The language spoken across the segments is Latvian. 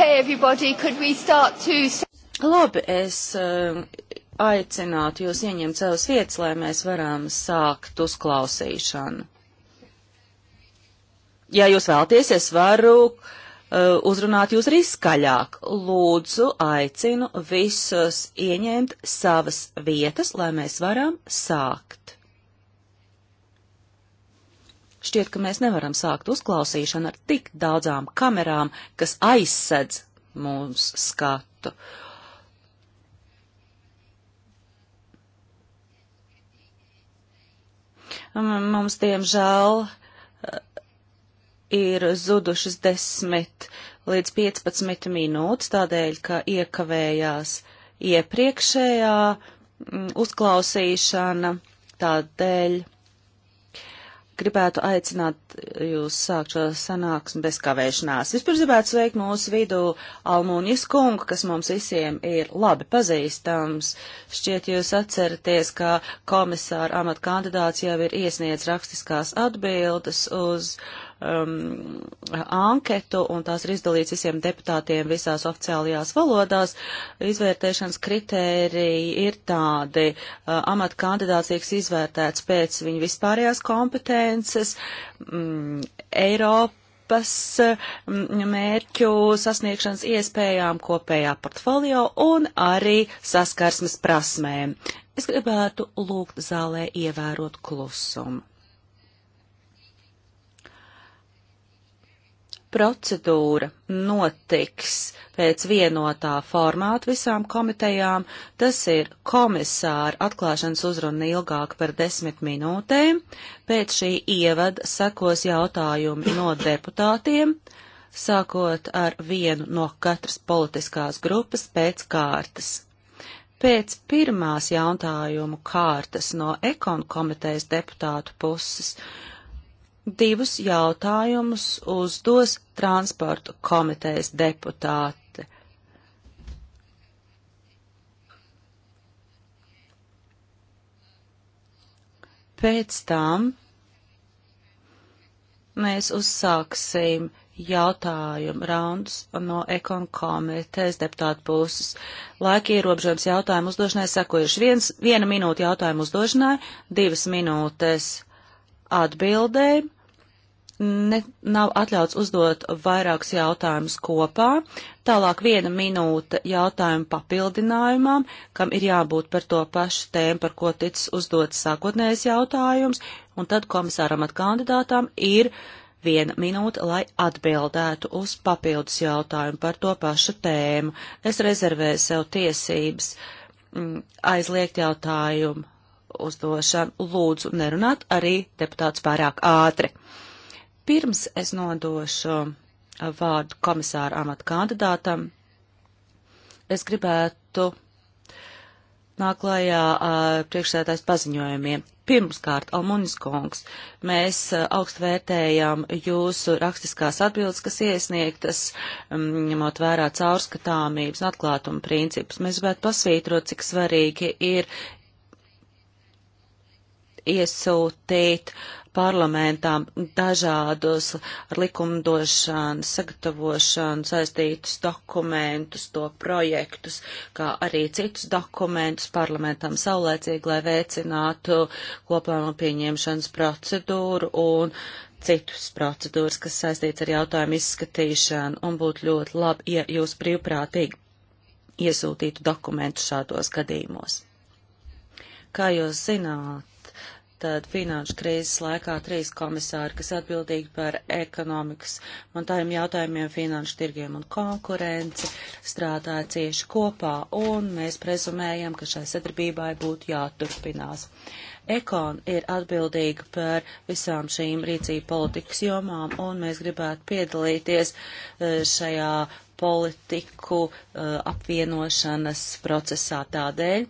okay, everybody, could we start to... Labi, es uh, aicinātu jūs ieņemt savas vietas, lai mēs varam sākt uzklausīšanu. Ja jūs vēlties, es varu uh, uzrunāt jūs arī skaļāk. Lūdzu, aicinu visus ieņemt savas vietas, lai mēs varam sākt. Šķiet, ka mēs nevaram sākt uzklausīšanu ar tik daudzām kamerām, kas aizsedz mums skatu. Mums, diemžēl, ir zudušas 10 līdz 15 minūtes, tādēļ, ka iekavējās iepriekšējā uzklausīšana, tādēļ gribētu aicināt jūs sākt šo sanāksmi bez kavēšanās. Vispirms gribētu sveikt mūsu vidū Almūnijas kungu, kas mums visiem ir labi pazīstams. Šķiet jūs atceraties, ka komisāra amata kandidāts jau ir iesniedz rakstiskās atbildes uz uh, um, anketu, un tās ir izdalīts visiem deputātiem visās oficiālajās valodās. Izvērtēšanas kritēriji ir tādi. Uh, amat kandidāts tiek izvērtēts pēc viņa vispārējās kompetences, um, mm, Eiropa grupas mm, mērķu sasniegšanas iespējām, kopējā portfolio un arī saskarsmes prasmēm. Es gribētu lūgt zālē ievērot klusumu. procedūra notiks pēc vienotā formāta visām komitejām. Tas ir komisāra atklāšanas uzruna ilgāk par desmit minūtēm. Pēc šī ievada sekos jautājumi no deputātiem, sākot ar vienu no katras politiskās grupas pēc kārtas. Pēc pirmās jautājumu kārtas no ekonu komitejas deputātu puses divus jautājumus uzdos transportu komitejas deputāte. Pēc tam mēs uzsāksim jautājumu raundus no ekon komitejas deputātu puses. Laika ierobežojums jautājumu uzdošanai sekojuši viens, viena minūte jautājumu uzdošanai, divas minūtes atbildēm ne, nav atļauts uzdot vairākus jautājumus kopā. Tālāk viena minūte jautājumu papildinājumam, kam ir jābūt par to pašu tēmu, par ko ticis uzdots sākotnējais jautājums, un tad komisāram at kandidātām ir viena minūte, lai atbildētu uz papildus jautājumu par to pašu tēmu. Es rezervēju sev tiesības m, mm, aizliegt jautājumu uzdošanu lūdzu nerunāt arī deputāts pārāk ātri. Pirms es nodošu vārdu komisāra amata kandidātam, es gribētu nāk klājā priekšsētājs paziņojumiem. Pirmkārt, Almunis kungs, mēs augstu vērtējam jūsu rakstiskās atbildes, kas iesniegtas, mm, ņemot vērā caurskatāmības un atklātuma principus. Mēs gribētu pasvītrot, cik svarīgi ir iesūtīt parlamentām dažādus ar likumdošanu, sagatavošanu saistītus dokumentus, to projektus, kā arī citus dokumentus parlamentām saulēcīgi, lai veicinātu koplānu pieņemšanas procedūru un citus procedūras, kas saistīts ar jautājumu izskatīšanu, un būtu ļoti labi, ja jūs brīvprātīgi iesūtītu dokumentus šādos gadījumos. Kā jūs zināt, Tad finanšu krīzes laikā trīs komisāri, kas atbildīgi par ekonomikas montājiem jautājumiem, finanšu tirgiem un konkurenci, strādāja cieši kopā, un mēs prezumējam, ka šai sadarbībai būtu jāturpinās. Ekon ir atbildīga par visām šīm rīcību politikas jomām, un mēs gribētu piedalīties e, šajā politiku e, apvienošanas procesā tādēļ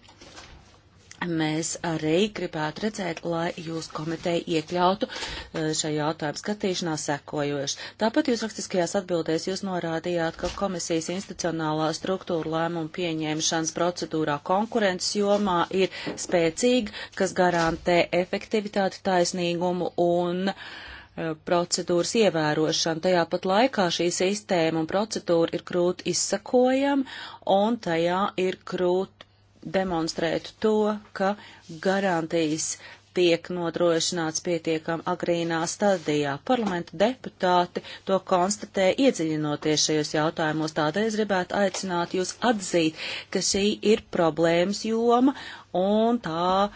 Mēs arī gribētu redzēt, lai jūs komiteja iekļautu e, šajā jautājuma skatīšanā sekojoši. Tāpat jūs rakstiskajās atbildēs jūs norādījāt, ka komisijas institucionālā struktūra lēmumu pieņemšanas procedūrā konkurences jomā ir spēcīga, kas garantē efektivitāti, taisnīgumu un e, procedūras ievērošanu. Tajā pat laikā šī sistēma un procedūra ir krūti izsakojama un tajā ir krūti demonstrētu to, ka garantijas tiek nodrošināts pietiekam agrīnā stadijā. Parlamenta deputāti to konstatē iedziļinoties šajos jautājumos, tādēļ es gribētu aicināt jūs atzīt, ka šī ir problēmas joma un tā uh,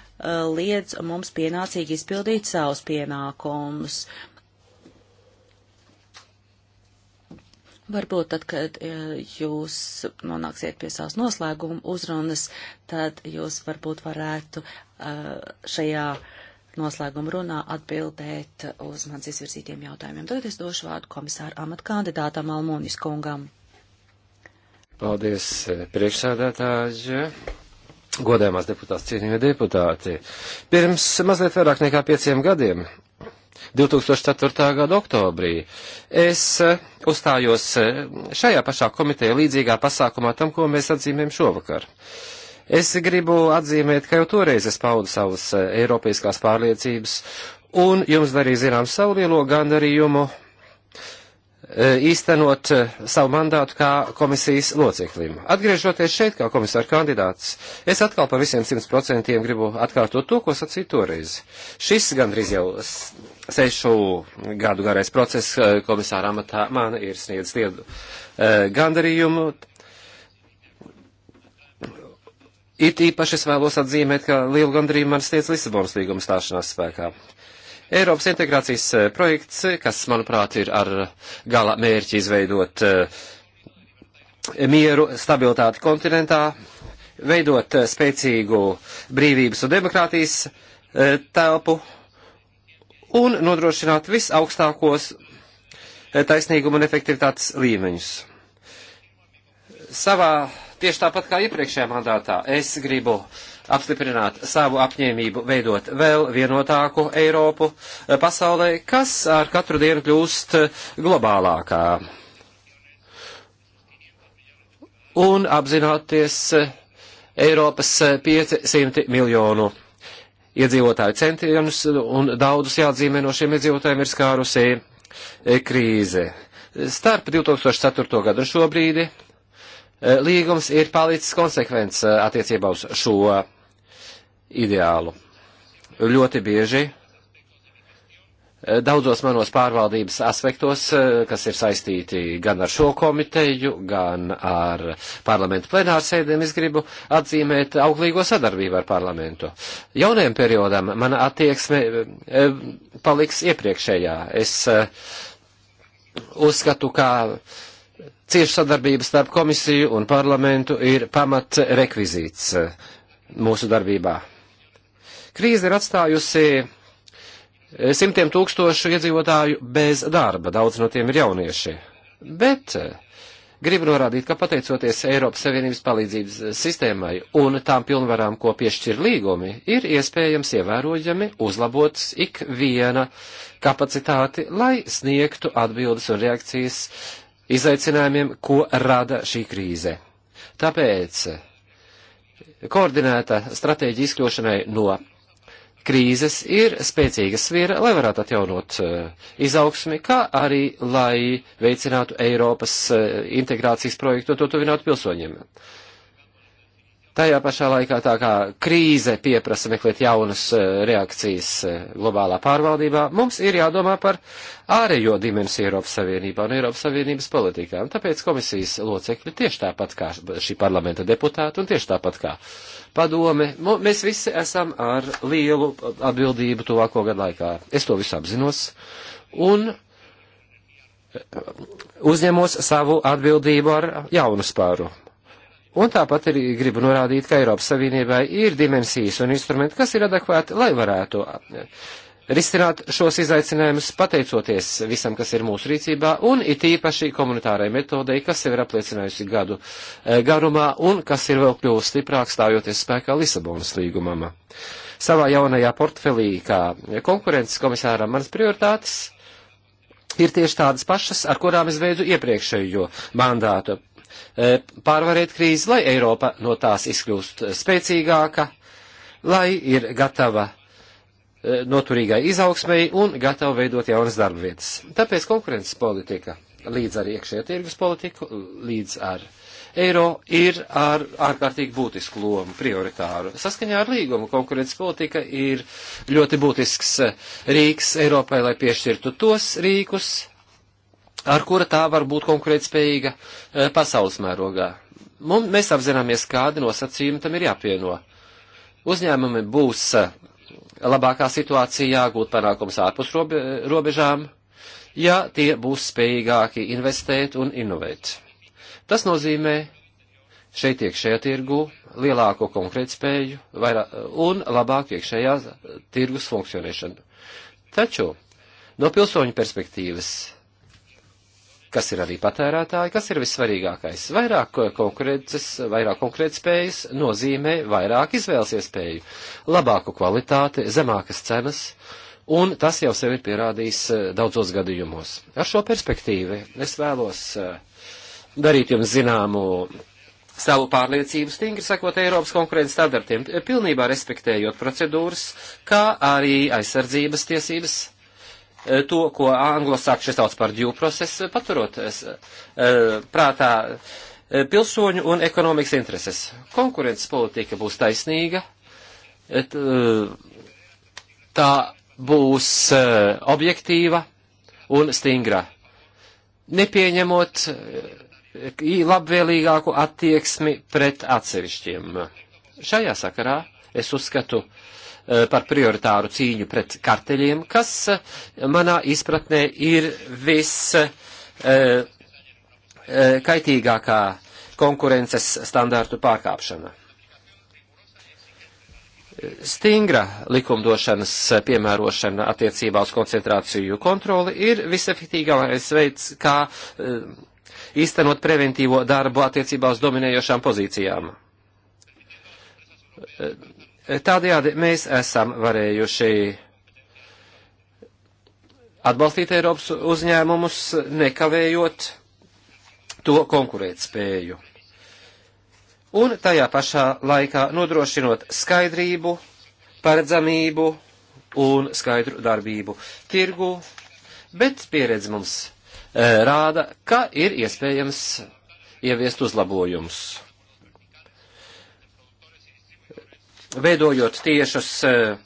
liedz mums pienācīgi izpildīt savus pienākumus. Uh, Varbūt tad, kad e, jūs nonāksiet pie savas noslēguma uzrunas, tad jūs varbūt varētu e, šajā noslēguma runā atbildēt uz mans izvirzītiem jautājumiem. Tagad es došu vārdu komisāru amatkandidātam Almonis kungam. Paldies, e, priekšsēdētāji, godējumās deputāts, cienījamie deputāti. Pirms mazliet vairāk nekā pieciem gadiem 2004. gada oktobrī. Es eh, uzstājos eh, šajā pašā komiteja līdzīgā pasākumā tam, ko mēs atzīmējam šovakar. Es gribu atzīmēt, ka jau toreiz es paudu savas eh, eiropeiskās pārliecības un jums darīju zinām savu lielo gandarījumu īstenot savu mandātu kā komisijas loceklim. Atgriežoties šeit kā komisāra kandidāts, es atkal pa visiem simt procentiem gribu atkārtot to, ko sacīju toreiz. Šis gandrīz jau sešu gadu garais process eh, komisāra amatā man ir sniedzis lielu eh, gandarījumu. It īpaši es vēlos atzīmēt, ka lielu gandarījumu man sniedz Lisabonas līguma stāšanās spēkā. Eiropas integrācijas eh, projekts, kas, manuprāt, ir ar gala mērķi izveidot mieru, stabilitāti kontinentā, veidot spēcīgu brīvības un demokrātijas telpu, un nodrošināt visaugstākos eh, taisnīguma un efektivitātes līmeņus. Savā tieši tāpat kā iepriekšējā mandātā es gribu apstiprināt savu apņēmību veidot vēl vienotāku Eiropu eh, pasaulē, kas ar katru dienu kļūst eh, globālākā. Un apzināties Eiropas 500 miljonu iedzīvotāju centienus, un daudzus jāatzīmē no šiem iedzīvotājiem ir skārusi e, krīze. Starp 2004. gadu un šobrīd e, līgums ir palicis konsekvents e, attiecībā uz šo ideālu. Ļoti bieži Eh, daudzos manos pārvaldības aspektos, eh, kas ir saistīti gan ar šo komiteju, gan ar parlamentu plenārsēdēm, es gribu atzīmēt auglīgo sadarbību ar parlamentu. Jaunajam periodam mana attieksme eh, paliks iepriekšējā. Es uzskatu, ka cieša sadarbība starp komisiju un parlamentu ir pamat rekvizīts mūsu darbībā. Krīze ir atstājusi Eh, simtiem tūkstošu iedzīvotāju bez darba, daudz no tiem ir jaunieši. Bet eh, gribu norādīt, ka pateicoties Eiropas Savienības palīdzības eh, sistēmai un tām pilnvarām, ko piešķir līgumi, ir iespējams ievērojami uzlabot ikviena kapacitāti, lai sniegtu atbildes un reakcijas izaicinājumiem, ko rada šī krīze. Tāpēc koordinēta stratēģija izkļūšanai no krīzes ir spēcīga sviera, lai varētu atjaunot e, izaugsmi, kā arī, lai veicinātu Eiropas e, integrācijas projektu un to tuvinātu pilsoņiem. Tajā pašā laikā tā kā krīze pieprasa meklēt jaunas eh, reakcijas eh, globālā pārvaldībā, mums ir jādomā par ārējo dimensiju Eiropas Savienībā un Eiropas Savienības politikām. Tāpēc komisijas locekļi tieši tāpat kā šī parlamenta deputāti un tieši tāpat kā padome, mēs visi esam ar lielu atbildību tuvāko gadu laikā. Es to visu apzinos. Un eh, uzņemos savu atbildību ar jaunu spāru. Un tāpat arī gribu norādīt, ka Eiropas Savienībai ir dimensijas un instrumenti, kas ir adekvāti, lai varētu eh, risināt šos izaicinājumus, pateicoties visam, kas ir mūsu rīcībā, un it īpaši komunitārai metodei, kas jau ir apliecinājusi gadu eh, garumā un kas ir vēl kļuvusi stiprāk stājoties spēkā Lisabonas līgumam. Savā jaunajā portfelī, kā konkurences komisāram, manas prioritātes ir tieši tādas pašas, ar kurām es veidu iepriekšējo mandātu Eh, pārvarēt krīzi, lai Eiropa no tās izkļūst spēcīgāka, lai ir gatava eh, noturīgai izaugsmēji un gatava veidot jaunas darba vietas. Tāpēc konkurences politika līdz ar iekšējā tirgus politiku, līdz ar eiro ir ar ārkārtīgi būtisku lomu prioritāru. Saskaņā ar līgumu konkurences politika ir ļoti būtisks eh, rīks Eiropai, lai piešķirtu tos rīkus, ar kura tā var būt konkurētspējīga eh, pasaules mērogā. Mums, mēs apzināmies, kādi nosacījumi tam ir jāpieno. Uzņēmumi būs eh, labākā situācijā gūt panākums ārpus robe, robežām, ja tie būs spējīgāki investēt un inovēt. Tas nozīmē šeit iekšējā tirgu lielāko konkrētspēju un labāku iekšējā tirgus funkcionēšanu. Taču no pilsoņu perspektīvas kas ir arī patērētāji, kas ir vissvarīgākais. Vairāk eh, konkurences, vairāk konkurētspējas nozīmē vairāk izvēles iespēju, labāku kvalitāti, zemākas cenas, un tas jau sev ir pierādījis eh, daudzos gadījumos. Ar šo perspektīvi es vēlos eh, darīt jums zināmu savu pārliecību stingri sakot Eiropas konkurences standartiem, pilnībā respektējot procedūras, kā arī aizsardzības tiesības Eh, to, ko anglosakši sauc par due process, eh, paturot eh, prātā pilsoņu un ekonomikas intereses. Konkurences politika būs taisnīga, tā būs objektīva un stingra, nepieņemot labvēlīgāku attieksmi pret atsevišķiem. Šajā sakarā es uzskatu, uh, Eh, par prioritāru cīņu pret karteļiem, kas eh, manā izpratnē ir viss eh, kaitīgākā konkurences standārtu pārkāpšana. Stingra likumdošanas piemērošana attiecībā uz koncentrāciju kontroli ir visefektīgākais veids, kā īstenot preventīvo darbu attiecībā uz dominējošām pozīcijām Tādējādi mēs esam varējuši atbalstīt Eiropas uzņēmumus, nekavējot to konkurētspēju. Un tajā pašā laikā nodrošinot skaidrību, paredzamību un skaidru darbību tirgu, bet pieredze mums eh, rāda, ka ir iespējams ieviest uzlabojumus. veidojot tiešus, eh,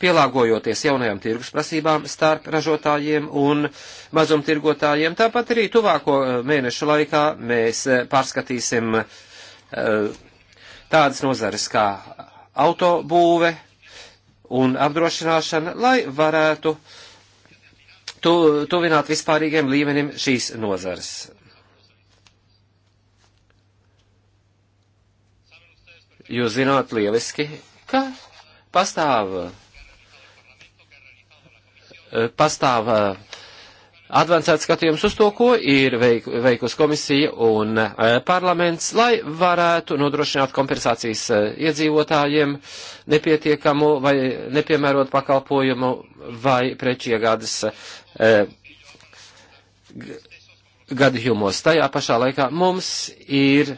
pielāgojoties jaunajām tirgus prasībām starp ražotājiem un mazumtirgotājiem. Tāpat arī tuvāko eh, mēnešu laikā mēs eh, pārskatīsim tādas nozares kā autobūve un apdrošināšana, lai varētu tu, tuvināt vispārīgiem līmenim šīs nozares. jūs zināt lieliski, ka pastāv, eh, pastāv eh, advancēts skatījums uz to, ko ir veik, veikus komisija un eh, parlaments, lai varētu nodrošināt kompensācijas iedzīvotājiem nepietiekamu vai nepiemērot pakalpojumu vai preču iegādes gadījumos. Tajā pašā laikā mums ir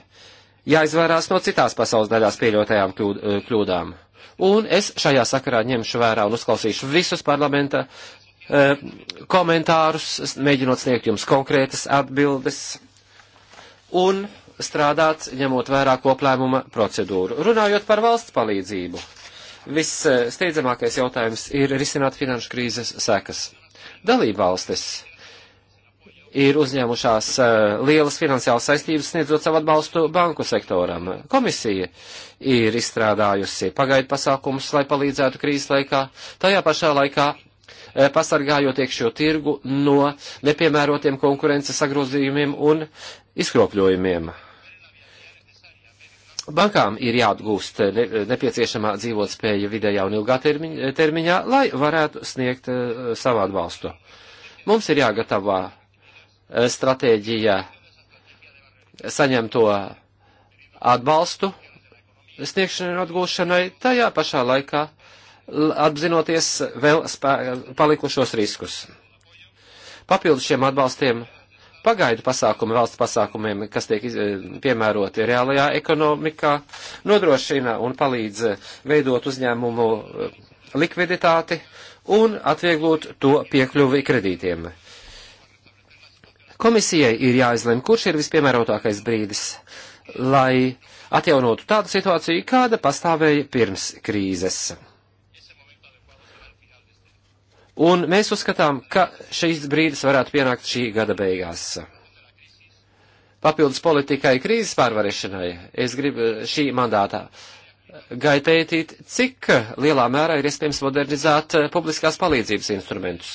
jāizvairās no citās pasaules daļās pieļautajām kļūd, eh, kļūdām. Un es šajā sakarā ņemšu vērā un uzklausīšu visus parlamenta e, komentārus, mēģinot sniegt jums konkrētas atbildes un strādāt, ņemot vērā koplēmuma procedūru. Runājot par valsts palīdzību, viss eh, steidzamākais jautājums ir risināt finanšu krīzes sekas. Dalībvalstis ir uzņēmušās eh, lielas finansiālas saistības sniedzot savu atbalstu banku sektoram. Komisija ir izstrādājusi pagaidu pasākumus, lai palīdzētu krīzes laikā, tajā pašā laikā eh, pasargājot iekšējo tirgu no nepiemērotiem konkurences sagrozījumiem un izkropļojumiem. Bankām ir jāatgūst nepieciešamā dzīvotspēja vidējā un ilgā termiņā, termiņā lai varētu sniegt eh, savu atbalstu. Mums ir jāgatavā Eh, stratēģija saņemto atbalstu sniegšanai un atgūšanai, tajā pašā laikā apzinoties vēl spē, palikušos riskus. Papildus šiem atbalstiem pagaidu pasākumi valsts pasākumiem, kas tiek eh, piemēroti reālajā ekonomikā, nodrošina un palīdz eh, veidot uzņēmumu likviditāti un atvieglot to piekļuvi kredītiem. Komisijai ir jāizlem, kurš ir vispiemērotākais brīdis, lai atjaunotu tādu situāciju, kāda pastāvēja pirms krīzes. Un mēs uzskatām, ka šīs brīdis varētu pienākt šī gada beigās. Papildus politikai krīzes pārvarēšanai, es gribu šī mandātā uh, gaitētīt, cik lielā mērā ir iespējams modernizēt eh, publiskās palīdzības instrumentus.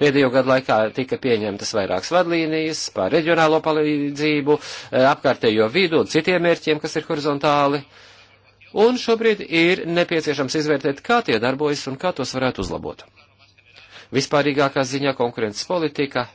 Pēdējo gadu laikā tika pieņemtas vairākas vadlīnijas par reģionālo palīdzību, eh, apkārtējo vidu un citiem mērķiem, kas ir horizontāli. Un šobrīd ir nepieciešams izvērtēt, kā tie darbojas un kā tos varētu uzlabot. Vispārīgākā ziņā konkurences politika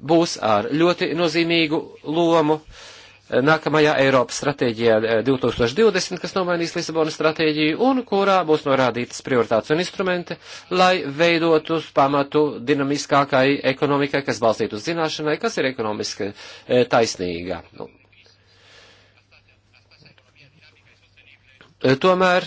būs ar ļoti nozīmīgu lomu. Uh, nākamajā Eiropas stratēģijā 2020, eh, kas nomainīs Lisabonas stratēģiju un kurā būs norādītas prioritātes un instrumenti, lai veidot uz pamatu dinamiskākai ekonomikai, kas balstītu uz zināšanai, kas ir ekonomiski eh, taisnīga. Nu. Eh, tomēr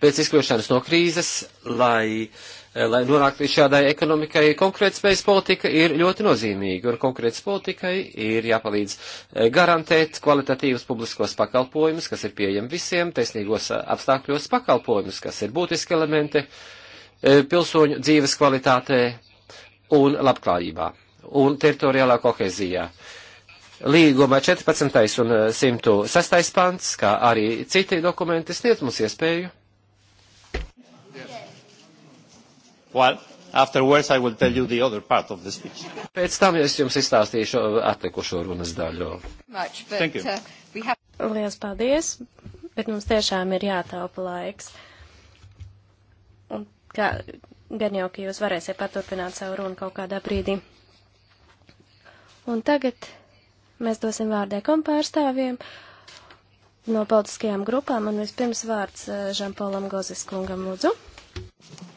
pēc izkļūšanas no krīzes, lai uh, Eh, lai nonāktu līdz šādai ekonomikai, konkrētspējas politika ir ļoti nozīmīga, un konkrētas politikai ir jāpalīdz eh, garantēt kvalitatīvus publiskos pakalpojumus, kas ir pieejami visiem, taisnīgos eh, apstākļos pakalpojumus, kas ir būtiski elementi pilsoņu dzīves kvalitātē un labklājībā un teritoriālā kohezijā. Līguma 14. un 106. pants, kā arī citi dokumenti sniedz mums iespēju Well, afterwards I will tell you the other part of the speech. Pēc tam es jums izstāstīšu atlikušo runas daļu. Much, but, Thank you. Uh, we have... Lielas paldies, bet mums tiešām ir jātaupa laiks. Un kā, gan jau, ka jūs varēsiet paturpināt savu runu kaut kādā brīdī. Un tagad mēs dosim vārdu ekompārstāvjiem no politiskajām grupām, un vispirms vārds uh, Žanpolam Gozes kungam lūdzu.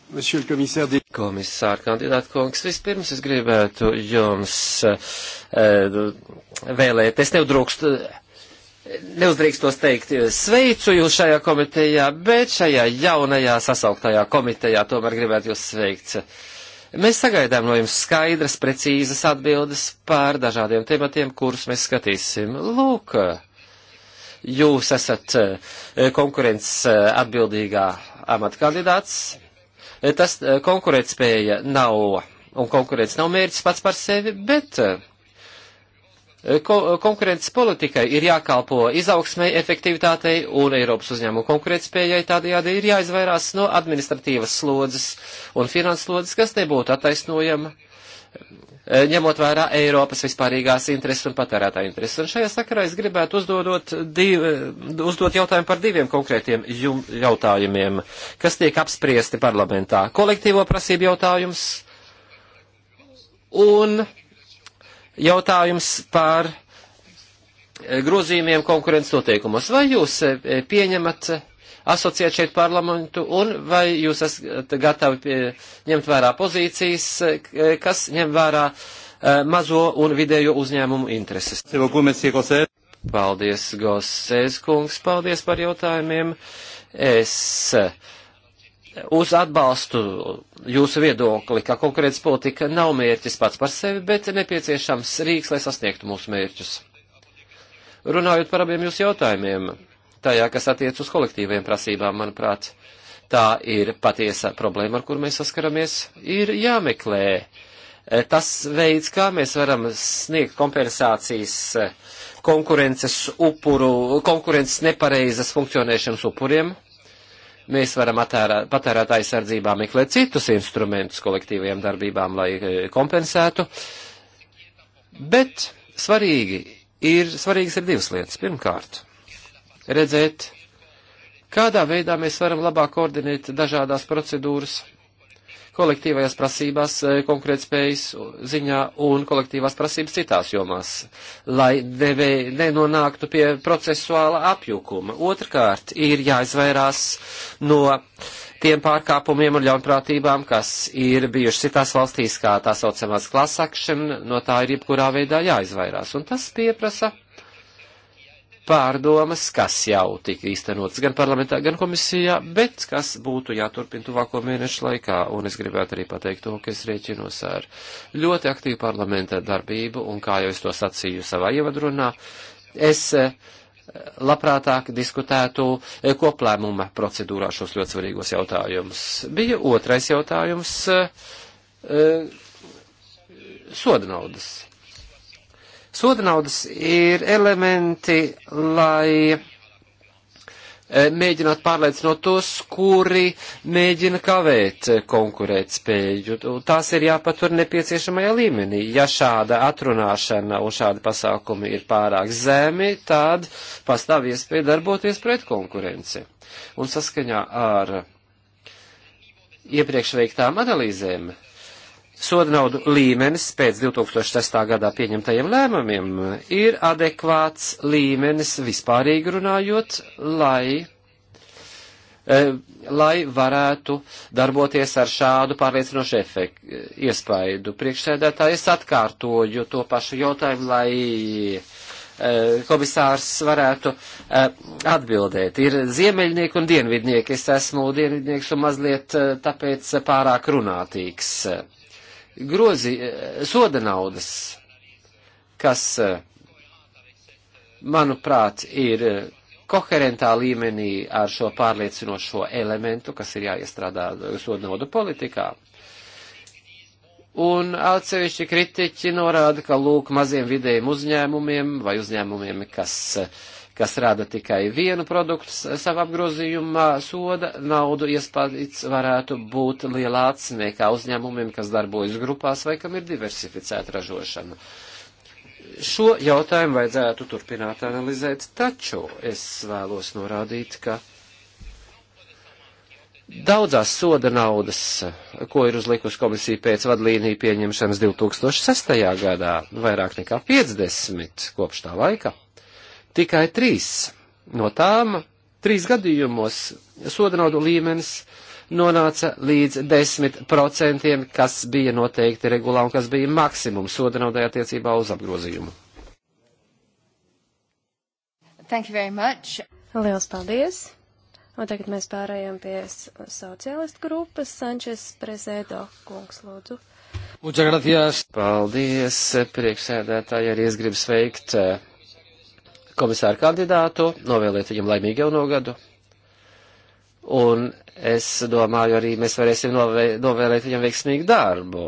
Komisāra kandidāta kungs, vispirms es gribētu jums eh, vēlēt, es tev drūkstu neuzdrīkstos teikt eh, sveicu jūs šajā komitejā, bet šajā jaunajā sasauktajā komitejā tomēr gribētu jūs sveikt. Mēs sagaidām no jums skaidras, precīzas atbildes par dažādiem tematiem, kurus mēs skatīsim. Lūk, jūs esat eh, konkurences atbildīgā amata kandidāts. Eh, tas eh, konkurētspēja nav, un konkurēts nav mērķis pats par sevi, bet eh, ko, konkurences politikai ir jākalpo izaugsmai, efektivitātei un Eiropas uzņēmumu konkurētspējai, tādējādi ir jāizvairās no administratīvas slodzes un finanses slodzes, kas nebūtu attaisnojama Eh, ņemot vērā Eiropas vispārīgās intereses un patērētā intereses. Un šajā sakarā es gribētu uzdodot div, eh, uzdot jautājumu par diviem konkrētiem jum, jautājumiem, kas tiek apspriesti parlamentā. Kolektīvo prasību jautājums un jautājums par eh, grozījumiem konkurences noteikumos. Vai jūs pieņemat asociēt šeit parlamentu, un vai jūs esat gatavi pie, ņemt vērā pozīcijas, eh, kas ņem vērā eh, mazo un vidējo uzņēmumu intereses. Paldies, Gosēs kungs, paldies par jautājumiem. Es eh, uz atbalstu jūsu viedokli, ka konkurētas politika nav mērķis pats par sevi, bet nepieciešams rīks, lai sasniegtu mūsu mērķus. Runājot par abiem jūsu jautājumiem, tajā, kas attiec uz kolektīviem prasībām, manuprāt, tā ir patiesa problēma, ar kur mēs saskaramies, ir jāmeklē eh, tas veids, kā mēs varam sniegt kompensācijas eh, konkurences upuru, konkurences nepareizas funkcionēšanas upuriem. Mēs varam patērēt aizsardzībā meklēt citus instrumentus kolektīvajām darbībām, lai eh, kompensētu. Bet svarīgi ir, svarīgas ir divas lietas. Pirmkārt, redzēt, kādā veidā mēs varam labāk koordinēt dažādās procedūras, kolektīvajās prasībās, e, konkrētspējas ziņā un kolektīvās prasības citās jomās, lai nevē, nenonāktu pie procesuāla apjukuma. Otrkārt, ir jāizvairās no tiem pārkāpumiem un ļaunprātībām, kas ir bijuši citās valstīs, kā tā saucamās klasakšana, no tā ir jebkurā veidā jāizvairās. Un tas pieprasa pārdomas, kas jau tika īstenotas gan parlamentā, gan komisijā, bet kas būtu jāturpina tuvāko mēnešu laikā. Un es gribētu arī pateikt to, ka es rēķinos ar ļoti aktīvu parlamenta darbību, un kā jau es to sacīju savā ievadrunā, es eh, labprātāk diskutētu eh, koplēmuma procedūrā šos ļoti svarīgos jautājumus. Bija otrais jautājums eh, - soda naudas Soda naudas ir elementi, lai e, mēģināt pārliecināt tos, kuri mēģina kavēt e, konkurēt spēju. Tās ir jāpatur nepieciešamajā līmenī. Ja šāda atrunāšana un šādi pasākumi ir pārāk zemi, tad pastāv iespēja darboties pret konkurenci. Un saskaņā ar iepriekš veiktām analīzēm soda naudu līmenis pēc 2006. gadā pieņemtajiem lēmumiem ir adekvāts līmenis vispārīgi runājot, lai, e, lai varētu darboties ar šādu pārliecinošu efektu iespaidu. Priekšsēdētāji, es atkārtoju to pašu jautājumu, lai eh, komisārs varētu eh, atbildēt. Ir ziemeļnieki un dienvidnieki. Es esmu dienvidnieks un mazliet tāpēc pārāk runātīgs grozi, eh, soda naudas, kas, eh, manuprāt, ir eh, koherentā līmenī ar šo pārliecinošo elementu, kas ir jāiestrādā soda naudu politikā. Un atsevišķi kritiķi norāda, ka lūk maziem vidējiem uzņēmumiem vai uzņēmumiem, kas uh, kas rada tikai vienu produktu savu apgrozījumā, soda naudu iespējas varētu būt lielāks nekā uzņēmumiem, kas darbojas grupās vai kam ir diversificēta ražošana. Šo jautājumu vajadzētu turpināt analizēt, taču es vēlos norādīt, ka daudzās soda naudas, ko ir uzlikusi komisija pēc vadlīniju pieņemšanas 2006. gadā, vairāk nekā 50 kopš tā laika. Tikai trīs no tām, trīs gadījumos soda naudu līmenis nonāca līdz 10%, kas bija noteikti regulā un kas bija maksimums soda naudai attiecībā uz apgrozījumu. Thank you very much. Liels paldies. Un tagad mēs pārējām pie sociālistu grupas. Sančes Prezedo kungs, lūdzu. Muchas gracias. Paldies, priekšsēdētāji, arī es gribu sveikt uh, komisāru kandidātu, novēliet viņam laimīgu jauno gadu. Un es domāju, arī mēs varēsim novē, novēlēt viņam veiksmīgu darbu.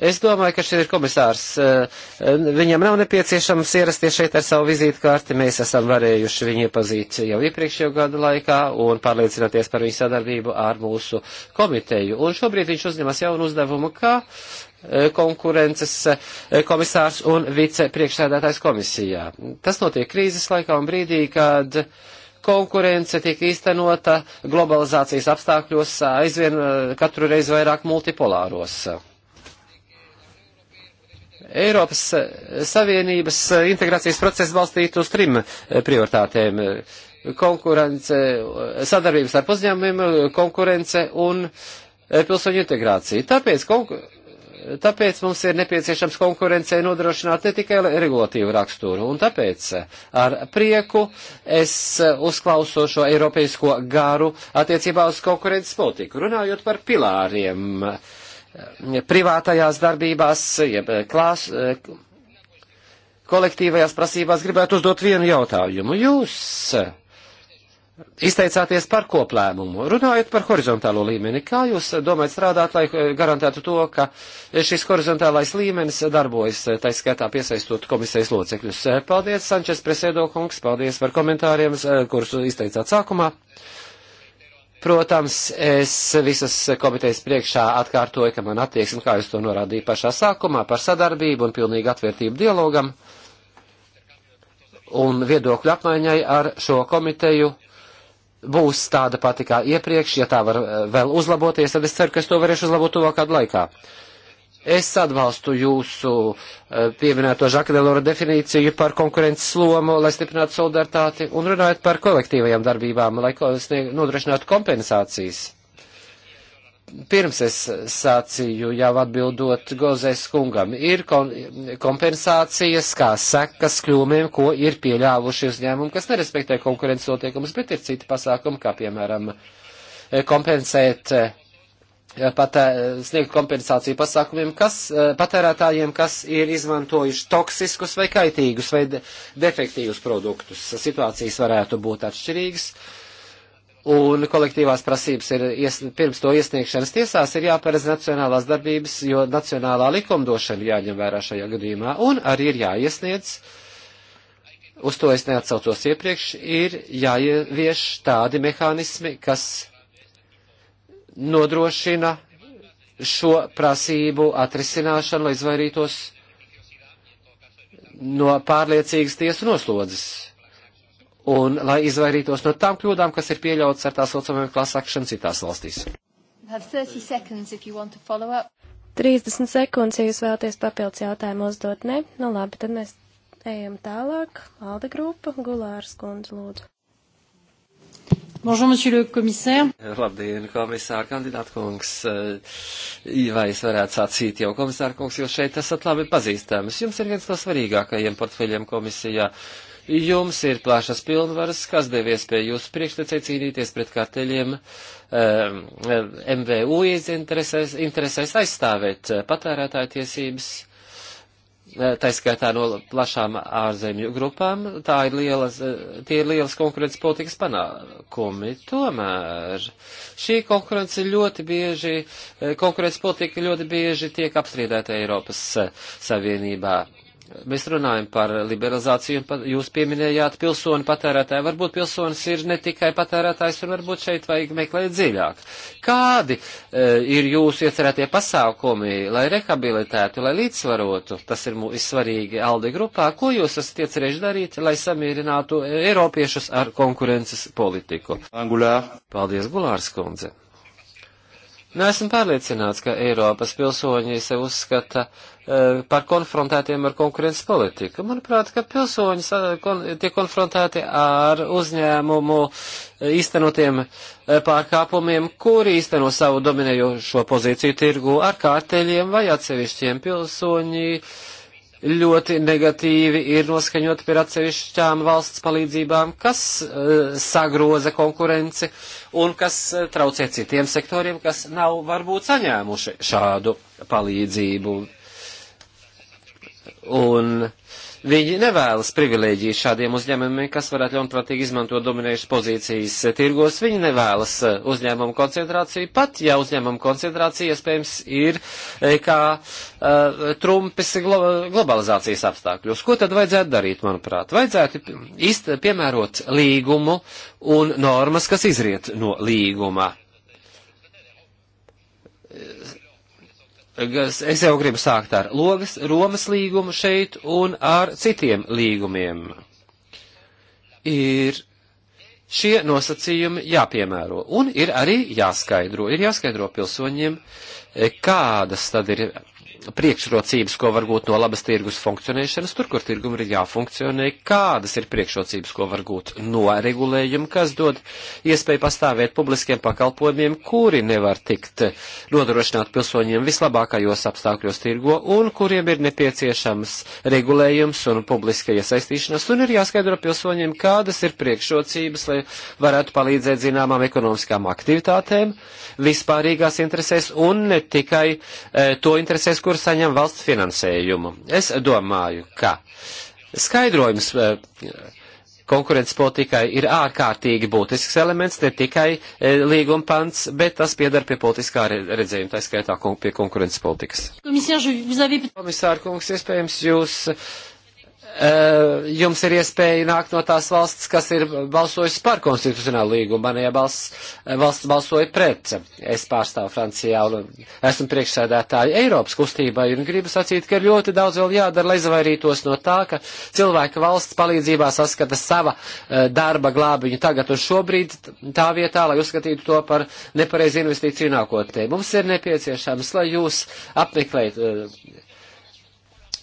Es domāju, ka šis ir komisārs. Eh, viņam nav nepieciešams ierasties šeit ar savu vizītkārti. Mēs esam varējuši viņu iepazīt jau iepriekšējo gadu laikā un pārliecināties par viņu sadarbību ar mūsu komiteju. Un šobrīd viņš uzņemas jaunu uzdevumu, kā Eh, konkurences eh, komisārs un vicepriekšsēdētājs komisijā. Tas notiek krīzes laikā un brīdī, kad konkurence tiek īstenota globalizācijas apstākļos aizvien eh, katru reizi vairāk multipolāros. Eiropas Savienības integrācijas process balstīt uz trim prioritātēm - konkurence, sadarbības ar uzņēmumiem, konkurence un pilsoņu integrācija. Tāpēc konkurence Tāpēc mums ir nepieciešams konkurencei nodrošināt ne tikai regulatīvu raksturu, un tāpēc eh, ar prieku es eh, uzklauso šo eiropeisko garu attiecībā uz konkurences politiku. Runājot par pilāriem eh, privātajās darbībās, jeb klās, kolektīvajās prasībās, gribētu uzdot vienu jautājumu. Jūs izteicāties par koplēmumu. Runājot par horizontālo līmeni, kā jūs domājat strādāt, lai eh, garantētu to, ka šis horizontālais līmenis darbojas, eh, tā skaitā piesaistot komisijas locekļus? Eh, paldies, Sančes Presēdo kungs, paldies par komentāriem, kurus izteicāt sākumā. Protams, es visas komitejas priekšā atkārtoju, ka man attieksme, kā jūs to norādīju pašā sākumā, par sadarbību un pilnīgu atvērtību dialogam un viedokļu apmaiņai ar šo komiteju būs tāda pati kā iepriekš, ja tā var eh, vēl uzlaboties, tad es ceru, ka es to varēšu uzlabot to vēl kādu laikā. Es atbalstu jūsu eh, pieminēto Žakadelora definīciju par konkurences lomu, lai stiprinātu solidaritāti un runājot par kolektīvajām darbībām, lai nodrošinātu kompensācijas pirms es sācīju jau atbildot Gozēs kungam, ir kompensācijas kā sekas kļūmiem, ko ir pieļāvuši uzņēmumi, kas nerespektē konkurences notiekumus, bet ir citi pasākumi, kā piemēram eh, kompensēt eh, patē, sniegt kompensāciju pasākumiem, kas eh, patērētājiem, kas ir izmantojuši toksiskus vai kaitīgus vai defektīvus produktus. Situācijas varētu būt atšķirīgas. Uh, Un kolektīvās prasības ir ies, pirms to iesniegšanas tiesās ir jāparedz nacionālās darbības, jo nacionālā likumdošana jāņem vērā šajā gadījumā, un arī ir jāiesniedz, uz to es neatsaucos iepriekš, ir jāievieš tādi mehānismi, kas nodrošina šo prasību atrisināšanu, lai izvairītos no pārliecīgas tiesu noslodzes un lai izvairītos no tām kļūdām, kas ir pieļautas ar tā saucamajiem klasakšanu citās valstīs. 30 sekundes, 30 sekundes, ja jūs vēlaties papildus jautājumu uzdot, ne? Nu labi, tad mēs ejam tālāk. Alda grupa, Gulārs kundze, lūdzu. Bonjour, monsieur le commissaire. Labdien, komisāra kandidāta kungs. Vai es varētu sacīt jau komisāra kungs, jo šeit esat labi pazīstams. Jums ir viens no svarīgākajiem portfeļiem komisijā. Uh, Jums ir plašas pilnvaras, kas devies pie jūsu priekštecē cīnīties pret karteļiem um, ehm, ehm, MVU interesēs, interesēs aizstāvēt eh, patērētāju tiesības eh, tā skaitā no plašām ārzemju grupām, tā ir lielas, eh, tie ir lielas konkurences politikas panākumi. Tomēr šī konkurence ļoti bieži, konkurences politika ļoti bieži tiek apstrīdēta Eiropas Savienībā. Mēs runājam par liberalizāciju, un jūs pieminējāt pilsoni patērētāju. Varbūt pilsonis ir ne tikai patērētājs, un varbūt šeit vajag meklēt dziļāk. Kādi e, ir jūsu iecerētie pasākumi, lai rehabilitētu, lai līdzsvarotu? Tas ir mūsu svarīgi Alde grupā. Ko jūs esat iecerējuši darīt, lai samierinātu e, Eiropiešus ar konkurences politiku? Angulā. Paldies, Gulārs kundze. Nu, esmu pārliecināts, ka Eiropas pilsoņi sev uzskata uh, par konfrontētiem ar konkurences politiku. Manuprāt, ka pilsoņi uh, kon, tiek konfrontēti ar uzņēmumu eh, īstenotiem uh, pārkāpumiem, kuri īsteno savu dominējošo pozīciju tirgu ar kārteļiem vai atsevišķiem pilsoņi. Uh, ļoti negatīvi ir noskaņot par atsevišķām valsts palīdzībām, kas uh, sagroza konkurenci un kas eh, traucē citiem sektoriem, kas nav varbūt saņēmuši šādu palīdzību. Un Viņi nevēlas privilēģiju šādiem uzņēmumiem, kas varētu ļaunprātīgi izmantot dominējušas pozīcijas tirgos. Viņi nevēlas eh, uzņēmumu koncentrāciju, pat ja uzņēmumu koncentrācija iespējams ir eh, kā uh, trumpis glo globalizācijas apstākļos. Ko tad vajadzētu darīt, manuprāt? Vajadzētu izt, piemērot līgumu un normas, kas izriet no līguma es jau gribu sākt ar Logas, Romas līgumu šeit un ar citiem līgumiem. Ir šie nosacījumi jāpiemēro un ir arī jāskaidro. Ir jāskaidro pilsoņiem, e, kādas tad ir priekšrocības, ko var gūt no labas tirgus funkcionēšanas, tur, kur tirgum ir jāfunkcionē, kādas ir priekšrocības, ko var gūt no regulējuma, kas dod iespēju pastāvēt publiskiem pakalpojumiem, kuri nevar tikt nodrošināt pilsoņiem vislabākajos apstākļos tirgo un kuriem ir nepieciešams regulējums un publiska iesaistīšanās, un ir jāskaidro pilsoņiem, kādas ir priekšrocības, lai varētu palīdzēt zināmām ekonomiskām aktivitātēm, vispārīgās interesēs un ne tikai e, to interesēs, ko kur saņem valsts finansējumu. Es domāju, ka skaidrojums eh, konkurences politikai ir ārkārtīgi būtisks elements, ne tikai eh, līguma pants, bet tas piedara pie politiskā redzējuma, tā skaitā pie konkurences politikas. Komisār, kungs, iespējams, jūs Eh, jums ir iespēja nākt no tās valsts, kas ir balsojusi par konstitucionālu līgumu. Manējā balss, eh, valsts balsoja pret. Es pārstāvu Francijā un esmu priekšsēdētāji Eiropas kustībai un gribu sacīt, ka ir ļoti daudz vēl jādara, lai izvairītos no tā, ka cilvēka valsts palīdzībā saskata sava eh, darba glābiņu tagad un šobrīd tā vietā, lai uzskatītu to par nepareizu investīciju nākotnē. Mums ir nepieciešams, lai jūs apmeklējat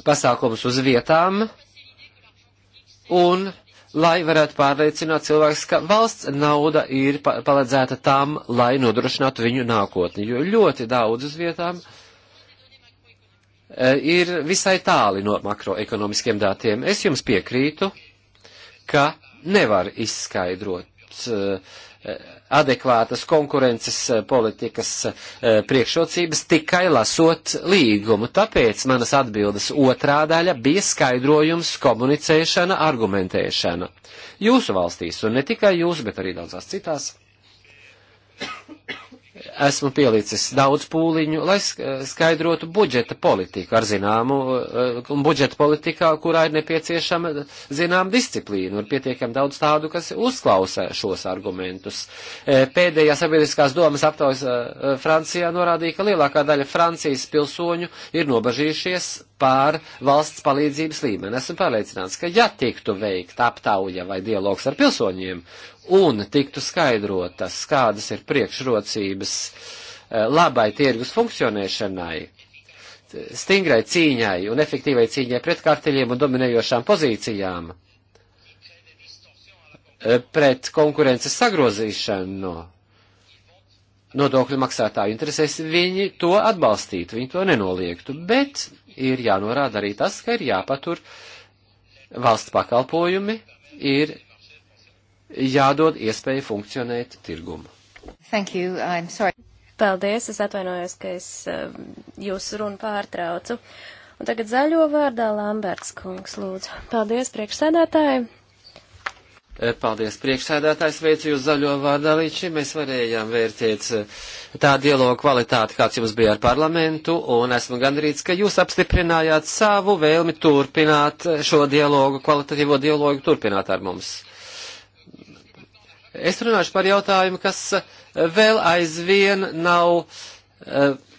pasākumus uz vietām, uh, un lai varētu pārliecināt cilvēks, ka valsts nauda ir paredzēta tam, lai nodrošinātu viņu nākotni, jo ļoti daudz uz vietām eh, ir visai tāli no makroekonomiskiem datiem. Es jums piekrītu, ka nevar izskaidrot uh, adekvātas konkurences eh, politikas eh, priekšrocības tikai lasot līgumu. Tāpēc manas atbildes otrā daļa bija skaidrojums, komunicēšana, argumentēšana. Jūsu valstīs, un ne tikai jūs, bet arī daudzās citās, esmu pielicis daudz pūliņu, lai skaidrotu budžeta politiku ar zināmu, eh, budžeta politikā, kurā ir nepieciešama zinām disciplīna, un pietiekam daudz tādu, kas uzklausa šos argumentus. E, pēdējā sabiedriskās domas aptaujas e, Francijā norādīja, ka lielākā daļa Francijas pilsoņu ir nobažījušies pār valsts palīdzības līmeni. Esmu pārliecināts, ka ja tiktu veikta aptauja vai dialogs ar pilsoņiem un tiktu skaidrotas, kādas ir priekšrocības eh, labai tirgus funkcionēšanai, stingrai cīņai un efektīvai cīņai pret karteļiem un dominējošām pozīcijām, eh, pret konkurences sagrozīšanu, nodokļu maksātāju interesēs, viņi to atbalstītu, viņi to nenoliegtu, bet ir jānorāda arī tas, ka ir jāpatur valsts pakalpojumi, ir jādod iespēja funkcionēt tirgumu. Thank you, I'm sorry. Paldies, es atvainojos, ka es eh, jūsu runu pārtraucu. Un tagad zaļo vārdā Lamberts kungs, lūdzu. Paldies, priekšsēdētāji. Eh, paldies priekšsēdētājs, veicu jūs zaļo vārdā. Līdz šim mēs varējām vērtēt eh, tā dialogu kvalitāti, kāds jums bija ar parlamentu, un esmu gandrīz, ka jūs apstiprinājāt savu vēlmi turpināt eh, šo dialogu, kvalitatīvo dialogu turpināt ar mums. Es runāšu par jautājumu, kas vēl aizvien nav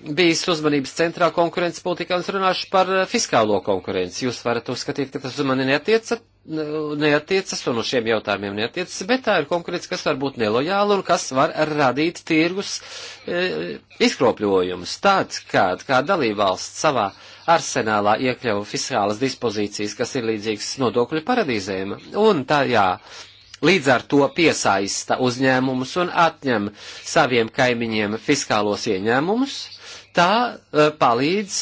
bijis uzmanības centrā konkurences politikā, un es runāšu par fiskālo konkurenci. Jūs varat uzskatīt, ka tas uz mani neatiecat? Nu, neatiecas un uz šiem jautājumiem neatiecas, bet tā ir konkurence, kas var būt nelojāla un kas var radīt tirgus e, izkropļojumus. Tāds, kād, kā dalībvalsts savā arsenālā iekļauj fiskālas dispozīcijas, kas ir līdzīgas nodokļu paradīzēm, un tā, jā, līdz ar to piesaista uzņēmumus un atņem saviem kaimiņiem fiskālos ieņēmumus, tā e, palīdz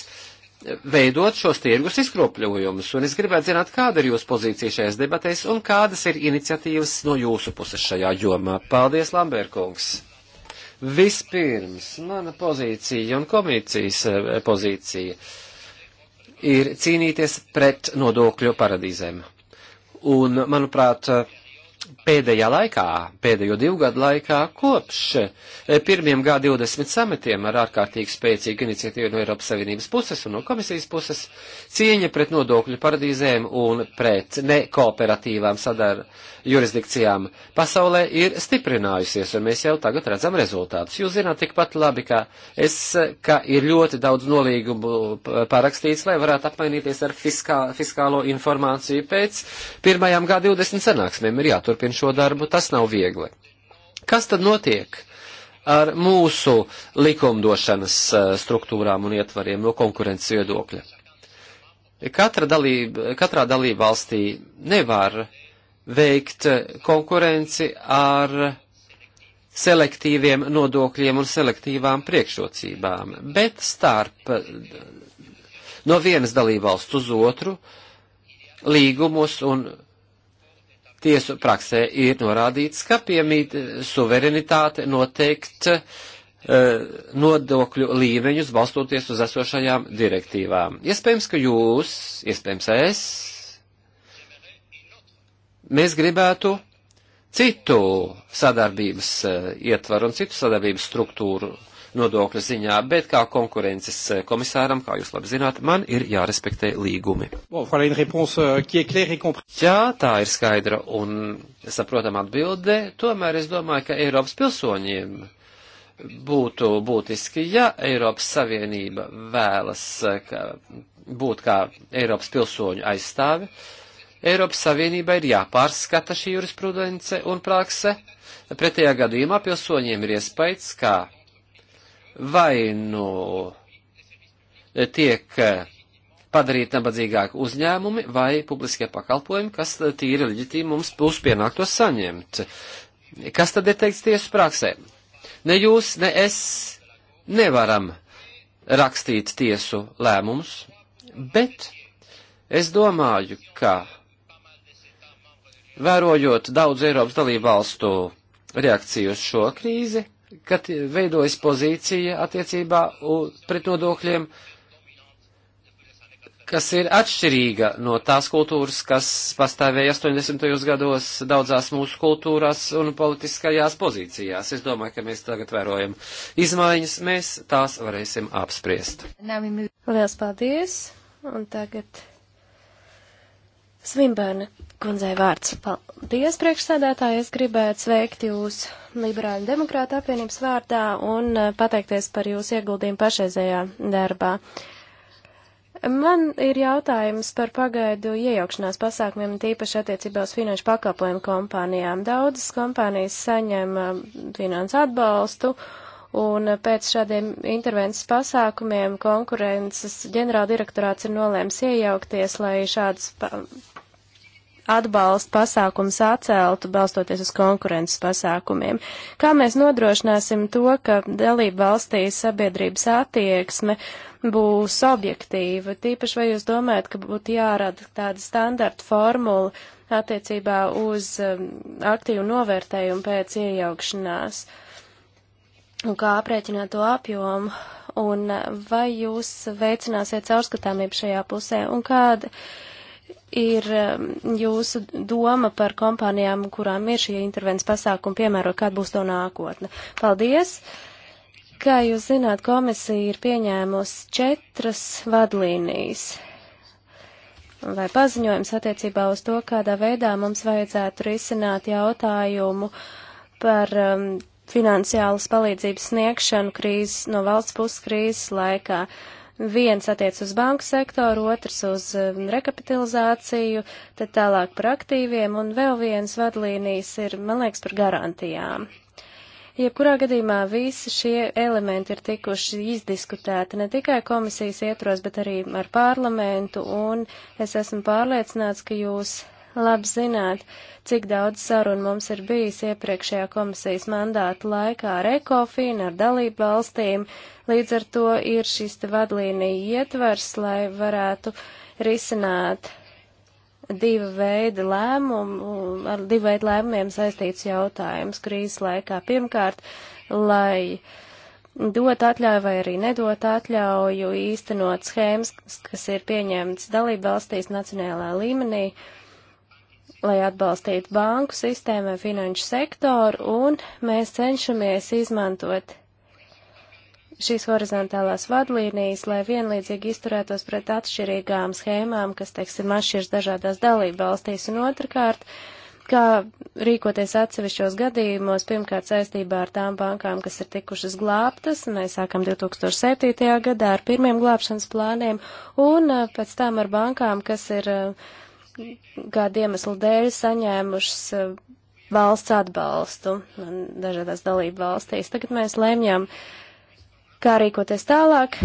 veidot šos tirgus izkropļojumus. Un es gribētu zināt, kāda ir jūsu pozīcija šajās debatēs un kādas ir iniciatīvas no jūsu puses šajā jomā. Paldies, Lamberkungs! Vispirms, mana pozīcija un komisijas eh, pozīcija ir cīnīties pret nodokļu paradīzēm. Un, manuprāt, uh, pēdējā laikā, pēdējo divu gadu laikā, kopš eh, pirmiem G20 sametiem ar ārkārtīgi spēcīgu iniciatīvu no Eiropas Savienības puses un no komisijas puses, cieņa pret nodokļu paradīzēm un pret nekooperatīvām sadar, jurisdikcijām pasaulē ir stiprinājusies, un mēs jau tagad redzam rezultātus. Jūs zināt tikpat labi, ka, es, ka ir ļoti daudz nolīgumu parakstīts, lai varētu apmainīties ar fiskā, fiskālo informāciju pēc pirmajām G20 sanāksmēm. Ir jāturpina šo darbu, tas nav viegli. Kas tad notiek? ar mūsu likumdošanas struktūrām un ietvariem no konkurences viedokļa. Katra dalība, katrā dalība valstī nevar veikt eh, konkurenci ar selektīviem nodokļiem un selektīvām priekšrocībām, bet starp eh, no vienas dalībvalsts uz otru līgumos un tiesu praksē ir norādīts, ka piemīt eh, suverenitāte noteikt uh, nodokļu līmeņus balstoties uz esošajām direktīvām. Iespējams, ka jūs, iespējams es, Mēs gribētu citu sadarbības eh, ietvaru un citu sadarbības struktūru nodokļu ziņā, bet kā konkurences eh, komisāram, kā jūs labi zināt, man ir jārespektē līgumi. Euh, Jā, tā ir skaidra un saprotama atbilde, tomēr es domāju, ka Eiropas pilsoņiem būtu būtiski, ja Eiropas Savienība vēlas eh, ka, būt kā Eiropas pilsoņu aizstāvi, uh, Eiropas Savienībai ir jāpārskata šī jurisprudence un prakse. Pretējā gadījumā pilsoņiem ir iespējas, kā vai nu tiek padarīt nabadzīgāk uzņēmumi vai publiskie pakalpojumi, kas tīri leģitīvi mums būs pienāktos saņemt. Kas tad ir teikts tiesu praksē? Ne jūs, ne es nevaram rakstīt tiesu lēmumus, bet es domāju, ka vērojot daudz Eiropas dalībvalstu reakciju uz šo krīzi, kad veidojas pozīcija attiecībā uz, pret nodokļiem, kas ir atšķirīga no tās kultūras, kas pastāvēja 80. gados daudzās mūsu kultūrās un politiskajās pozīcijās. Es domāju, ka mēs tagad vērojam izmaiņas, mēs tās varēsim apspriest. Lielas paldies! Un tagad Svimbērne Kundzei vārds. Paldies, priekšsēdētāji. Es gribētu sveikt jūs Liberāļu demokrāta apvienības vārdā un eh, pateikties par jūsu ieguldījumu pašreizējā darbā. Man ir jautājums par pagaidu iejaukšanās pasākumiem, tīpaši attiecībā uz finanšu pakalpojumu kompānijām. Daudzas kompānijas saņem eh, finansu atbalstu un eh, pēc šādiem intervences pasākumiem konkurences ģenerāldirektorāts ir nolēms iejaukties, lai šādas atbalsta pasākums atceltu, balstoties uz konkurences pasākumiem. Kā mēs nodrošināsim to, ka dalība valstīs sabiedrības attieksme būs objektīva? Tīpaši vai jūs domājat, ka būtu jārada tāda standarta formula attiecībā uz um, aktīvu novērtējumu pēc iejaukšanās? Un kā aprēķināt to apjomu? un vai jūs veicināsiet caurskatāmību šajā pusē, un kāda ir um, jūsu doma par kompānijām, kurām ir šie intervences pasākumi, piemērot, kāda būs to nākotne? Paldies! Kā jūs zināt, komisija ir pieņēmusi četras vadlīnijas vai paziņojums attiecībā uz to, kādā veidā mums vajadzētu risināt jautājumu par um, finansiālas palīdzības sniegšanu krīzes, no valsts puses krīzes laikā. Uh, Viens attiec uz banku sektoru, otrs uz um, rekapitalizāciju, tad tālāk par aktīviem, un vēl viens vadlīnijas ir, man liekas, par garantijām. Jebkurā gadījumā visi šie elementi ir tikuši izdiskutēti ne tikai komisijas ietros, bet arī ar parlamentu, un es esmu pārliecināts, ka jūs labi zināt, cik daudz sarunu mums ir bijis iepriekšējā komisijas mandāta laikā ar ekofīnu, ar dalību valstīm. Līdz ar to ir šis te vadlīnija ietvers, lai varētu risināt divu veidu lēmumu, ar divu veidu lēmumiem saistīts jautājums krīzes laikā. Pirmkārt, lai dot atļauju vai arī nedot atļauju īstenot schēmas, kas ir pieņemts dalību valstīs nacionālā līmenī, uh, lai atbalstītu banku sistēmu vai finanšu sektoru, un mēs cenšamies izmantot šīs horizontālās vadlīnijas, lai vienlīdzīgi izturētos pret atšķirīgām schēmām, kas, teiksim, atšķirs dažādās dalību valstīs, un otrkārt, kā rīkoties atsevišķos gadījumos, pirmkārt saistībā ar tām bankām, kas ir tikušas glābtas, mēs sākam 2007. gadā ar pirmiem glābšanas plāniem, un eh, pēc tam ar bankām, kas ir uh, kādu iemeslu dēļ saņēmušas eh, valsts atbalstu dažādās dalību valstīs. Tagad mēs lēmjām, kā rīkoties tālāk.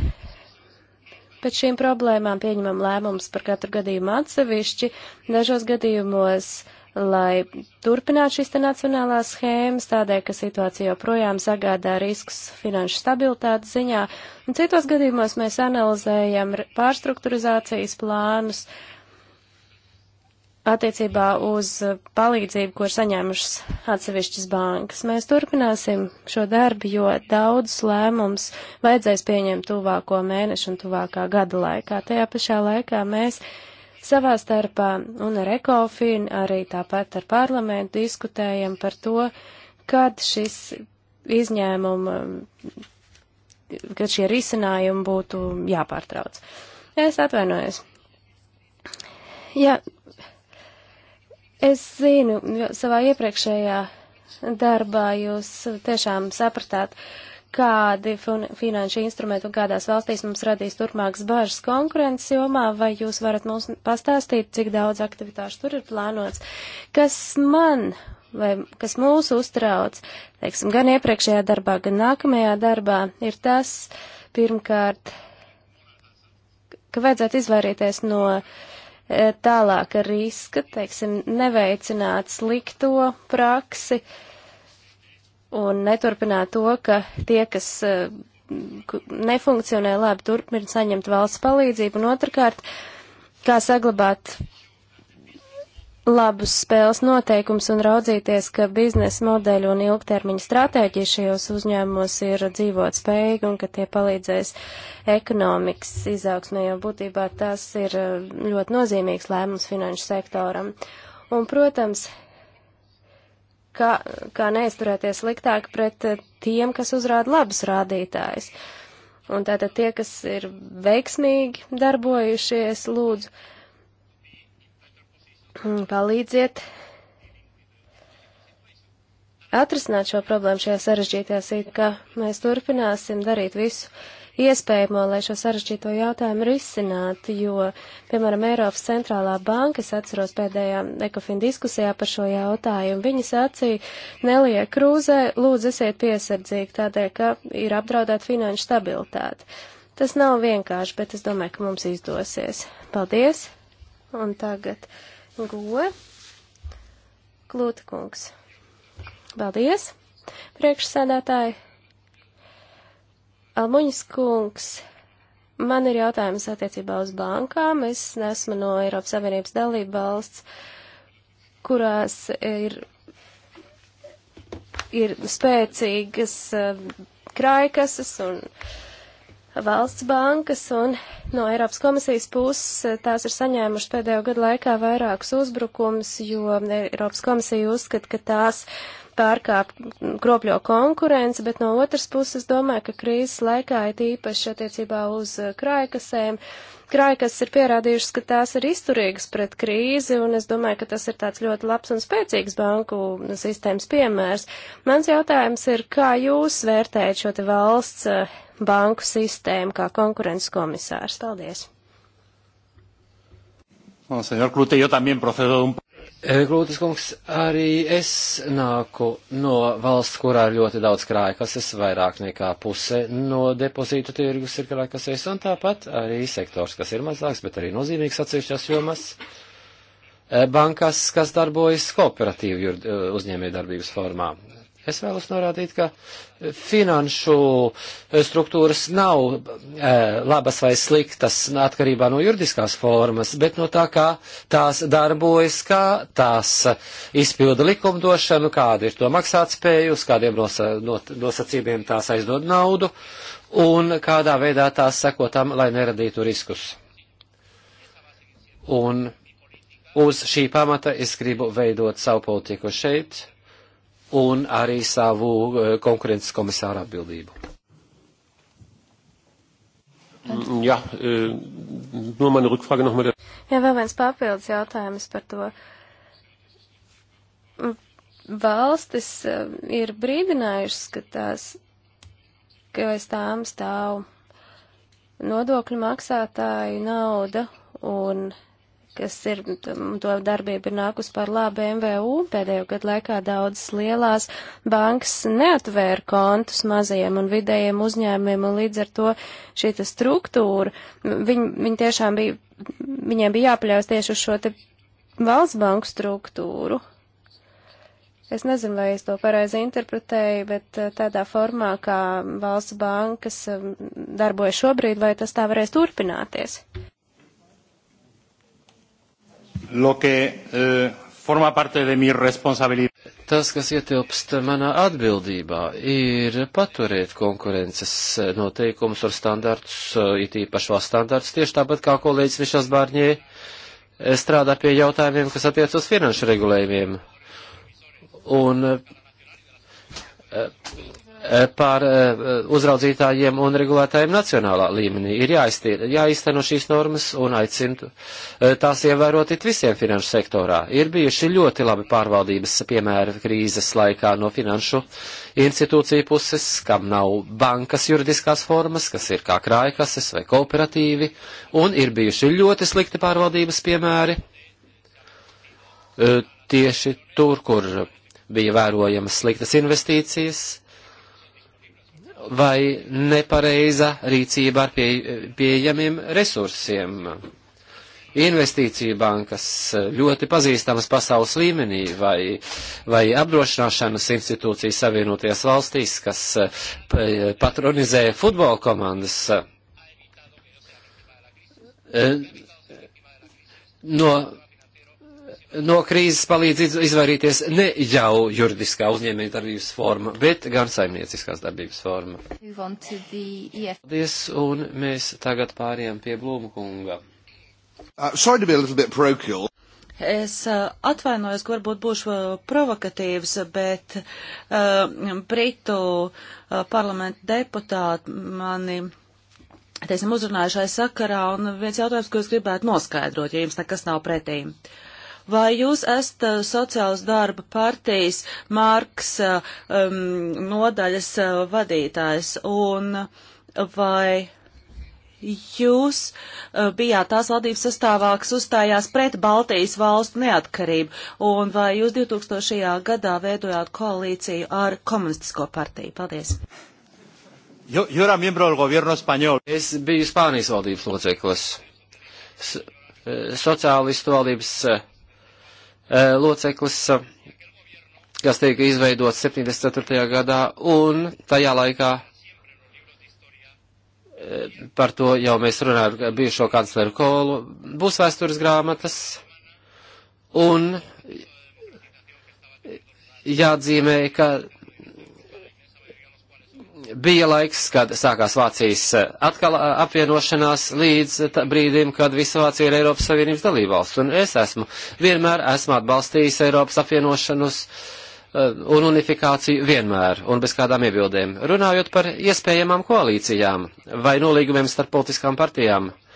Pēc šīm problēmām pieņemam lēmumus par katru gadījumu atsevišķi. Dažos gadījumos lai turpinātu šīs nacionālās schēmas, tādēļ, ka situācija joprojām sagādā risks finanšu stabilitātes ziņā, un citos gadījumos mēs analizējam pārstrukturizācijas plānus, attiecībā uz palīdzību, ko ir saņēmušas atsevišķas bankas. Mēs turpināsim šo darbu, jo daudz lēmums vajadzēs pieņemt tuvāko mēnešu un tuvākā gada laikā. Tajā pašā laikā mēs savā starpā un ar ekofīnu, arī tāpat ar parlamentu diskutējam par to, kad šis izņēmuma, kad šie risinājumi būtu jāpārtrauc. Es atvainojos. Ja Es zinu, savā iepriekšējā darbā jūs tiešām sapratāt, kādi finanšu instrumenti un kādās valstīs mums radīs turpmākas bažas konkurences jomā, vai jūs varat mums pastāstīt, cik daudz aktivitāšu tur ir plānots, kas man vai kas mūs uztrauc, teiksim, gan iepriekšējā darbā, gan nākamajā darbā, ir tas, pirmkārt, ka vajadzētu izvairīties no uh, tālāk riska, teiksim, neveicināt slikto praksi un neturpināt to, ka tie, kas eh, nefunkcionē labi, turpina saņemt valsts palīdzību. Un otrkārt, kā saglabāt labus spēles noteikums un raudzīties, ka biznesa modeļi un ilgtermiņa stratēģija šajos uzņēmumos ir dzīvot spējīgi un ka tie palīdzēs ekonomikas izaugsmē, jo būtībā tas ir eh, ļoti nozīmīgs lēmums finanšu sektoram. Un, protams, kā, kā neizturēties sliktāk pret eh, tiem, kas uzrāda labus rādītājus. Un tātad tie, kas ir veiksmīgi darbojušies, lūdzu, uh, Mm, palīdziet atrisināt šo problēmu šajā sarežģītajā sīkā, ka mēs turpināsim darīt visu iespējamo, lai šo sarežģīto jautājumu risinātu, jo, piemēram, Eiropas centrālā banka, es atceros pēdējā ekofin diskusijā par šo jautājumu, viņa sacīja, Nelija Krūzē, lūdzu, esiet piesardzīgi tādēļ, ka ir apdraudēta finanšu stabilitāte. Tas nav vienkārši, bet es domāju, ka mums izdosies. Paldies! Un tagad Goe, Klūta kungs. Paldies, priekšsēdētāji. Almuņas kungs, man ir jautājums attiecībā uz bankām. Es nesmu no Eiropas Savienības dalība valsts, kurās ir, ir spēcīgas eh, krājkases un. Uh, valsts bankas un no Eiropas komisijas puses tās ir saņēmušas pēdējo gadu laikā vairākus uzbrukumus, jo Eiropas komisija uzskata, ka tās pārkāp kropļo konkurence, bet no otras puses domāju, ka krīzes laikā ir īpaši attiecībā uz uh, krājkasēm. Krājkas ir pierādījušas, ka tās ir izturīgas pret krīzi, un es domāju, ka tas ir tāds ļoti labs un spēcīgs banku sistēmas piemērs. Mans jautājums ir, kā jūs vērtējat šo te valsts uh, banku sistēmu kā konkurences komisārs. Paldies! No, señor Klute, yo también procedo de un... Grūtis eh, kungs, arī es nāku no valsts, kurā ir ļoti daudz krājkases, vairāk nekā puse no depozītu tirgus ir krājkases, un tāpat arī sektors, kas ir mazāks, bet arī nozīmīgs atsevišķās jomas. Eh, Bankas, kas darbojas kooperatīvu eh, uzņēmējdarbības formā. Es vēlos norādīt, ka finanšu struktūras nav e, labas vai sliktas atkarībā no juridiskās formas, bet no tā, kā tās darbojas, kā tās izpilda likumdošanu, kāda ir to maksātspēja, uz kādiem nosa, not, nosacījumiem tās aizdod naudu un kādā veidā tās seko tam, lai neradītu riskus. Un uz šī pamata es gribu veidot savu politiku šeit un arī savu eh, konkurences komisāru atbildību. Mm, Jā, eh, no mana rückfrage nochmal. Jā, vēl viens papildus jautājums par to. Valstis eh, ir brīdinājušas, ka tās, ka aiz tām stāv nodokļu maksātāju nauda un kas ir, to darbība ir nākus par labu MVU. Pēdējo gadu laikā daudzas lielās bankas neatvēra kontus mazajiem un vidējiem uzņēmumiem, un līdz ar to šī struktūra, viņi, viņi tiešām bija, viņiem bija jāpaļaus tieši uz šo te valsts banku struktūru. Es nezinu, vai es to pareizi interpretēju, bet eh, tādā formā, kā valsts bankas eh, darbojas šobrīd, vai tas tā varēs turpināties? lo que eh, forma parte de mi responsabilidad. Tas, kas ietilpst manā atbildībā, ir paturēt konkurences eh, noteikumus un standartus, eh, it īpaši valsts standartus, tieši tāpat kā kolēģis Mišas Bārņē eh, strādā pie jautājumiem, kas attiec uz finanšu regulējumiem. Un pār eh, uzraudzītājiem un regulētājiem nacionālā līmenī. Ir jāizteno šīs normas un aicinu eh, tās ievērot it visiem finanšu sektorā. Ir bijuši ļoti labi pārvaldības piemēri krīzes laikā no finanšu institūciju puses, kam nav bankas juridiskās formas, kas ir kā krājkases vai kooperatīvi, un ir bijuši ļoti slikti pārvaldības piemēri eh, tieši tur, kur bija vērojamas sliktas investīcijas, vai nepareiza rīcība ar pie, pieejamiem resursiem. Investīcija bankas ļoti pazīstamas pasaules līmenī vai, vai apdrošināšanas institūcijas savienoties valstīs, kas eh, patronizē futbola komandas. Eh, no no krīzes palīdz izvairīties ne jau juridiskā uzņēmēja darbības forma, bet gan saimnieciskās darbības forma. E Paldies, un mēs tagad pāriem pie Blūma kunga. Uh, Es uh, atvainojos, ka varbūt būšu uh, provokatīvs, bet uh, Britu uh, parlamenta deputāti mani, teiksim, uzrunājušai sakarā, un viens jautājums, ko es gribētu noskaidrot, ja jums nekas nav pretī. Uh, Vai jūs esat eh, sociālas darba partijas Marks um, nodaļas eh, vadītājs un vai jūs bijāt tās valdības sastāvā, kas uzstājās pret Baltijas valstu neatkarību, un vai jūs 2000. gadā veidojāt koalīciju ar komunistisko partiju? Paldies! Yo, yo era miembro del gobierno español. Es biju Spānijas valdības loceklis. Sociālistu valdības Eh, loceklis, eh, kas tika izveidots 74. gadā, un tajā laikā eh, par to jau mēs runājam ar bijušo kancleru Kolu, būs vēstures grāmatas, un jāatzīmē, ka bija laiks, kad sākās Vācijas eh, atkal eh, apvienošanās līdz brīdim, kad visa Vācija ir Eiropas Savienības dalībvalsts. Un es esmu, vienmēr esmu atbalstījis Eiropas apvienošanos eh, un unifikāciju vienmēr un bez kādām iebildēm. Runājot par iespējamām koalīcijām vai nolīgumiem starp politiskām partijām. Uh,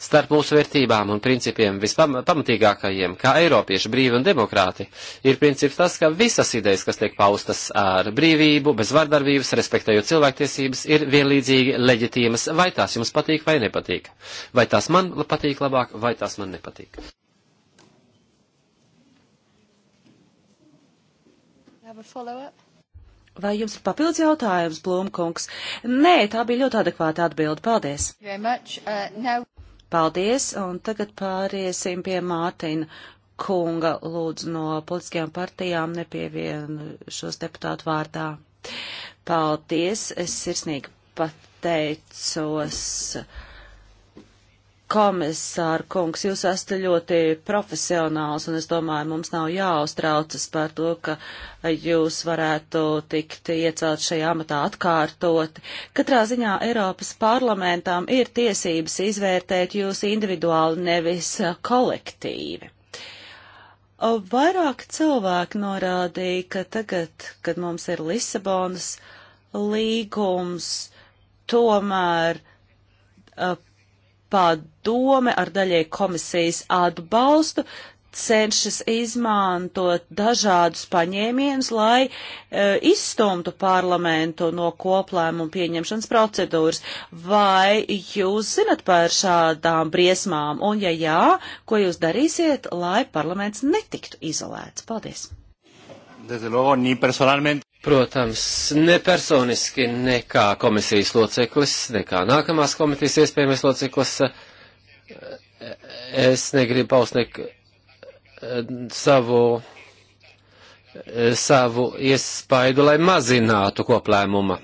starp mūsu vērtībām un principiem vispamatīgākajiem, kā Eiropieši brīvi un demokrāti, ir princips tas, ka visas idejas, kas tiek paustas ar brīvību, bez vardarbības, respektējot cilvēktiesības, ir vienlīdzīgi leģitīmas, vai tās jums patīk vai nepatīk, vai tās man patīk labāk, vai tās man nepatīk. Vai jums ir papildus jautājums, Blūmkungs? Nē, tā bija ļoti adekvāta atbilde. Paldies! Very much, uh, now... Paldies, un tagad pāriesim pie Mātina kunga lūdzu no politiskajām partijām nepievienu šos deputātu vārdā. Paldies, es sirsnīgi pateicos. Uh, komisāra kungs, jūs esat ļoti profesionāls, un es domāju, mums nav jāuztraucas par to, ka jūs varētu tikt iecelt šajā amatā atkārtot. Katrā ziņā Eiropas parlamentām ir tiesības izvērtēt jūs individuāli, nevis kolektīvi. Vairāk cilvēki norādīja, ka tagad, kad mums ir Lisabonas līgums, tomēr padome ar daļai komisijas atbalstu cenšas izmantot dažādus paņēmienus, lai e, izstumtu parlamentu no koplēmumu pieņemšanas procedūras. Vai jūs zinat par šādām briesmām? Un ja jā, ko jūs darīsiet, lai parlaments netiktu izolēts? Paldies! Desde luego, ni personalmente protams, nepersoniski nekā komisijas loceklis, nekā nākamās komitejas iespējamais loceklis. Es negribu paust nek savu, savu iespaidu, lai mazinātu koplēmuma e,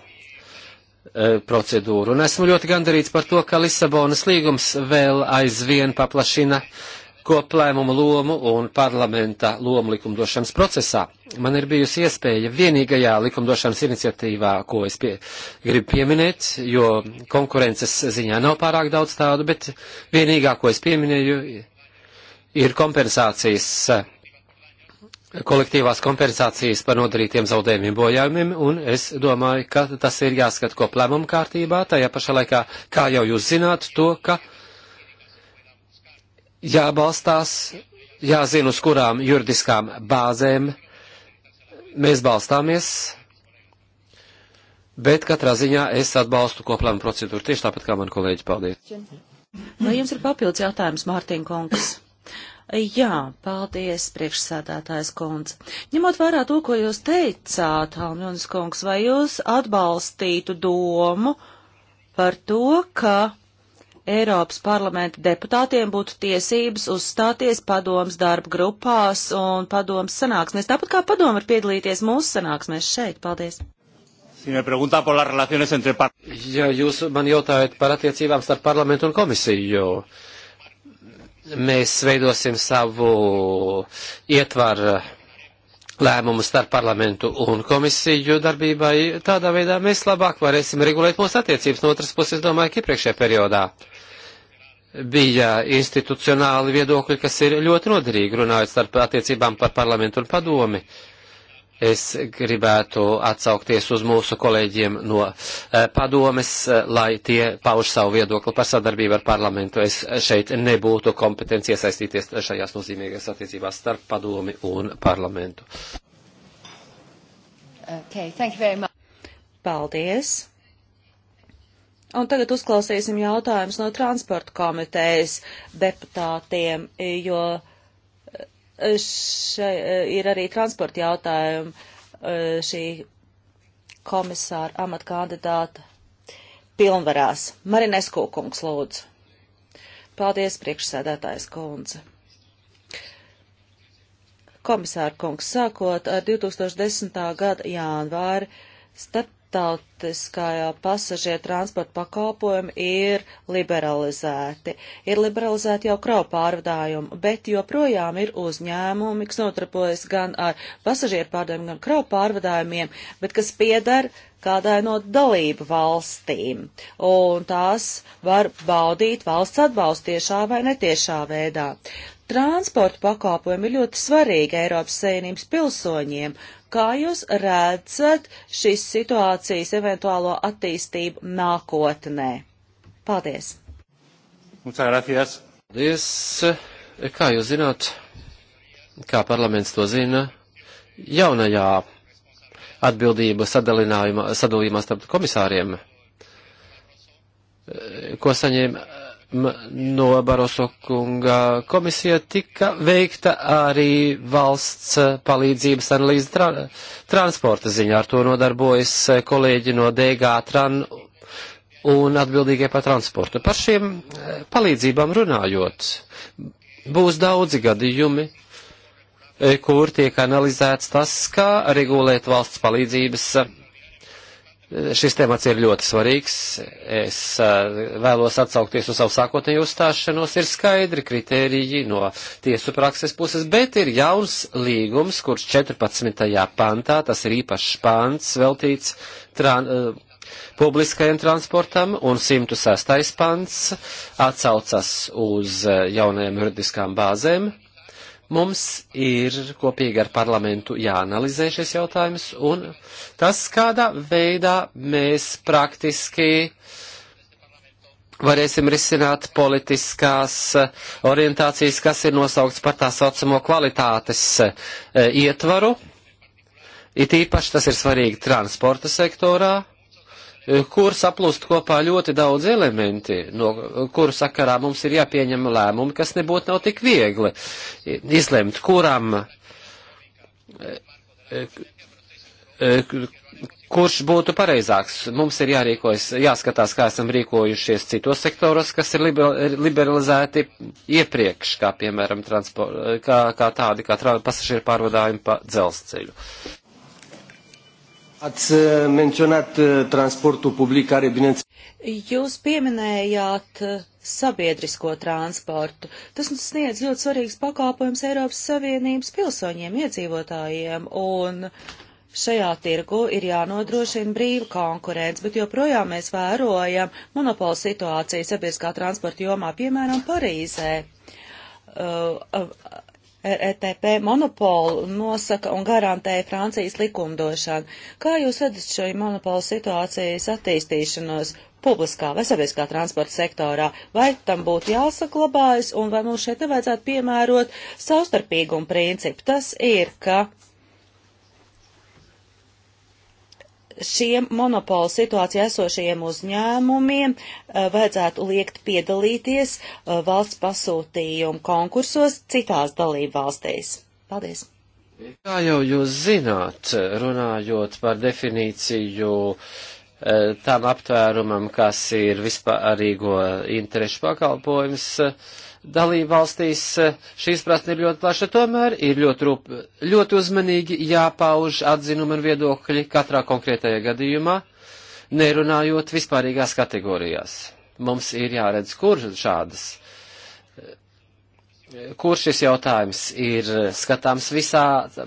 procedūru. Un esmu ļoti gandarīts par to, ka Lisabonas līgums vēl aizvien paplašina uh, koplēmumu lomu un parlamenta lomu likumdošanas procesā. Man ir bijusi iespēja vienīgajā likumdošanas iniciatīvā, ko es pie, gribu pieminēt, jo konkurences ziņā nav pārāk daudz tādu, bet vienīgā, ko es pieminēju, ir kompensācijas, kolektīvās kompensācijas par nodarītiem zaudējumiem bojājumiem, un es domāju, ka tas ir jāskat koplēmumu kārtībā, tajā pašā laikā, kā jau jūs zināt, to, ka jābalstās, jāzina, uz kurām juridiskām bāzēm mēs balstāmies, bet katrā ziņā es atbalstu koplēmu procedūru tieši tāpat kā mani kolēģi. Paldies! Vai jums ir papildus jautājums, Mārtiņ Kungs? Jā, paldies, priekšsēdētājs kundze. Ņemot vērā to, ko jūs teicāt, Almjonis kungs, vai jūs atbalstītu domu par to, ka Eiropas parlamenta deputātiem būtu tiesības uzstāties padomas darba grupās un padomas sanāksmēs, tāpat kā padoma var piedalīties mūsu sanāksmēs šeit. Paldies! Ja jūs man jautājat par attiecībām starp parlamentu un komisiju, mēs veidosim savu ietvaru lēmumu starp parlamentu un komisiju darbībai. Tādā veidā mēs labāk varēsim regulēt mūsu attiecības. No otras puses, domāju, ka iepriekšējā periodā bija institucionāli viedokļi, kas ir ļoti noderīgi runājot starp attiecībām par parlamentu un padomi. Es gribētu atsaukties uz mūsu kolēģiem no eh, padomes, eh, lai tie pauž savu viedokli par sadarbību ar parlamentu. Es šeit nebūtu kompetenci iesaistīties šajās nozīmīgās attiecībās starp padomi un parlamentu. Okay, Paldies! Un tagad uzklausīsim jautājumus no transporta komitejas deputātiem, jo e, šeit ir arī transporta jautājumi e, šī komisāra amatkandidāta pilnvarās. Marines Kūkungs lūdzu. Paldies, priekšsēdētājs kundze. Komisāra kungs, sākot ar 2010. gada janvāri, starp starptautiskajā pasažieru transporta pakalpojumi ir liberalizēti. Ir liberalizēti jau kravu pārvadājumi, bet joprojām ir uzņēmumi, kas notarpojas gan ar pasažieru pārvadājumiem, gan kravu pārvadājumiem, bet kas piedara kādai no dalību valstīm. Un tās var baudīt valsts atbalstu tiešā vai netiešā veidā. Transporta pakalpojumi ir ļoti svarīgi Eiropas Savienības pilsoņiem, Kā jūs redzat šīs situācijas eventuālo attīstību nākotnē? Paldies! Muchas gracias! Paldies! Kā jūs zināt, kā parlaments to zina, jaunajā atbildību sadalījumā starp komisāriem, ko saņēma no Baroso kunga komisija tika veikta arī valsts palīdzības analīze tra transporta ziņā. Ar to nodarbojas eh, kolēģi no DG Tran un atbildīgie par transportu. Par šiem eh, palīdzībām runājot, būs daudzi gadījumi, eh, kur tiek analizēts tas, kā regulēt valsts palīdzības Šis temats ir ļoti svarīgs. Es eh, vēlos atsaukties uz savu sākotnēju uzstāšanos. Ir skaidri kriteriji no tiesu prakses puses, bet ir jauns līgums, kurš 14. pantā, tas ir īpašs pants veltīts tran, eh, publiskajam transportam, un 106. pants atsaucas uz eh, jaunajām juridiskām bāzēm Mums ir kopīgi ar parlamentu jāanalizē šis jautājums un tas, kādā veidā mēs praktiski varēsim risināt politiskās orientācijas, kas ir nosaukts par tā saucamo kvalitātes e, ietvaru. It īpaši tas ir svarīgi transporta sektorā kur saplūst kopā ļoti daudz elementi, no kuru sakarā mums ir jāpieņem lēmumi, kas nebūtu nav tik viegli izlemt, kuram, e, e, kurš būtu pareizāks. Mums ir jārīkojas, jāskatās, kā esam rīkojušies citos sektoros, kas ir liberalizēti iepriekš, kā piemēram transport, kā, kā tādi, kā tra, pasažieru pārvadājumi pa dzelzceļu. Ați uh, menționat uh, transportul public care, bineînțeles... Jūs pieminējāt uh, sabiedrisko transportu. Tas sniedz ļoti svarīgs pakāpojums Eiropas Savienības pilsoņiem, iedzīvotājiem, un šajā tirgu ir jānodrošina brīva konkurence, bet joprojām mēs vērojam monopola situāciju sabiedriskā transporta jomā, piemēram, Parīzē. Uh, uh, ETP monopolu nosaka un garantē Francijas likumdošana. Kā jūs redzat šo monopolu situācijas attīstīšanos publiskā vai sabiedriskā transporta sektorā, vai tam būtu jāsaklabājas un vai mums šeit nevajadzētu piemērot savstarpīgumu principu? Tas ir, ka šiem monopola situācijā esošajiem uzņēmumiem eh, vajadzētu liekt piedalīties eh, valsts pasūtījumu konkursos citās dalību valstīs. Paldies! Kā jau jūs zināt, runājot par definīciju eh, tam aptvērumam, kas ir vispārīgo interešu pakalpojums, uh, dalībvalstīs eh, šī izpratne ir ļoti plaša, tomēr ir ļoti, rūp, ļoti uzmanīgi jāpauž atzinumi un viedokļi katrā konkrētajā gadījumā, nerunājot vispārīgās kategorijās. Mums ir jāredz, kur šādas, eh, kur šis jautājums ir skatāms visā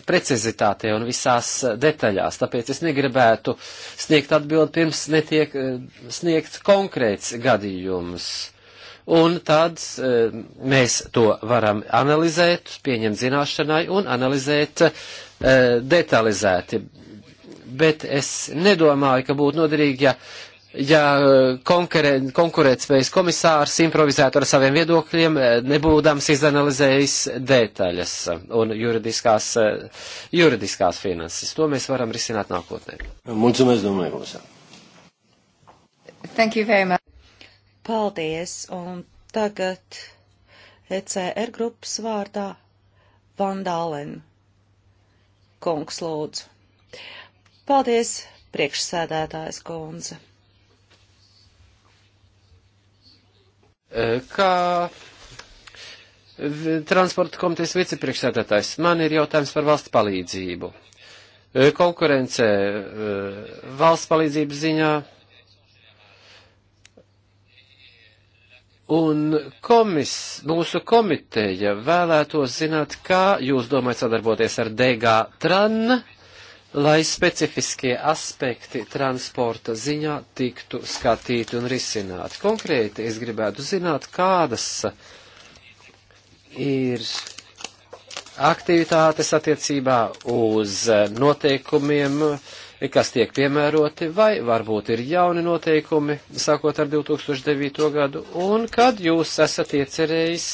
precizitātē un visās detaļās, tāpēc es negribētu sniegt atbildi pirms netiek eh, sniegts konkrēts gadījums un tad e, mēs to varam analizēt, pieņemt zināšanai un analizēt e, detalizēti. Bet es nedomāju, ka būtu noderīgi, ja ja konkurētspējas komisārs improvizētu ar saviem viedokļiem, e, nebūdams izanalizējis detaļas un juridiskās, juridiskās finanses. To mēs varam risināt nākotnē. Mulțumesc, domnule Rosa. Thank you very much. Paldies, un tagad ECR grupas vārdā Vandālen. Kungs lūdzu. Paldies, priekšsēdētājs kundze. Kā transporta komitejas vicepriekšsēdētājs, man ir jautājums par valsts palīdzību. Konkurence eh, valsts palīdzības ziņā Un komis, mūsu komiteja vēlētos zināt, kā jūs domājat sadarboties ar DG TRAN, lai specifiskie aspekti transporta ziņā tiktu skatīti un risināti. Konkrēti es gribētu zināt, kādas ir aktivitātes attiecībā uz noteikumiem, uh, kas tiek piemēroti, vai varbūt ir jauni noteikumi, sākot ar 2009. gadu, un kad jūs esat iecerējis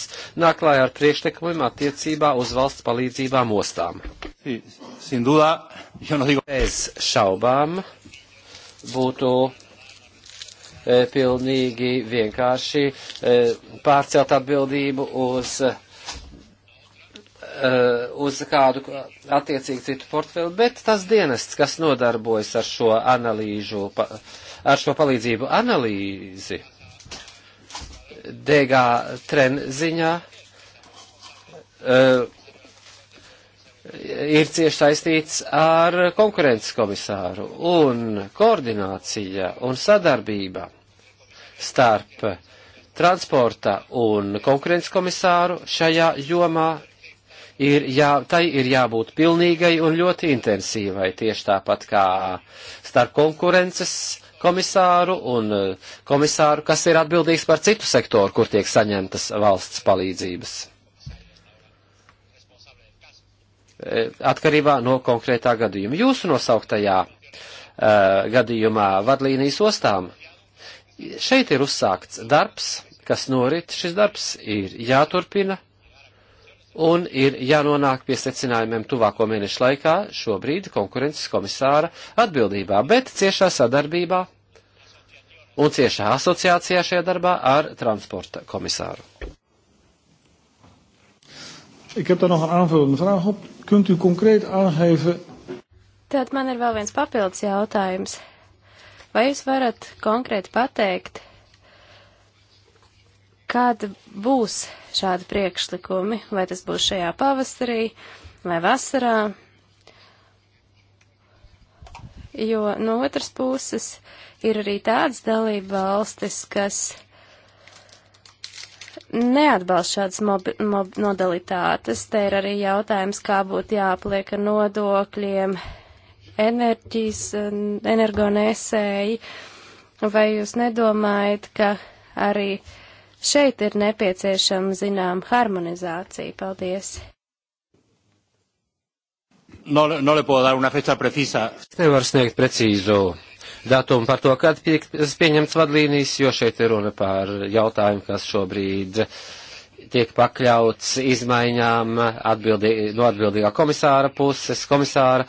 nāklājā ar priekšlikumiem attiecībā uz valsts palīdzībām ostām? Bez šaubām būtu eh, pilnīgi vienkārši eh, pārcelt atbildību uz Uh, uz kādu attiecīgu citu portfeli, bet tas dienests, kas nodarbojas ar šo analīžu, ar šo palīdzību analīzi, degā tren ziņā, uh, ir cieši saistīts ar konkurences komisāru un koordinācija un sadarbība starp transporta un konkurences komisāru šajā jomā ir jā, tai ir jābūt pilnīgai un ļoti intensīvai, tieši tāpat kā starp konkurences komisāru un eh, komisāru, kas ir atbildīgs par citu sektoru, kur tiek saņemtas valsts palīdzības. Eh, atkarībā no konkrētā gadījuma. Jūsu nosauktajā uh, gadījumā vadlīnijas ostām šeit ir uzsākts darbs, kas norit. Šis darbs ir jāturpina un ir jānonāk pie secinājumiem tuvāko mēnešu laikā, šobrīd konkurences komisāra atbildībā, bet ciešā sadarbībā un ciešā asociācijā šajā darbā ar transporta komisāru. Ik heb daar nog een aanvullende vraag op. Kunt u concreet aangeven? Tad man ir vēl viens papildus jautājums. Vai jūs varat konkrēti pateikt, Kāda būs šāda priekšlikumi? Vai tas būs šajā pavasarī vai vasarā? Jo no otras puses ir arī tādas dalība valstis, kas neatbalsta šādas mobi, mob, modalitātes. Te ir arī jautājums, kā būtu jāpliek ar nodokļiem, enerģijas, energonēsēji. Vai jūs nedomājat, ka arī uh, Šeit ir nepieciešama zinām harmonizācija. Paldies! No, no le puedo dar una fecha precisa. Nevar sniegt precīzu datumu par to, kad pie, pieņemts vadlīnijas, jo šeit ir runa par jautājumu, kas šobrīd tiek pakļauts izmaiņām atbildi, no atbildīgā komisāra puses, komisāra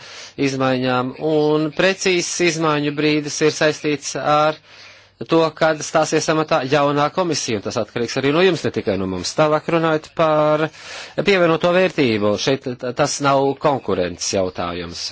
izmaiņām, un precīzs izmaiņu brīdis ir saistīts ar uh, to, kad stāsies amatā jaunā komisija, un tas atkarīgs arī no jums, ne tikai no mums. Tālāk runājot par pievienoto vērtību, šeit tas nav konkurences jautājums.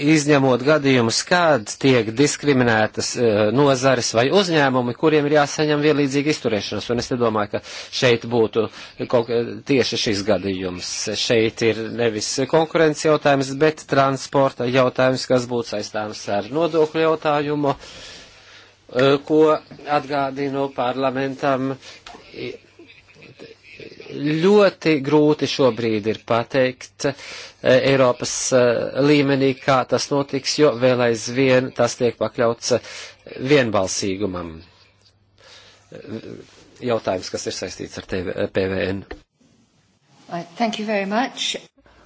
izņemot gadījumus, kad tiek diskriminētas e, nozares vai uzņēmumi, kuriem ir jāsaņem vienlīdzīga izturēšanās. Un es nedomāju, ka šeit būtu kaut, tieši šis gadījums. Šeit ir nevis konkurences jautājums, bet transporta jautājums, kas būtu saistāms ar nodokļu jautājumu, e, ko atgādinu parlamentam ļoti grūti šobrīd ir pateikt eh, Eiropas eh, līmenī, kā tas notiks, jo vēl aizvien tas tiek pakļauts eh, vienbalsīgumam. Jautājums, kas ir saistīts ar TV, PVN. Thank you very much.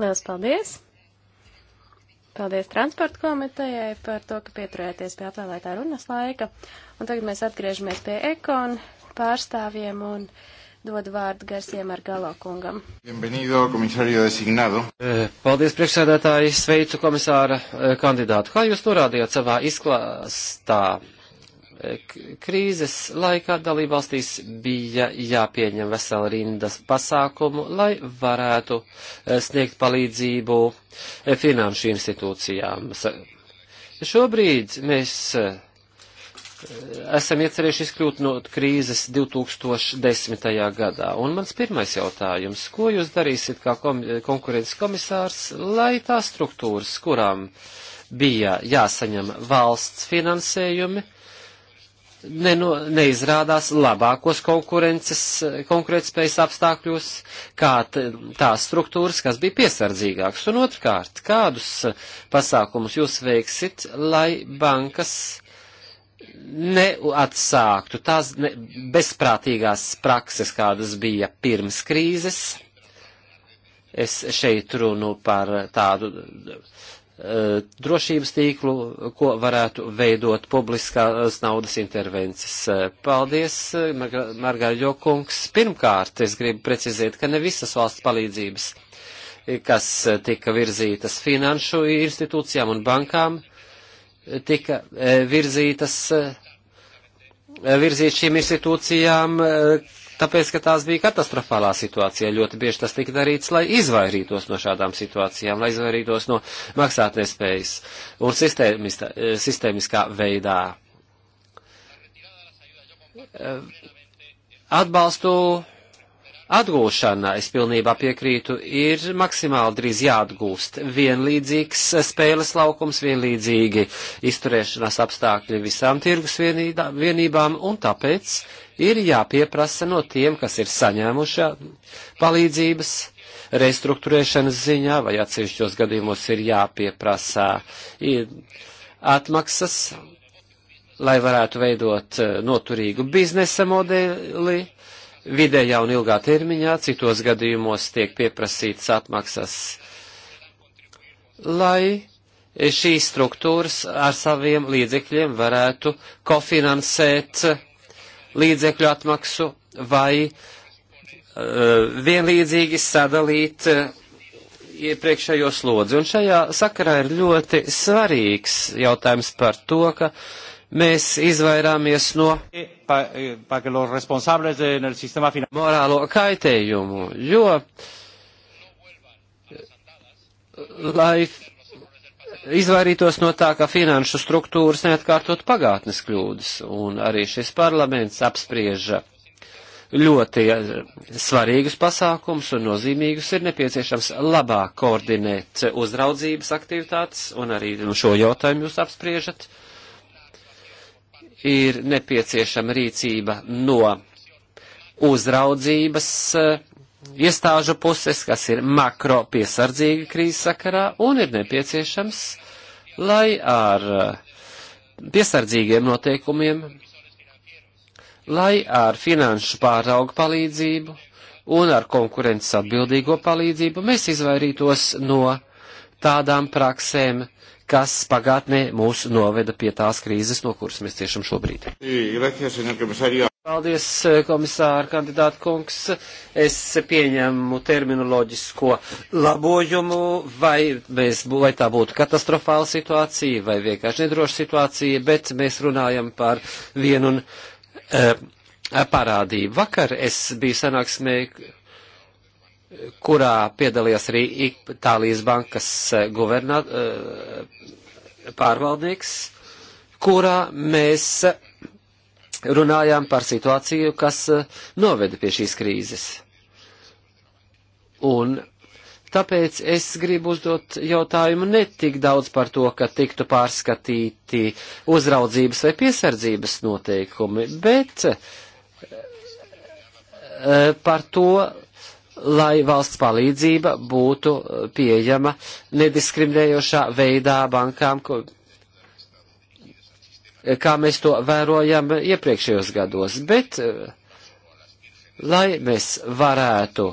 Lielas paldies. Paldies transporta komitejai par to, ka pieturējāties pie atvēlētā runas laika. Un tagad mēs atgriežamies pie ekon pārstāvjiem un uh, dod vārdu Garsiem ar galo kungam. Bienvenido, komisārio designado. E, paldies, priekšsēdētāji, sveicu komisāra e, kandidātu. Kā jūs norādījāt savā izklāstā? E, krīzes laikā dalībvalstīs bija jāpieņem vesela rindas pasākumu, lai varētu sniegt palīdzību finanšu institūcijām. Šobrīd mēs esam iecerējuši izkļūt no krīzes 2010. gadā. Un mans pirmais jautājums, ko jūs darīsiet kā kom konkurences komisārs, lai tās struktūras, kurām bija jāsaņem valsts finansējumi, neno, neizrādās labākos konkurētspējas apstākļos, kā tās struktūras, kas bija piesardzīgākas. Un otrkārt, kādus pasākumus jūs veiksit, lai bankas neatsāktu tās ne, bezprātīgās prakses, kādas bija pirms krīzes. Es šeit runu par tādu e, drošības tīklu, ko varētu veidot publiskās naudas intervences. E, paldies, Margaļo kungs. Pirmkārt, es gribu precizēt, ka ne visas valsts palīdzības, kas tika virzītas finanšu institūcijām un bankām, tika e, virzītas, e, e, virzīt šīm institūcijām, tāpēc, ka tās bija katastrofālā situācijā. Ļoti bieži tas tika darīts, lai izvairītos no šādām situācijām, lai izvairītos no maksātnespējas un sistēmiskā veidā. Atbalstu atgūšana, es pilnībā piekrītu, ir maksimāli drīz jāatgūst. Vienlīdzīgs spēles laukums, vienlīdzīgi izturēšanās apstākļi visām tirgus vienīdā, vienībām, un tāpēc ir jāpieprasa no tiem, kas ir saņēmuši palīdzības restruktūrēšanas ziņā, vai atsevišķos gadījumos ir jāpieprasa atmaksas, lai varētu veidot e, noturīgu biznesa modeli vidējā un ilgā termiņā, citos gadījumos tiek pieprasītas atmaksas, lai šīs struktūras ar saviem līdzekļiem varētu kofinansēt līdzekļu atmaksu vai uh, vienlīdzīgi sadalīt uh, iepriekšējo slodzi. Un šajā sakarā ir ļoti svarīgs jautājums par to, ka uh, mēs izvairāmies no eh, eh, morālo kaitējumu, jo eh, lai izvairītos no tā, ka finanšu struktūras neatkārtot pagātnes kļūdas, un arī šis parlaments apsprieža ļoti svarīgus pasākums un nozīmīgus ir nepieciešams labāk koordinēt uzraudzības aktivitātes, un arī šo jautājumu jūs apspriežat. Uh, ir nepieciešama rīcība no uzraudzības eh, iestāžu puses, kas ir makro piesardzīga krīzes sakarā, un ir nepieciešams, lai ar eh, piesardzīgiem noteikumiem, lai ar finanšu pāraugu palīdzību un ar konkurences atbildīgo palīdzību mēs izvairītos no tādām praksēm, kas pagātnē mūs noveda pie tās krīzes, no kuras mēs ciešam šobrīd. Paldies, eh, komisāra kandidāta kungs. Es pieņemu terminoloģisko labojumu, vai, mēs, vai tā būtu katastrofāla situācija, vai vienkārši nedroša situācija, bet mēs runājam par vienu un. Uh, parādību. Vakar es biju sanāksmē, kurā piedalījās arī Itālijas bankas eh, guvernā, eh, pārvaldnieks, kurā mēs eh, runājām par situāciju, kas noveda pie šīs krīzes. Un tāpēc es gribu uzdot jautājumu ne tik daudz par to, ka tiktu pārskatīti uzraudzības vai piesardzības noteikumi, bet par to, lai valsts palīdzība būtu pieejama nediskriminējošā veidā bankām, ko, kā mēs to vērojam iepriekšējos gados. Bet, lai mēs varētu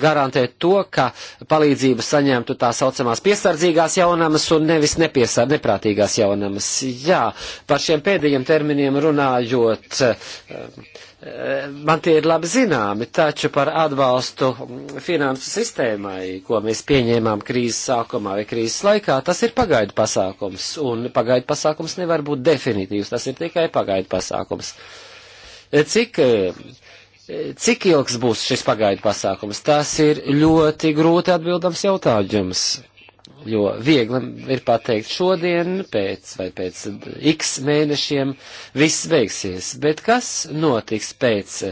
garantēt to, ka palīdzību saņemtu tā saucamās piesardzīgās jaunamas un nevis nepiesard, neprātīgās jaunamas. Jā, par šiem pēdējiem terminiem runājot, man tie ir labi zināmi, taču par atbalstu finansu sistēmai, ko mēs pieņēmām krīzes sākumā vai krīzes laikā, tas ir pagaidu pasākums, un pagaidu pasākums nevar būt definitīvs, tas ir tikai pagaidu pasākums. Cik, cik ilgs būs šis pagaidu pasākums? Tas ir ļoti grūti atbildams jautājums. Jo viegli ir pateikt šodien, pēc vai pēc x mēnešiem viss beigsies, bet kas notiks pēc e,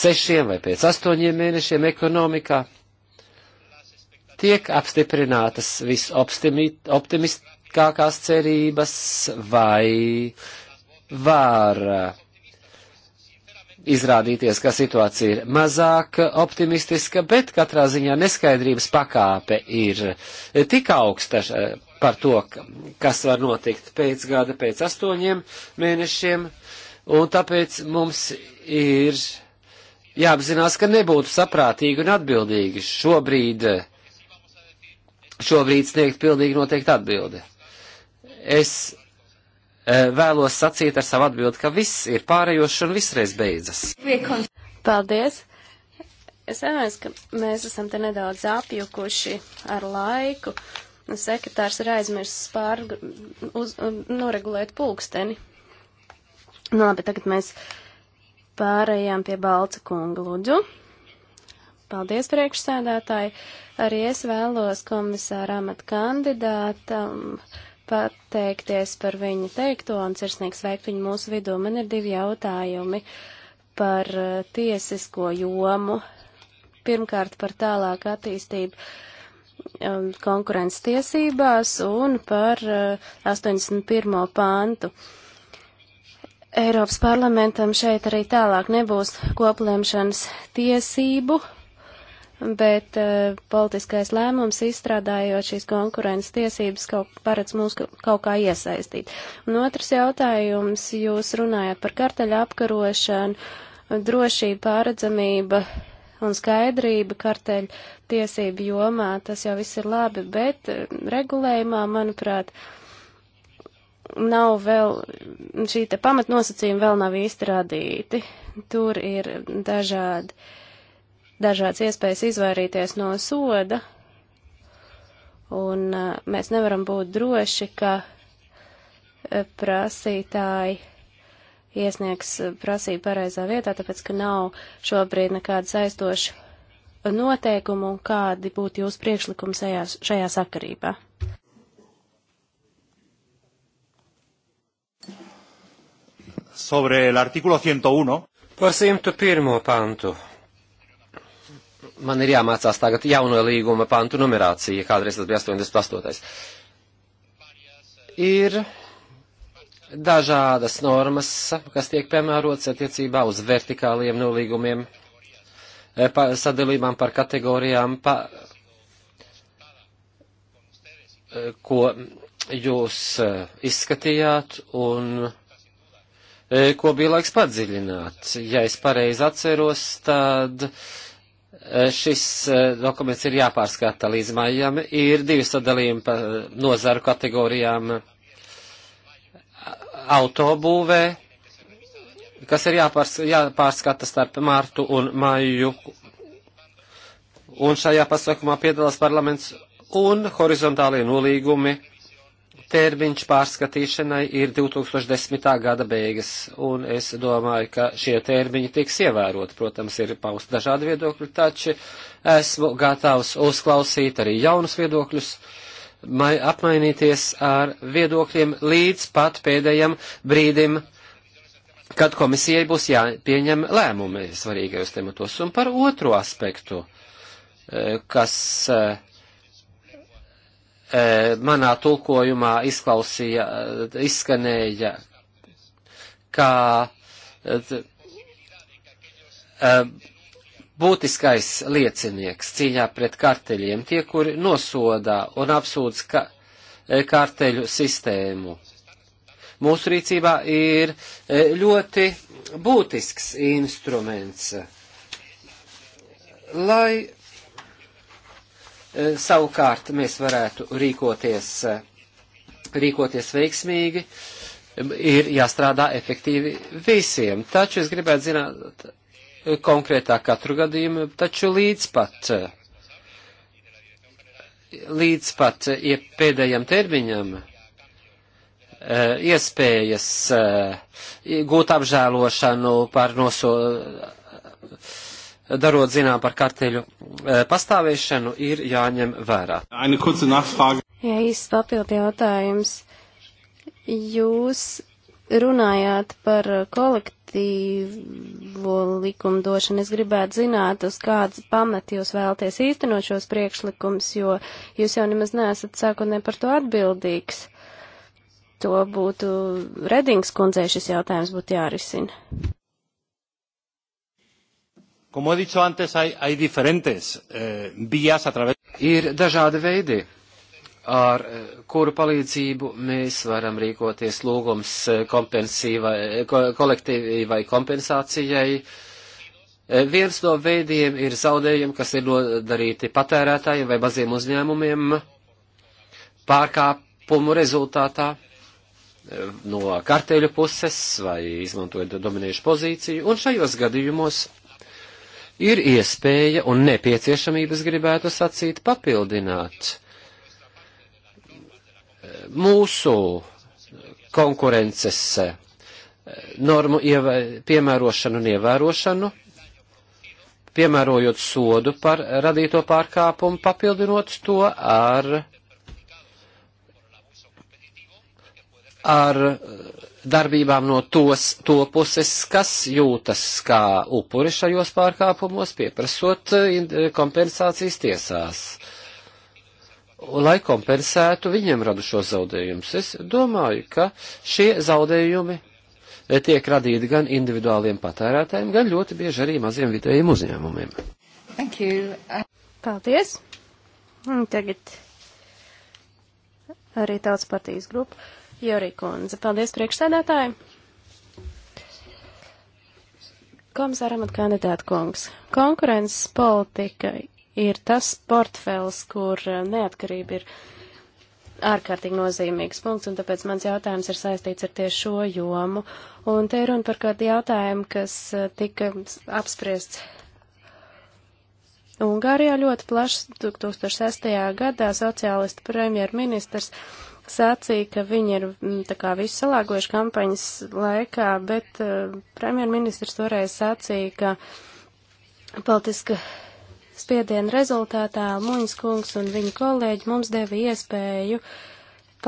sešiem vai pēc astoņiem mēnešiem ekonomikā? Tiek apstiprinātas visoptimistiskākās cerības vai var izrādīties, ka situācija ir mazāk optimistiska, bet katrā ziņā neskaidrības pakāpe ir tik augsta eh, par to, kas var notikt pēc gada, pēc astoņiem mēnešiem, un tāpēc mums ir jāapzinās, ka nebūtu saprātīgi un atbildīgi šobrīd, šobrīd sniegt pildīgi noteikti atbildi. Es Eh, vēlos sacīt ar savu atbildi, ka viss ir pārējošs un visreiz beidzas. Paldies! Es domāju, ka mēs esam te nedaudz apjukuši ar laiku. Sekretārs ir aizmirsis pār uz, noregulēt pulksteni. Nu, labi, tagad mēs pārējām pie Balca kunga lūdzu. Paldies, priekšsēdētāji. Arī es vēlos komisāra amat kandidātam. Um, pateikties par viņu teikto un sirsnīgs veikt viņu mūsu vidū. Man ir divi jautājumi par uh, tiesisko jomu. Pirmkārt, par tālāku attīstību um, konkurences tiesībās un par 81. Uh, pāntu. Eiropas parlamentam šeit arī tālāk nebūs koplēmšanas tiesību, bet uh, politiskais lēmums izstrādājot šīs konkurences tiesības kaut paredz mūs kaut kā iesaistīt. Un otrs jautājums, jūs runājat par karteļa apkarošanu, drošība, pāredzamība un skaidrība karteļa tiesību jomā, tas jau viss ir labi, bet eh, regulējumā, manuprāt, nav vēl, šī te pamatnosacījuma vēl nav īsti radīti. Tur ir dažādi. Uh, dažādas iespējas izvairīties no soda, un uh, mēs nevaram būt droši, ka uh, prasītāji iesniegs uh, prasību pareizā vietā, tāpēc, ka nav šobrīd nekāda saistoša noteikumu un kādi būtu jūsu priekšlikumi šajā, šajā sakarībā? Sobre el artículo 101. Par 101. pantu man ir jāmācās tagad jauno līguma pantu numerācija, kādreiz tas bija 88. Ir dažādas normas, kas tiek piemērotas attiecībā uz vertikāliem nolīgumiem, e, pa sadalībām par kategorijām, pa, e, ko jūs e, izskatījāt un ko bija laiks padziļināt. Ja es pareizi atceros, tad uh, Eh, šis eh, dokuments ir jāpārskata līdz maijam. Ir divi sadalījumi pa eh, nozaru kategorijām autobūvē, kas ir jāpārs, jāpārskata starp mārtu un maiju. Un šajā pasākumā piedalās parlaments un horizontālie nolīgumi termiņš pārskatīšanai ir 2010. gada beigas, un es domāju, ka šie termiņi tiks ievērot. Protams, ir paust dažādi viedokļi, taču esmu gatavs uzklausīt arī jaunus viedokļus, mai, apmainīties ar viedokļiem līdz pat pēdējiem brīdim, kad komisijai būs jāpieņem lēmumi svarīgajos tematos. Un par otro aspektu, eh, kas eh, Eh, manā tulkojumā izklausīja, eh, izskanēja, kā eh, būtiskais liecinieks cīņā pret karteļiem, tie, kuri nosodā un apsūdz ka, karteļu sistēmu. Mūsu rīcībā ir ļoti būtisks instruments, lai E, savukārt mēs varētu rīkoties, e, rīkoties veiksmīgi, ir jāstrādā efektīvi visiem. Taču es gribētu zināt e, konkrētāk katru gadījumu, taču līdz pat, līdz pat ja pēdējam termiņam iespējas gūt apžēlošanu par noso darot zinām par karteļu e, pastāvēšanu, ir jāņem vērā. Jā, īsts papildi jautājums. Jūs runājāt par kolektīvo likumdošanu. Es gribētu zināt, uz kādas pamat jūs vēlaties īstenot šos priekšlikums, jo jūs jau nemaz neesat sākotnē par to atbildīgs. To būtu Redings kundzei šis jautājums būtu jārisina. Como he dicho antes, hay, hay diferentes eh, vías a través. Ir dažādi veidi, ar eh, kuru palīdzību mēs varam rīkoties lūgums eh, eh, ko, kolektīvai kompensācijai. Viens no veidiem ir zaudējumi, kas ir nodarīti patērētājiem vai maziem uzņēmumiem pārkāpumu rezultātā no karteļu puses vai izmantojot dominējušu pozīciju. Un šajos gadījumos ir iespēja un nepieciešamības gribētu sacīt papildināt mūsu konkurences eh, normu piemērošanu un ievērošanu, piemērojot sodu par radīto pārkāpumu, papildinot to ar, ar darbībām no tos, to puses, kas jūtas kā upuri šajos pārkāpumos, pieprasot eh, eh, kompensācijas tiesās, lai kompensētu viņiem radušos zaudējumus. Es domāju, ka šie zaudējumi eh, tiek radīti gan individuāliem patērētājiem, gan ļoti bieži arī maziem vidējiem uzņēmumiem. Thank you. Uh, Paldies. Un tagad arī tautas partijas grupa. Jorī Kundze. Paldies priekšsēdētāji. Komisāram at kandidāta kungs. Konkurences politika ir tas portfels, kur eh, neatkarība ir ārkārtīgi nozīmīgs punkts, un tāpēc mans jautājums ir saistīts ar tieši šo jomu. Un te ir runa par kādu jautājumu, kas eh, tika apspriests Ungārijā ļoti plašs 2006. gadā sociālistu premjerministrs. ministrs sacīja, ka viņi ir mm, tā kā visu salāgojuši kampaņas laikā, bet uh, premjerministrs toreiz sacīja, ka politiska spiediena rezultātā Muņas kungs un viņa kolēģi mums deva iespēju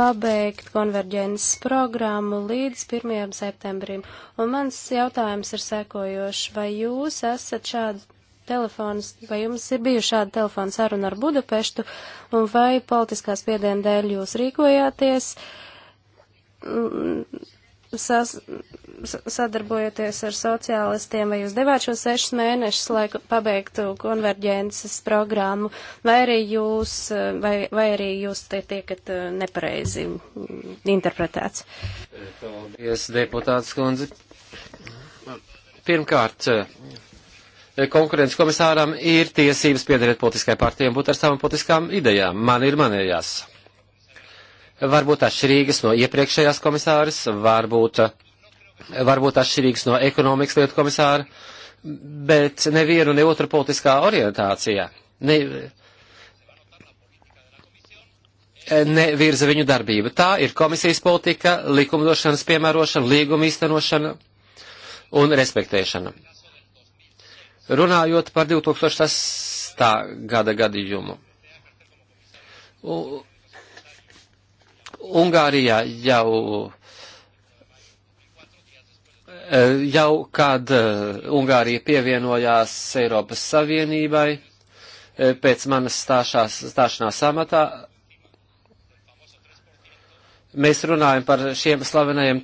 pabeigt konverģences programmu līdz 1. septembrim. Un mans jautājums ir sekojošs, vai jūs esat šādu telefonus, vai jums ir bijuši šādi telefonu saruna ar Budapeštu, un vai politiskās piediena dēļ jūs rīkojāties, mm, sas, sadarbojoties ar sociālistiem, vai jūs devāt šo sešus mēnešus, lai pabeigtu konverģences programmu, vai arī jūs, vai, vai arī jūs te tiekat eh, nepareizi interpretēts? Paldies, deputāts kundze. Pirmkārt, Eh, konkurences komisāram ir tiesības piederēt politiskai partijai un būt ar savām politiskām idejām. Man ir manējās. Varbūt atšķirīgas no iepriekšējās komisāras, varbūt, varbūt atšķirīgas no ekonomikas lietu komisāra, bet nevienu ne otru politiskā orientācijā. Ne, nevirza viņu darbību. Tā ir komisijas politika, likumdošanas piemērošana, līguma īstenošana un respektēšana. Runājot par 2006. gada gadījumu. U Ungārijā jau e, jau kad e, Ungārija pievienojās Eiropas Savienībai, e, pēc manas stāšās, stāšanās amatā, mēs runājam par šiem slavenajiem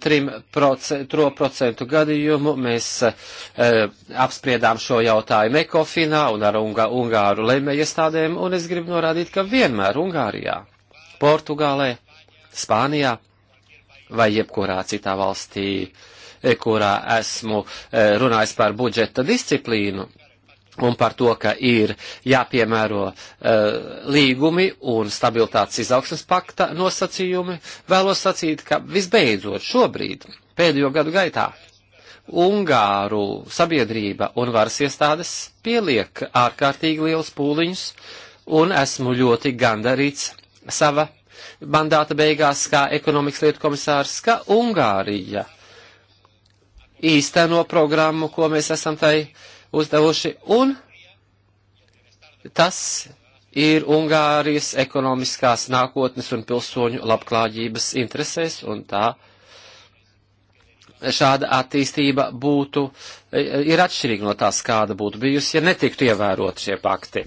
3% gadījumu, mēs e, apspriedām šo jautājumu Ekofinā un ar Ungā, Ungāru lemējiestādēm, un es gribu norādīt, ka vienmēr Ungārijā, Portugālē, Spānijā vai jebkurā citā valstī, eh, kurā esmu eh, runājis par budžeta disciplīnu, un par to, ka ir jāpiemēro uh, līgumi un stabilitātes izaugsmas pakta nosacījumi, vēlos sacīt, ka visbeidzot šobrīd, pēdējo gadu gaitā, Ungāru sabiedrība un varas iestādes pieliek ārkārtīgi liels pūliņus, un esmu ļoti gandarīts sava mandāta beigās kā ekonomikas lietu komisārs, ka Ungārija īsteno programmu, ko mēs esam tai uh, uzdevuši, un tas ir Ungārijas ekonomiskās nākotnes un pilsoņu labklājības interesēs, un tā šāda attīstība būtu, ir atšķirīga no tās, kāda būtu bijusi, ja netiktu ievērot šie pakti.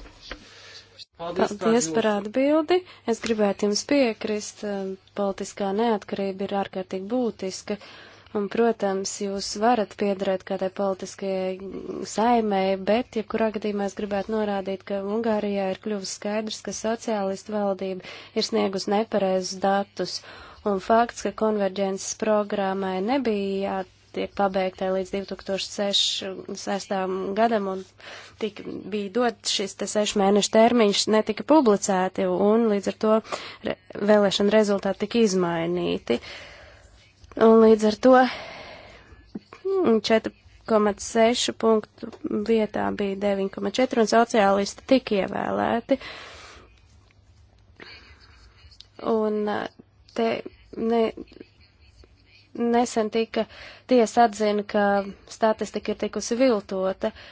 Paldies, Paldies par atbildi. Es gribētu jums piekrist, eh, politiskā neatkarība ir ārkārtīgi būtiska. Uh, Un, protams, jūs varat piedarēt kādai politiskajai saimēji, bet, ja kurā gadījumā es gribētu norādīt, ka Ungārijā ir kļuvis skaidrs, ka sociālistu valdība ir sniegus nepareizus datus. Un fakts, ka konverģences programmai nebija jātiek pabeigtai līdz 2006. gadam un tik, bija dot šis te sešu mēnešu termiņš, netika publicēti un līdz ar to re, vēlēšana rezultāti tika izmainīti. Uh, Un līdz ar to 4,6 punktu vietā bija 9,4 un sociālisti tika ievēlēti. Un uh, te ne, nesen tika tiesa atzina, ka statistika ir tikusi viltota. Uh,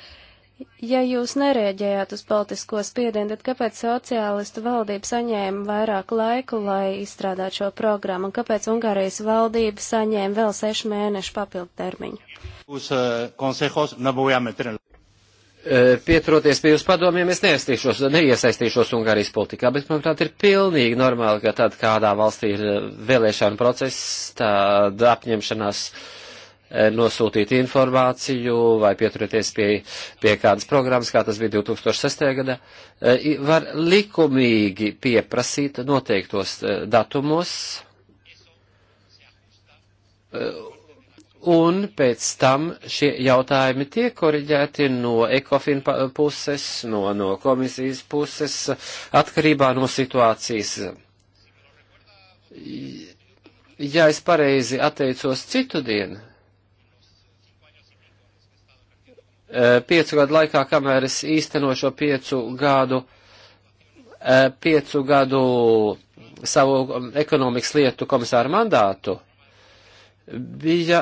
Ja jūs nereaģējāt uz politisko spiedienu, tad kāpēc sociālistu valdība saņēma vairāk laiku, lai izstrādātu šo programmu, un kāpēc Ungārijas valdība saņēma vēl sešu mēnešu papildu termiņu? Uz, uh, Pietroties pie jūsu padomiem, es neiesaistīšos, neiesaistīšos Ungārijas politikā, bet, manuprāt, ir pilnīgi normāli, ka tad kādā valstī ir eh, vēlēšana process, tāda apņemšanās uh, E, nosūtīt informāciju vai pieturēties pie, pie kādas programmas, kā tas bija 2006. gada, e, var likumīgi pieprasīt noteiktos e, datumos un pēc tam šie jautājumi tiek koriģēti no ECOFIN puses, no, no komisijas puses, atkarībā no situācijas. Ja es pareizi atteicos citu dienu, Eh, piecu gadu laikā, kamēr es īstenošu šo piecu gadu, eh, piecu gadu savu ekonomikas lietu komisāru mandātu, bija,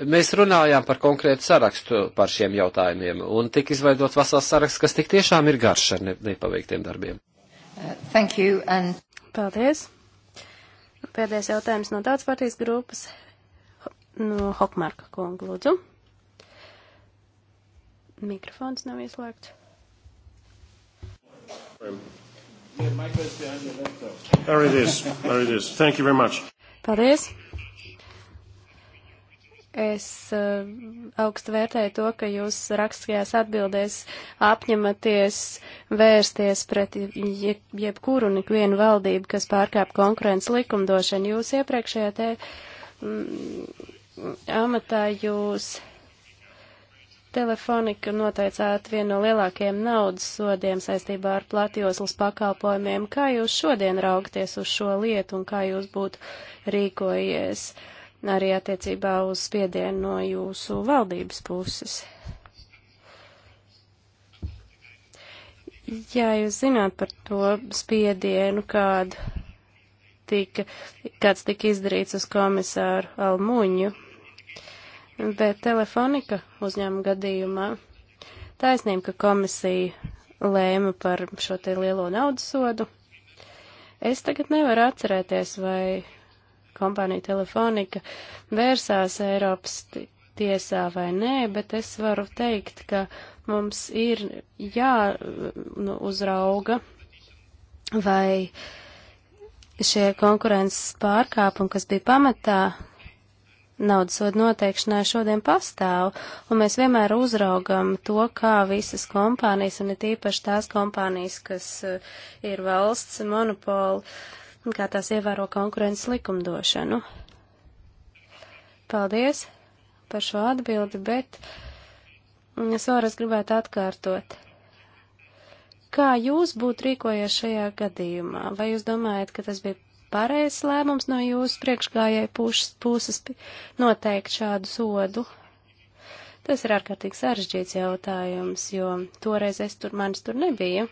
mēs runājām par konkrētu sarakstu par šiem jautājumiem, un tika izveidots vasals saraksts, kas tik tiešām ir garš ar ne, nepaveiktiem darbiem. Uh, thank you and... Paldies. Pēdējais jautājums no tāds partijas grupas, no Hokmarka kunga, lūdzu. Mikrofons nav ieslēgts. There it is. There it is. Thank you very much. Paldies. Es uh, augstu vērtēju to, ka jūs rakstiskajās atbildēs apņematies vērsties pret jeb, jebkuru un ikvienu valdību, kas pārkāp konkurences likumdošanu. Jūs iepriekšējā te mm, amatā jūs Telefonika noteicāt vienu no lielākajiem naudas sodiem saistībā ar platjoslas pakalpojumiem. Kā jūs šodien raugties uz šo lietu un kā jūs būtu rīkojies arī attiecībā uz spiedienu no jūsu valdības puses? Jā, jūs zināt par to spiedienu, kādu tika, kāds tika izdarīts uz komisāru Almuņu Bet telefonika uzņēmuma gadījumā taisnība, ka komisija lēma par šo te lielo naudasodu. Es tagad nevaru atcerēties, vai kompānija telefonika vērsās Eiropas tiesā vai nē, bet es varu teikt, ka mums ir jāuzrauga, nu, vai šie konkurences pārkāpumi, kas bija pamatā naudas sodu noteikšanā šodien pastāv, un mēs vienmēr uzraugam to, kā visas kompānijas, un it īpaši tās kompānijas, kas eh, ir valsts monopoli, kā tās ievēro konkurences likumdošanu. Paldies par šo atbildi, bet es varas gribētu atkārtot. Kā jūs būtu rīkojies šajā gadījumā? Vai jūs domājat, ka tas bija pareizs lēmums no jūsu priekšgājai puses noteikt šādu sodu? Tas ir ārkārtīgi sarežģīts jautājums, jo toreiz es tur, manis tur nebija.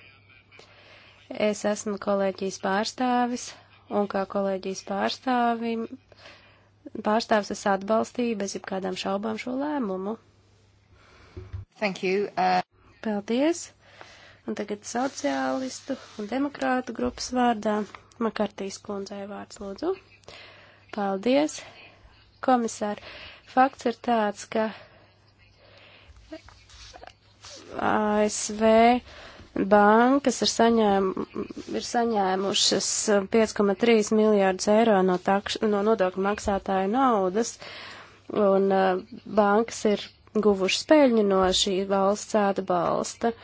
Es esmu kolēģijas pārstāvis, un kā kolēģijas pārstāvim, pārstāvis es atbalstīju bez jebkādām šaubām šo lēmumu. Thank you. Uh... Paldies. Un tagad sociālistu un demokrātu grupas vārdā Makartīs kundzei vārds lūdzu. Paldies, komisār. Fakts ir tāds, ka ASV bankas ir, saņēm, ir saņēmušas 5,3 miljārdus eiro no, takš, no nodokļu maksātāju naudas, un bankas ir guvušas peļņu no šī valsts atbalsta.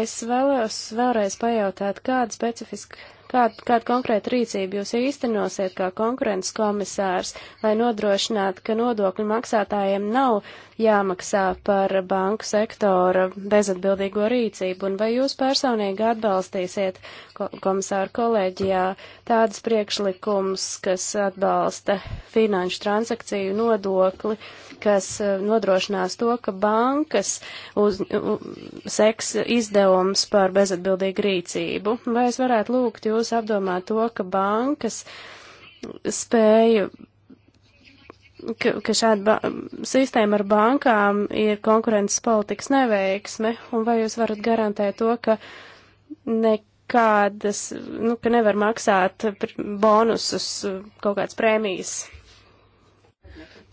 Es vēlos vēlreiz pajautāt, kāda specifiska Kād, kādu konkrētu rīcību jūs īstenosiet kā konkurences komisārs, lai nodrošinātu, ka nodokļu maksātājiem nav jāmaksā par banku sektora bezatbildīgo rīcību, un vai jūs personīgi atbalstīsiet komisāru kolēģijā tādas priekšlikums, kas atbalsta finanšu transakciju nodokli? Uh, kas eh, nodrošinās to, ka bankas uz, seks izdevums par bezatbildīgu rīcību. Vai es varētu lūgt jūs apdomāt to, ka bankas spēju ka, ka šāda ba sistēma ar bankām ir konkurences politikas neveiksme, un vai jūs varat garantēt to, ka nekādas, nu, ka nevar maksāt bonusus, eh, kaut kāds prēmijas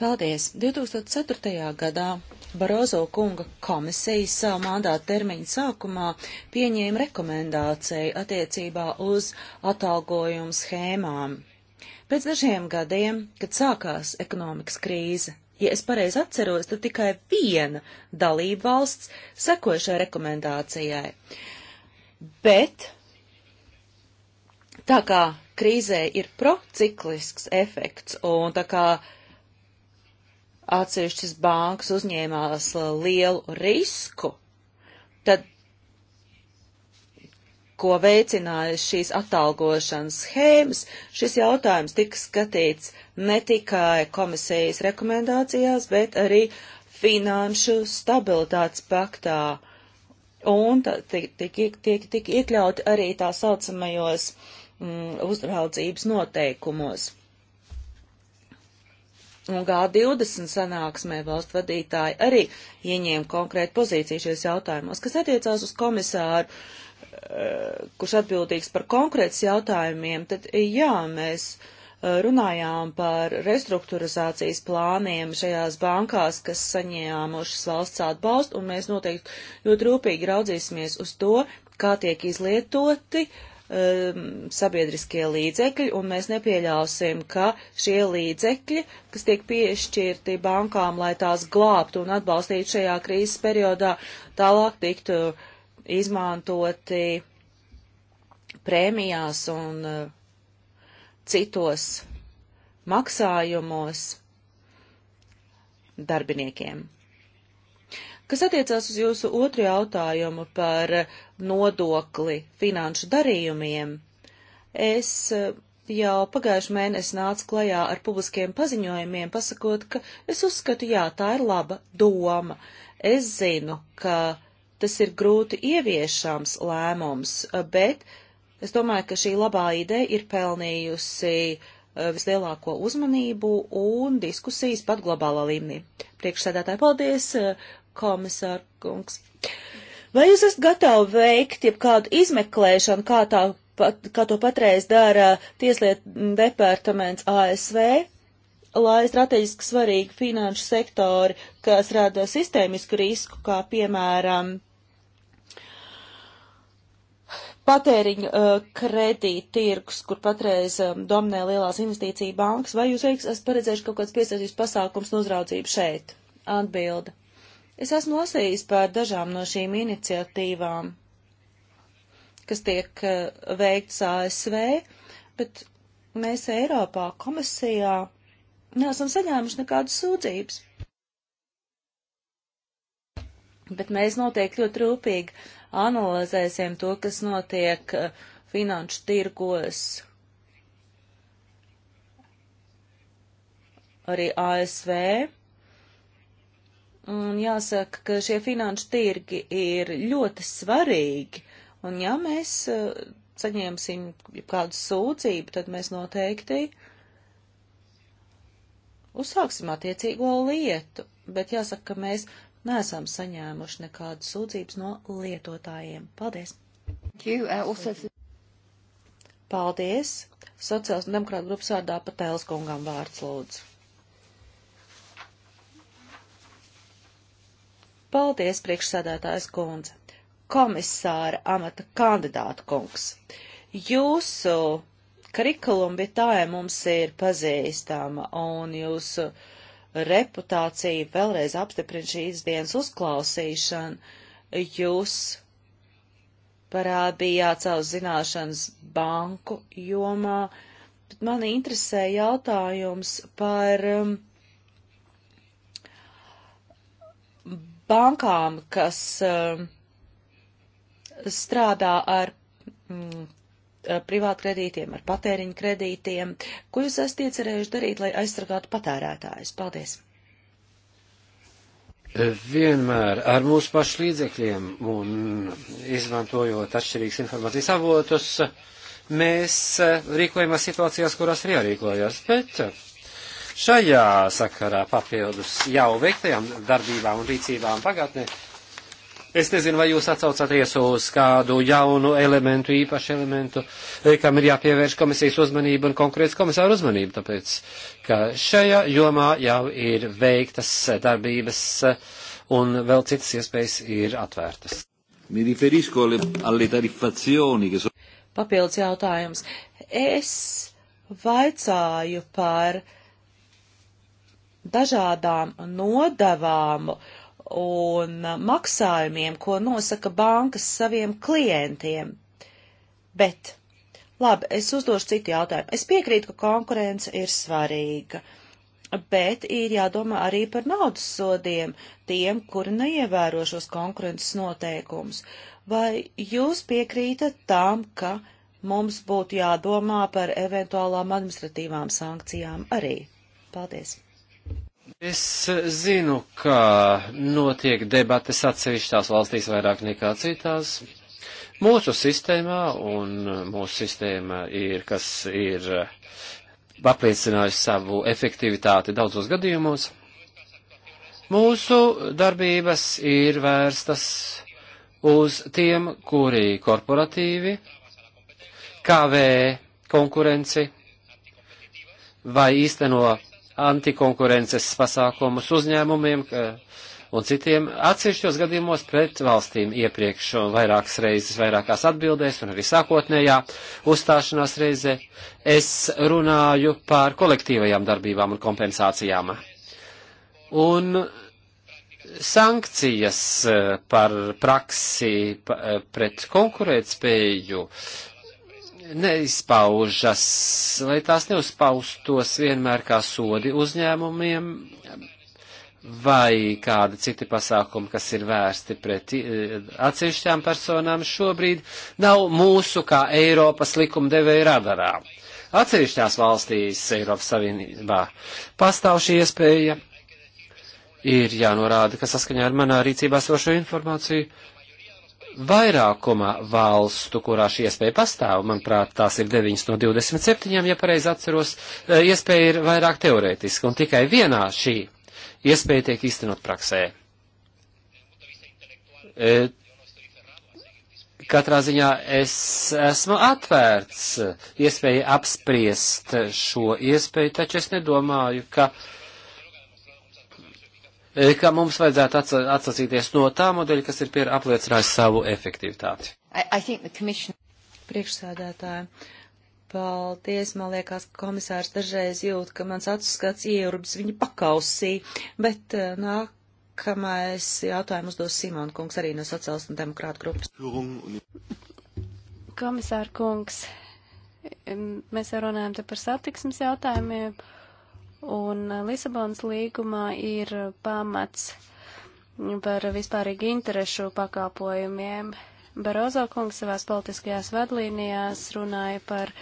Paldies! 2004. gadā Barozo kunga komisijas savu mandātu termiņu sākumā pieņēma rekomendāciju attiecībā uz atalgojumu schēmām. Pēc dažiem gadiem, kad sākās ekonomikas krīze, ja es pareizi atceros, tad tikai viena dalība valsts sekoja šai rekomendācijai. Bet tā kā krīzē ir prociklisks efekts un tā kā atsevišķas bankas uzņēmās uh, lielu risku, tad, ko veicināja šīs atalgošanas schēmas, šis jautājums tika skatīts ne tikai komisijas rekomendācijās, bet arī finanšu stabilitātes paktā. Un tiek iekļauti arī tā saucamajos mm, uzraudzības noteikumos. Un G20 sanāksmē valstu vadītāji arī ieņēma konkrētu pozīciju šajos jautājumos, kas attiecās uz komisāru, eh, kurš atbildīgs par konkrētas jautājumiem, tad eh, jā, mēs eh, runājām par restruktūrizācijas plāniem šajās bankās, kas saņēmušas valsts atbalstu, un mēs noteikti ļoti rūpīgi raudzīsimies uz to, kā tiek izlietoti uh, um, sabiedriskie līdzekļi, un mēs nepieļausim, ka šie līdzekļi, kas tiek piešķirti bankām, lai tās glābtu un atbalstītu šajā krīzes periodā, tālāk tiktu izmantoti prēmijās un uh, citos maksājumos darbiniekiem. Kas attiecās uz jūsu otru jautājumu par uh, nodokli finanšu darījumiem, es e, jau pagājuši mēnesi nācu klajā ar publiskiem paziņojumiem, pasakot, ka es uzskatu, jā, tā ir laba doma. Es zinu, ka tas ir grūti ieviešams lēmums, e, bet es domāju, ka šī labā ideja ir pelnījusi e, vislielāko uzmanību un diskusijas pat globālā līmenī. Priekšsēdētāji, paldies, komisāra kungs. Uh, Vai jūs esat gatavi veikt jeb kādu izmeklēšanu, kā, tā, pat, kā to patreiz dara Tieslietu departaments ASV, lai strateģiski svarīgi finanšu sektori, kas rada sistēmisku risku, kā piemēram patēriņu uh, kredīti tirgus, kur patreiz um, dominē lielās investīcija bankas, vai jūs veiks, esat paredzējuši kaut kāds piesaistības pasākums un uzraudzību šeit? Atbilde. Es esmu lasījis par dažām no šīm iniciatīvām, kas tiek eh, veikts ASV, bet mēs Eiropā komisijā neesam saņēmuši nekādas sūdzības. Bet mēs noteikti ļoti rūpīgi analizēsim to, kas notiek eh, finanšu tirgos arī ASV Un jāsaka, ka šie finanšu tirgi ir ļoti svarīgi, un ja mēs eh, saņemsim kādu sūdzību, tad mēs noteikti uzsāksim attiecīgo lietu, bet jāsaka, ka mēs neesam saņēmuši nekādu sūdzības no lietotājiem. Paldies! Uh, Paldies! Sociāls un demokrāta grupas vārdā pat Tēlskungam vārds lūdzu. Paldies, priekšsēdētājs kundze. Komisāra amata kandidāta kungs. Jūsu kurikulum vitāja mums ir pazīstama un jūsu reputācija vēlreiz apstiprina šīs dienas uzklausīšanu. Jūs parādījāt savu zināšanas banku jomā, bet mani interesē jautājums par um, bankām, kas um, strādā ar privātu kredītiem, mm, ar patēriņu kredītiem. Ko jūs esat iecerējuši darīt, lai aizsargātu patērētājus? Paldies! Vienmēr ar mūsu pašu līdzekļiem un izmantojot atšķirīgas informācijas avotus, mēs uh, rīkojamies situācijās, kurās ir jārīkojas, bet uh, Šajā sakarā papildus jau veiktajām darbībām un rīcībām pagātnē. Es nezinu, vai jūs atcaucaties uz kādu jaunu elementu, īpašu elementu, eh, kam ir jāpievērš komisijas uzmanība un konkrēts komisāra uzmanība, tāpēc, ka šajā jomā jau ir veiktas darbības eh, un vēl citas iespējas ir atvērtas. Papildus jautājums. Es vaicāju par dažādām nodavām un maksājumiem, ko nosaka bankas saviem klientiem. Bet, labi, es uzdošu citu jautājumu. Es piekrītu, ka konkurence ir svarīga, bet ir jādomā arī par naudas sodiem tiem, kuri neievēro šos konkurences noteikumus. Vai jūs piekrītat tam, ka mums būtu jādomā par eventuālām administratīvām sankcijām arī? Paldies! Es zinu, ka notiek debates atsevišķās valstīs vairāk nekā citās. Mūsu sistēmā, un mūsu sistēma ir, kas ir apliecinājusi savu efektivitāti daudzos gadījumos, mūsu darbības ir vērstas uz tiem, kuri korporatīvi kavē konkurenci vai īsteno antikonkurences pasākumus uzņēmumiem un citiem atsevišķos gadījumos pret valstīm iepriekš vairākas reizes, vairākās atbildēs un arī sākotnējā uzstāšanās reize. Es runāju par kolektīvajām darbībām un kompensācijām. Un sankcijas eh, par praksi eh, pret konkurētspēju neizpaužas, lai tās neuzpaustos vienmēr kā sodi uzņēmumiem vai kādi citi pasākumi, kas ir vērsti pret eh, atsevišķām personām, šobrīd nav mūsu kā Eiropas likumdevēja radarā. Atsevišķās valstīs Eiropas Savienībā pastāv šī iespēja. Ir jānorāda, ka saskaņā ar manā rīcībā sošo informāciju vairākumā valstu, kurā šī iespēja pastāv, manuprāt, tās ir 9 no 27, ja pareizi atceros, e, iespēja ir vairāk teorētiska, un tikai vienā šī iespēja tiek īstenot praksē. E, katrā ziņā es esmu atvērts iespēja apspriest šo iespēju, taču es nedomāju, ka uh, E, ka mums vajadzētu atsacīties no tā modeļa, kas ir pier apliecinājis savu efektivitāti. I, I commission... Priekšsādātāji, paldies, man liekas, ka komisārs dažreiz jūt, ka mans atskats ieurubs viņa pakausī, bet e, nākamais jautājums uzdos Simon kungs arī no sociālistu un demokrātu grupas. Komisāra kungs, mēs jau runājam te par satiksmes jautājumiem. Ja Un Lisabonas līgumā ir pamats par vispārīgi interešu pakāpojumiem. Barozo kungs savās politiskajās vadlīnijās runāja par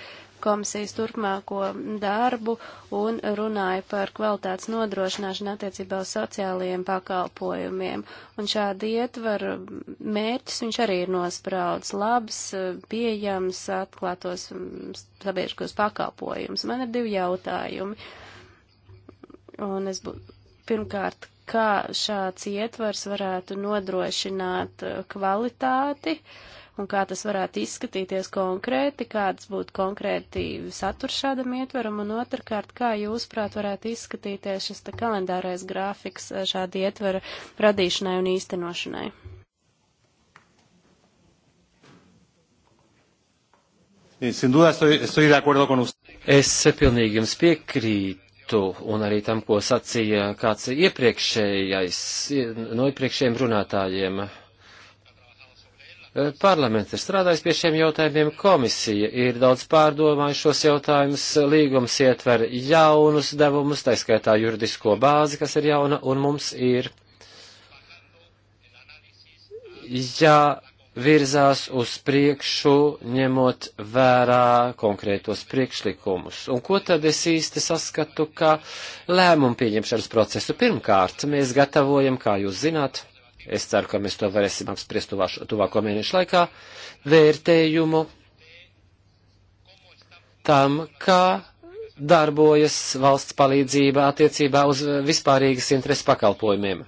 komisijas turpmāko darbu un runāja par kvalitātes nodrošināšanu attiecībā uz sociālajiem pakalpojumiem. Un šādi ietvaru mērķis viņš arī ir nospraudis labs, pieejams, atklātos mm, sabiedriskos pakalpojumus. Man ir divi jautājumi. Un es būtu pirmkārt, kā šāds ietvars varētu nodrošināt uh, kvalitāti un kā tas varētu izskatīties konkrēti, kāds būtu konkrēti saturs šādam ietveram, un otrkārt, kā jūs, prāt, varētu izskatīties šis te kalendārais grāfiks uh, šāda ietvera radīšanai un īstenošanai. Es pilnīgi jums piekrītu punktu un arī tam, ko sacīja kāds iepriekšējais, no iepriekšējiem runātājiem. Parlaments ir strādājis pie šiem jautājumiem, komisija ir daudz pārdomājuši šos jautājumus, līgums ietver jaunus devumus, tā skaitā juridisko bāzi, kas ir jauna, un mums ir jā. Ja virzās uz priekšu, ņemot vērā konkrētos priekšlikumus. Un ko tad es īsti saskatu kā lēmumu pieņemšanas procesu? Pirmkārt, mēs gatavojam, kā jūs zināt, es ceru, ka mēs to varēsim apspriest tuvāko mēnešu laikā, vērtējumu tam, kā darbojas valsts palīdzība attiecībā uz vispārīgas interesu pakalpojumiem,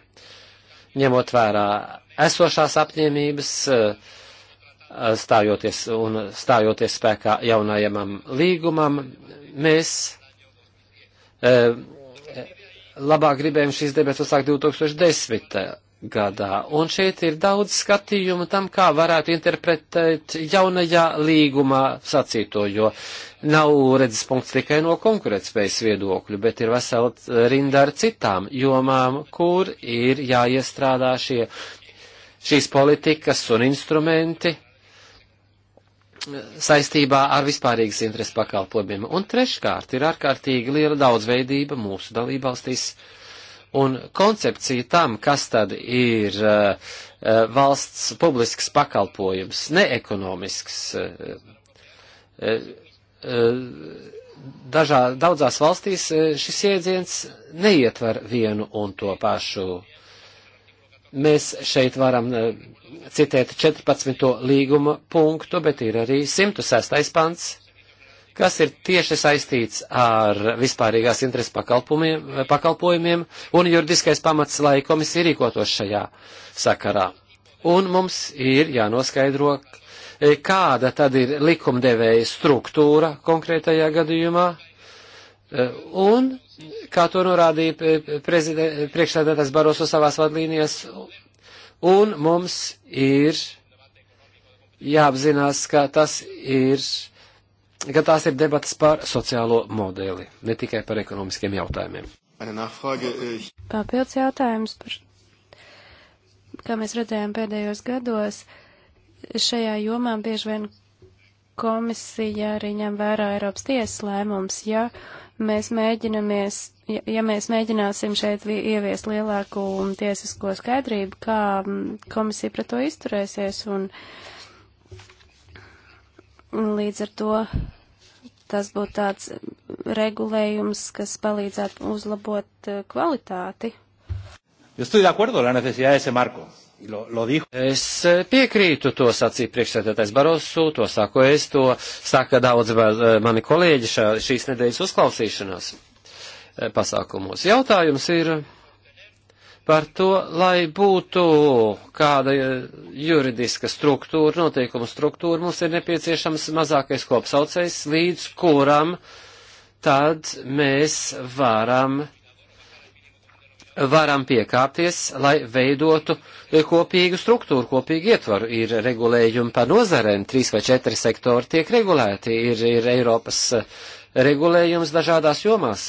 ņemot vērā esošās apņēmības, eh, stājoties un stājoties spēkā jaunajam līgumam, mēs eh, labāk gribējām šīs debatas uzsākt 2010. gadā. Un šeit ir daudz skatījumu tam, kā varētu interpretēt jaunajā līgumā sacīto, jo nav redzes punkts tikai no konkurētspējas viedokļu, bet ir vesela rinda ar citām jomām, kur ir jāiestrādā šie šīs politikas un instrumenti saistībā ar vispārīgas interesu pakalpojumiem. Un treškārt ir ārkārtīgi liela daudzveidība mūsu dalībvalstīs un koncepcija tam, kas tad ir uh, valsts publisks pakalpojums, neekonomisks. Uh, uh, dažā, daudzās valstīs šis iedziens neietver vienu un to pašu uh, Mēs šeit varam eh, citēt 14. līguma punktu, bet ir arī 106. pants, kas ir tieši saistīts ar vispārīgās interesu pakalpojumiem un juridiskais pamats, lai komisija rīkotos šajā sakarā. Un mums ir jānoskaidro, eh, kāda tad ir likumdevēja struktūra konkrētajā gadījumā, eh, un kā to norādīja priekšsēdētājs Baroso savās vadlīnijas, un mums ir jāapzinās, ka tas ir, ka tās ir debatas par sociālo modeli, ne tikai par ekonomiskiem jautājumiem. Äh, Papildus jautājums par, kā mēs redzējām pēdējos gados, šajā jomā bieži vien komisija arī ņem vērā Eiropas tiesas lēmums, ja uh, mēs mēģinamies, ja, ja mēs mēģināsim šeit ieviest lielāku tiesisko skaidrību, kā mm, komisija pret to izturēsies, un līdz ar to tas būtu tāds regulējums, kas palīdzētu uzlabot eh, kvalitāti. Yo estoy de acuerdo en la necesidad de ese marco. Lo, lo dijo. Es eh, piekrītu to sacīja priekšsēdētājs Barosu, to saku es, to saka daudz eh, mani kolēģi šā, šīs nedēļas uzklausīšanās eh, pasākumos. Jautājums ir par to, lai būtu kāda juridiska struktūra, noteikuma struktūra, mums ir nepieciešams mazākais kopsaucējs, līdz kuram tad mēs varam uh, varam piekāpties, lai veidotu e, kopīgu struktūru, kopīgu ietvaru. Ir regulējumi pa nozarēm, trīs vai četri sektori tiek regulēti, ir, ir Eiropas e, regulējums dažādās jomās.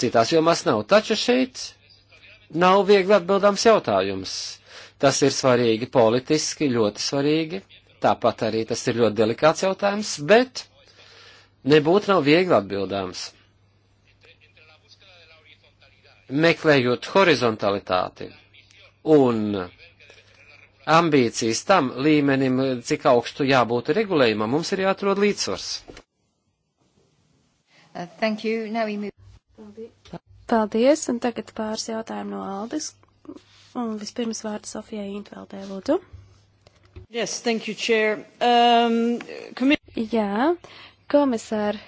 Citās jomās nav, taču šeit nav viegli atbildams jautājums. Tas ir svarīgi politiski, ļoti svarīgi, tāpat arī tas ir ļoti delikāts jautājums, bet nebūtu nav viegli atbildāms meklējot horizontalitāti un ambīcijas tam līmenim, cik augstu jābūt regulējumam, mums ir jāatrod līdzsvars. Uh, Paldies, un tagad pāris jautājumu no Aldis. Un vispirms vārds Sofijai Intveldē, lūdzu. Yes, thank you, Chair. Um, Jā, komisār,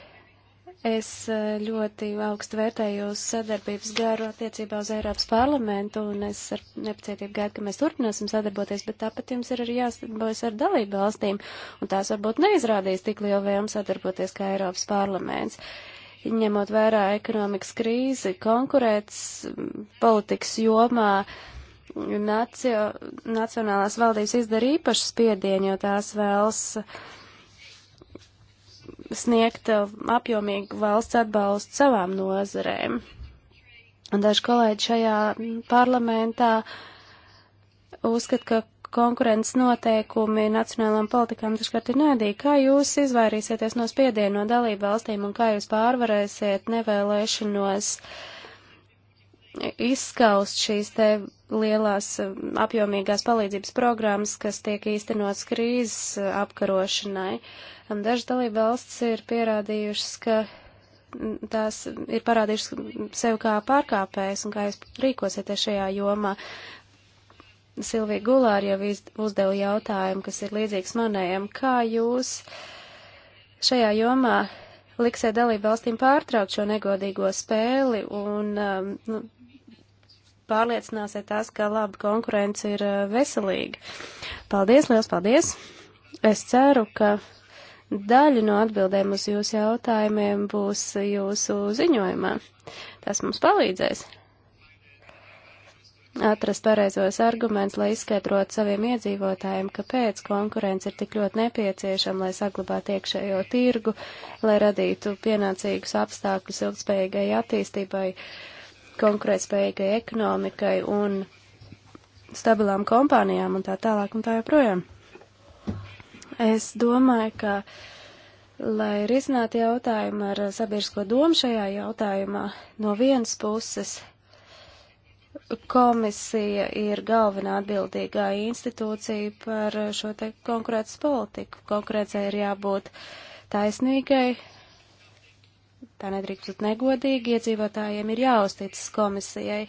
Es e, ļoti augstu vērtēju jūsu sadarbības garu attiecībā uz Eiropas parlamentu, un es ar nepacietību gaidu, ka mēs turpināsim sadarboties, bet tāpat jums ir arī jāsadarbojas ar dalību valstīm, un tās varbūt neizrādīs tik lielu vēlmu sadarboties kā Eiropas parlaments. Ņemot vērā ekonomikas krīzi, konkurēts politikas jomā, nacio, nacionālās valdības izdara īpašu spiedienu, jo tās vēlas. Uh, sniegt eh, apjomīgu valsts atbalstu savām nozarēm. Daži kolēģi šajā mm, parlamentā uzskat, ka konkurences noteikumi nacionālām politikām dažkārt ir nēdīgi. Kā jūs izvairīsieties no spiediena no dalību valstīm un kā jūs pārvarēsiet nevēlēšanos izskaust šīs te lielās eh, apjomīgās palīdzības programmas, kas tiek īstenots krīzes eh, apkarošanai. Dažas dalība valsts ir pierādījušas, ka mm, tās ir parādījušas mm, sev kā pārkāpējas un kā jūs rīkosieties šajā jomā. Silvija Gulāra jau uzdeva jautājumu, kas ir līdzīgs manējam. Kā jūs šajā jomā liksiet dalību valstīm pārtraukt šo negodīgo spēli un eh, nu, pārliecināsiet tās, ka laba konkurence ir eh, veselīga. Paldies, liels paldies! Es ceru, ka daļa no atbildēm uz jūsu jautājumiem būs jūsu ziņojumā. Tas mums palīdzēs atrast pareizos arguments, lai izskaidrotu saviem iedzīvotājiem, kāpēc konkurence ir tik ļoti nepieciešama, lai saglabātu iekšējo tirgu, lai radītu pienācīgus apstākļus ilgspējīgai attīstībai konkurētspējīgai ekonomikai un stabilām kompānijām un tā tālāk un tā joprojām. Es domāju, ka, lai risinātu jautājumu ar sabiedrisko domu šajā jautājumā, no vienas puses komisija ir galvenā atbildīgā institūcija par šo te konkurētas politiku. Konkurētsai ir jābūt taisnīgai, Tā nedrīkst būt negodīgi. Iedzīvotājiem ir jāuzticas komisijai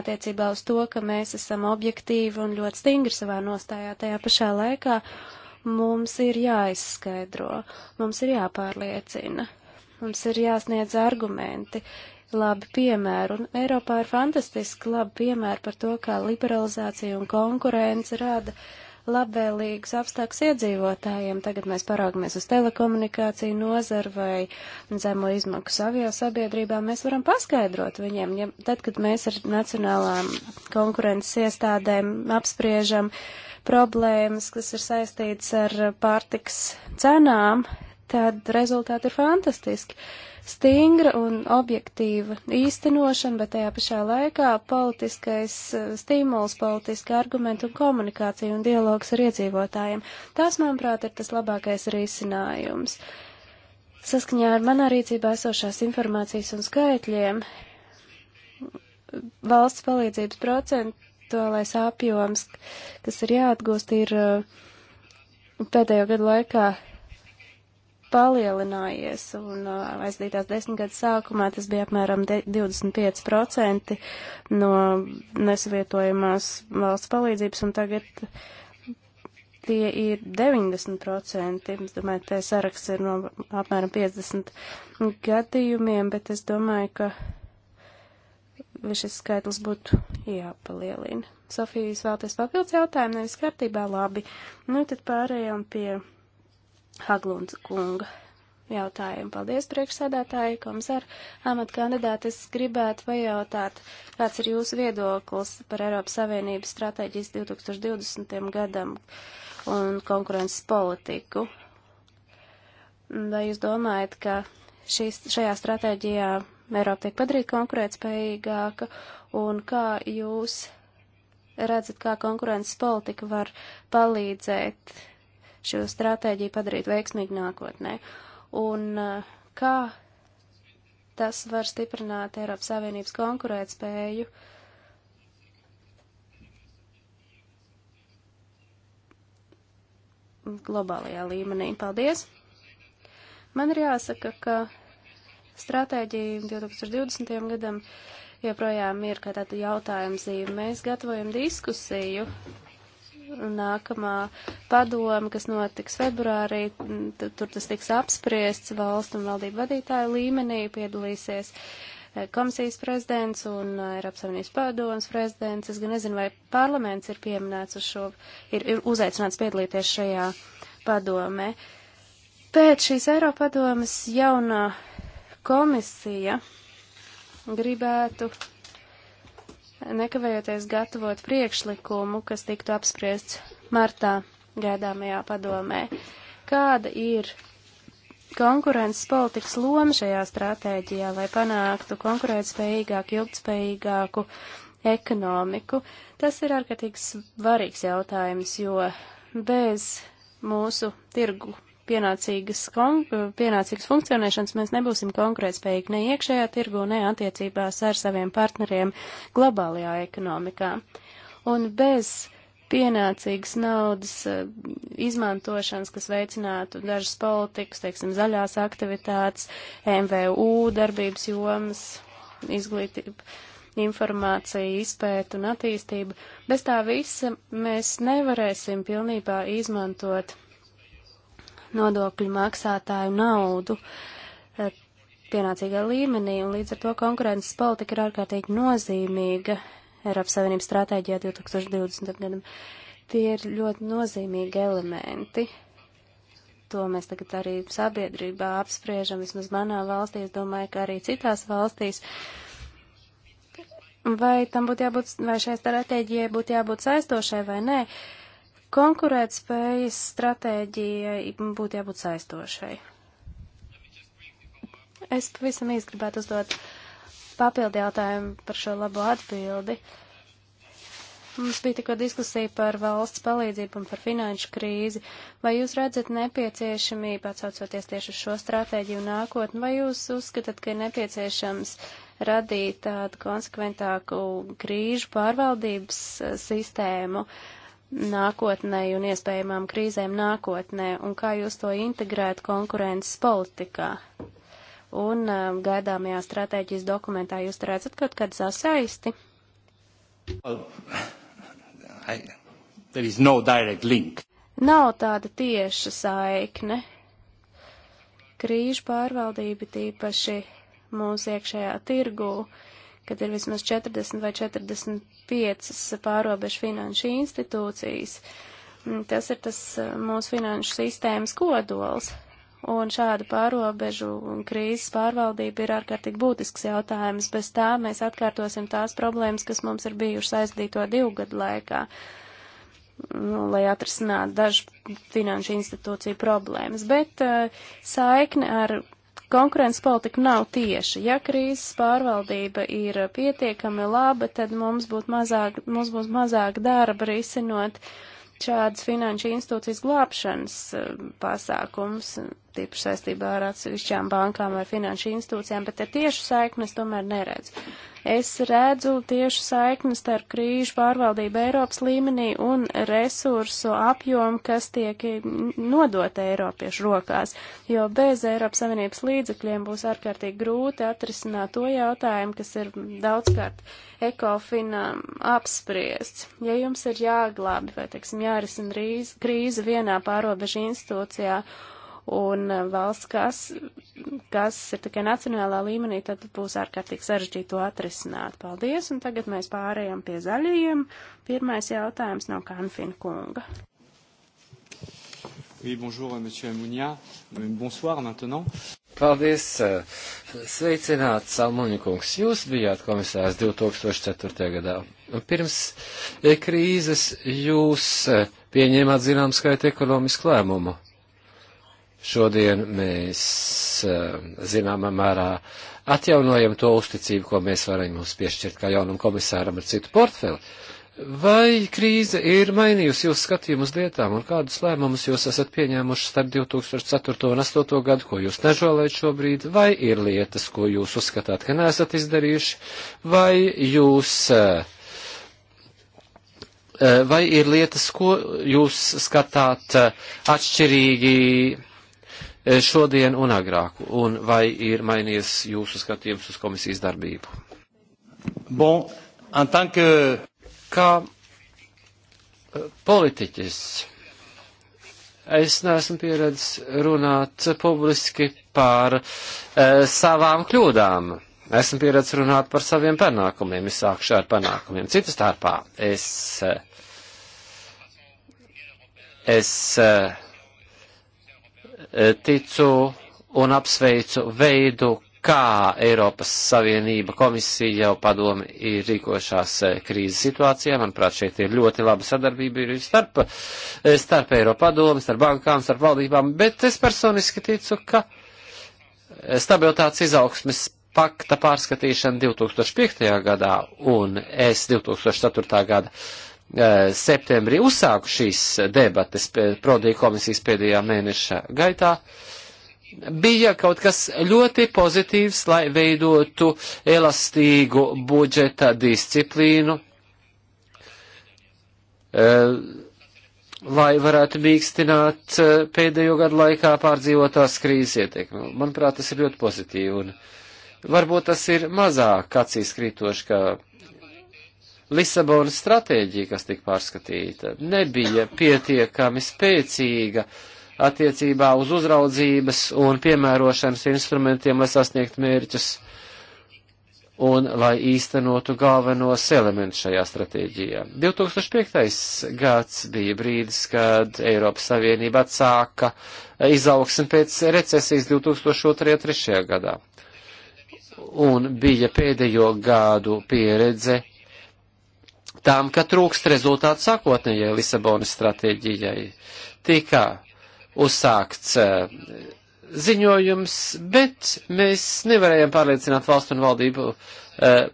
attiecībā uz to, ka mēs esam objektīvi un ļoti stingri savā nostājā. Tajā pašā laikā mums ir jāizskaidro, mums ir jāpārliecina, mums ir jāsniedz argumenti, labi piemēri, un Eiropā ir fantastiski labi piemēri par to, kā liberalizācija un konkurence rada labvēlīgus apstākļus iedzīvotājiem. Tagad mēs paraugamies uz telekomunikāciju nozaru vai zemo izmaksu avio sabiedrībām. Mēs varam paskaidrot viņiem, ja tad, kad mēs ar nacionālām konkurences iestādēm apspriežam problēmas, kas ir saistītas ar pārtiks cenām, tad rezultāti ir fantastiski. Uh, stingra un objektīva īstenošana, bet tajā pašā laikā politiskais eh, stimuls, politiska argumenta un komunikācija un dialogs ar iedzīvotājiem. Tas, manuprāt, ir tas labākais risinājums. Saskaņā ar manā rīcībā esošās informācijas un skaitļiem valsts palīdzības procentuālais apjoms, kas ir jāatgūst, ir eh, pēdējo gadu laikā palielinājies, un aizdītās desmitgades sākumā tas bija apmēram 25% no nesavietojamās valsts palīdzības, un tagad tie ir 90%. Es domāju, te saraksts ir no apmēram 50 gadījumiem, bet es domāju, ka šis skaitlis būtu jāpalielina. Sofijas vēlties papildus jautājumu, nevis kārtībā labi. Nu, tad pārējām pie Haglunds kunga jautājumu. Paldies, priekšsēdētāji, komisāri, amatkandidāti. Es gribētu pajautāt, kāds ir jūsu viedoklis par Eiropas Savienības stratēģijas 2020. gadam un konkurences politiku. Vai jūs domājat, ka šīs, šajā stratēģijā Eiropa tiek padarīta konkurētspējīgāka un kā jūs redzat, kā konkurences politika var palīdzēt šo stratēģiju padarīt veiksmīgu nākotnē. Un eh, kā tas var stiprināt Eiropas Savienības konkurētspēju? globālajā līmenī. Paldies! Man ir jāsaka, ka stratēģija 2020. gadam joprojām ir kā tāda jautājuma zīme. Mēs gatavojam diskusiju nākamā padoma, kas notiks februārī, tur tas tiks apspriests valstu un valdību vadītāju līmenī, piedalīsies eh, komisijas prezidents un eh, Eiropas Savienības padomas prezidents. Es gan nezinu, vai parlaments ir pieminēts uz šo, ir, ir uzaicināts piedalīties šajā padomē. Pēc šīs Eiropa padomas jaunā komisija gribētu nekavējoties gatavot priekšlikumu, kas tiktu apspriests martā gaidāmajā padomē. Kāda ir konkurences politikas loma šajā stratēģijā, lai panāktu konkurētspējīgāku, ilgtspējīgāku ekonomiku? Tas ir ārkārtīgi svarīgs jautājums, jo bez mūsu tirgu pienācīgas, kon, pienācīgas funkcionēšanas mēs nebūsim konkurētspējīgi ne iekšējā tirgu, ne attiecībās ar saviem partneriem globālajā ekonomikā. Un bez pienācīgas naudas eh, izmantošanas, kas veicinātu dažas politikas, teiksim, zaļās aktivitātes, MVU darbības jomas, izglītība, informācija, izpēta un attīstība. Bez tā visa mēs nevarēsim pilnībā izmantot nodokļu maksātāju naudu eh, pienācīgā līmenī, un līdz ar to konkurences politika ir ārkārtīgi nozīmīga Eiropas Savienības stratēģijā 2020. gadam. Tie ir ļoti nozīmīgi elementi. To mēs tagad arī sabiedrībā apspriežam, vismaz manā valstī, es domāju, ka arī citās valstīs. Vai tam būtu jābūt, vai šai stratēģijai būtu jābūt saistošai vai nē? Uh, Konkurētspējas stratēģijai būtu jābūt saistošai. Es pavisam īsti gribētu uzdot papildu jautājumu par šo labo atbildi. Mums bija tikko diskusija par valsts palīdzību un par finanšu krīzi. Vai jūs redzat nepieciešamību, atsaucoties tieši uz šo stratēģiju nākotni, vai jūs uzskatāt, ka ir nepieciešams radīt tādu konsekventāku krīžu pārvaldības eh, sistēmu? Uh, nākotnē un iespējamām krīzēm nākotnē, un kā jūs to integrēt konkurences politikā? Un um, gaidāmajā stratēģijas dokumentā jūs redzat kaut kādu sasaisti? Well, I, there is no direct link. Nav tāda tieša saikne. Krīžu pārvaldība tīpaši mūsu iekšējā tirgū uh, kad ir vismaz 40 vai 45 pārobežu finanšu institūcijas. Mm, tas ir tas eh, mūsu finanšu sistēmas kodols. Un šāda pārobežu krīzes pārvaldība ir ārkārtīgi būtisks jautājums. Bez tā mēs atkārtosim tās problēmas, kas mums ir bijušas aizdīto divu gadu laikā, mm, nu, lai atrisinātu dažu finanšu institūciju problēmas. Bet uh, saikne ar konkurences politika nav tieša. Ja krīzes pārvaldība ir pietiekami laba, tad mums, būtu mazāk, mums būs mazāk darba risinot šādas finanšu institūcijas glābšanas eh, pasākums, tieši saistībā ar atsevišķām bankām vai finanšu institūcijām, bet ar tiešu saiknes tomēr neredz. Es redzu tieši saiknes starp krīžu pārvaldību Eiropas līmenī un resursu apjomu, kas tiek nodot Eiropiešu rokās, jo bez Eiropas Savienības līdzekļiem būs ārkārtīgi grūti atrisināt to jautājumu, kas ir daudzkārt ekofinam um, apspriests. Ja jums ir jāglābi vai, teiksim, jārisina krīze vienā pārobežu institūcijā, un eh, valsts, kas, kas ir tikai nacionālā līmenī, tad būs ārkārtīgi sarežģīti to atrisināt. Paldies, un tagad mēs pārējām pie zaļajiem. Pirmais jautājums no Kanfina kunga. Oui, bonjour, euh, monsieur Almunia. Euh, bonsoir maintenant. Paldies! Euh, sveicināt, Salmuņa kungs! Jūs bijāt komisārs 2004. gadā. Pirms eh, krīzes jūs eh, pieņēmāt zinām skaitu ekonomisku lēmumu Šodien mēs eh, zināmā mērā atjaunojam to uzticību, ko mēs varam mums piešķirt kā jaunam komisāram ar citu portfeli. Vai krīze ir mainījusi jūsu skatījumu uz lietām un kādus lēmumus jūs esat pieņēmuši starp 2004 un 2008 gadu, ko jūs nežēlējat šobrīd, vai ir lietas, ko jūs uzskatāt, ka neesat izdarījuši, vai jūs uh, vai ir lietas, ko jūs skatāt atšķirīgi Eh, šodien un agrāk, un vai ir mainījies jūsu skatījums uz komisijas darbību? Bon, en tant que... Kā eh, politiķis es neesmu pieredzis runāt publiski par e, savām kļūdām. Esmu pieredzis runāt par saviem panākumiem, es sākšu ar panākumiem. Citu starpā es, es Eh, ticu un apsveicu veidu, kā Eiropas Savienība komisija jau padomi ir rīkošās eh, krīzes situācijā. Manuprāt, šeit ir ļoti laba sadarbība ir starp, eh, starp Eiropa padomi, starp bankām, starp valdībām, bet es personiski ticu, ka stabilitātes izaugsmes pakta pārskatīšana 2005. gadā un es 2004. gada Eh, septembrī uzsāku šīs debates prodīja komisijas pēdējā mēneša gaitā, bija kaut kas ļoti pozitīvs, lai veidotu elastīgu budžeta disciplīnu, eh, lai varētu mīkstināt eh, pēdējo gadu laikā pārdzīvotās krīzes ietekmi. Manuprāt, tas ir ļoti pozitīvi, un varbūt tas ir mazāk acīs krītoši, ka Lisabonas stratēģija, kas tika pārskatīta, nebija pietiekami spēcīga attiecībā uz uzraudzības un piemērošanas instrumentiem, lai sasniegtu mērķus un lai īstenotu galvenos elementus šajā stratēģijā. 2005. gads bija brīdis, kad Eiropas Savienība atsāka izaugsmi pēc recesijas 2002. un 2003. gadā. Un bija pēdējo gadu pieredze tam, ka trūkst rezultātu sākotnējai Lisabonas stratēģijai. Tikā uzsākts eh, ziņojums, bet mēs nevarējām pārliecināt valstu un valdību eh,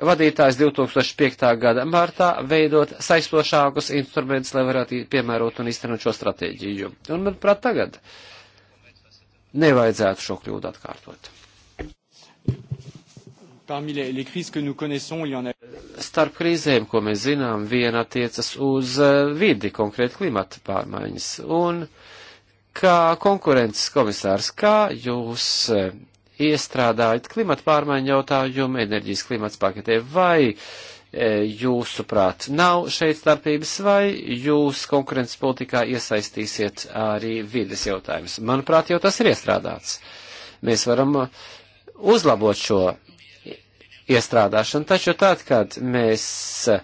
vadītājs 2005. gada martā veidot saistošākus instrumentus, lai varētu piemērot un iztenot šo stratēģiju. Un, manuprāt, tagad nevajadzētu šo kļūdu atkārtot. Parmi les, les crises que nous connaissons, il y en a starp krīzēm, ko mēs zinām, viena attiecas uz eh, vidi, konkrēti klimata pārmaiņas. Un kā konkurences komisārs, kā jūs eh, iestrādājat klimata pārmaiņu jautājumu enerģijas klimats paketē vai eh, jūsuprāt, nav šeit starpības, vai jūs konkurences politikā iesaistīsiet arī vides jautājumus? Manuprāt, jau tas ir iestrādāts. Mēs varam uzlabot šo iestrādāšanu. Taču tad, kad mēs e,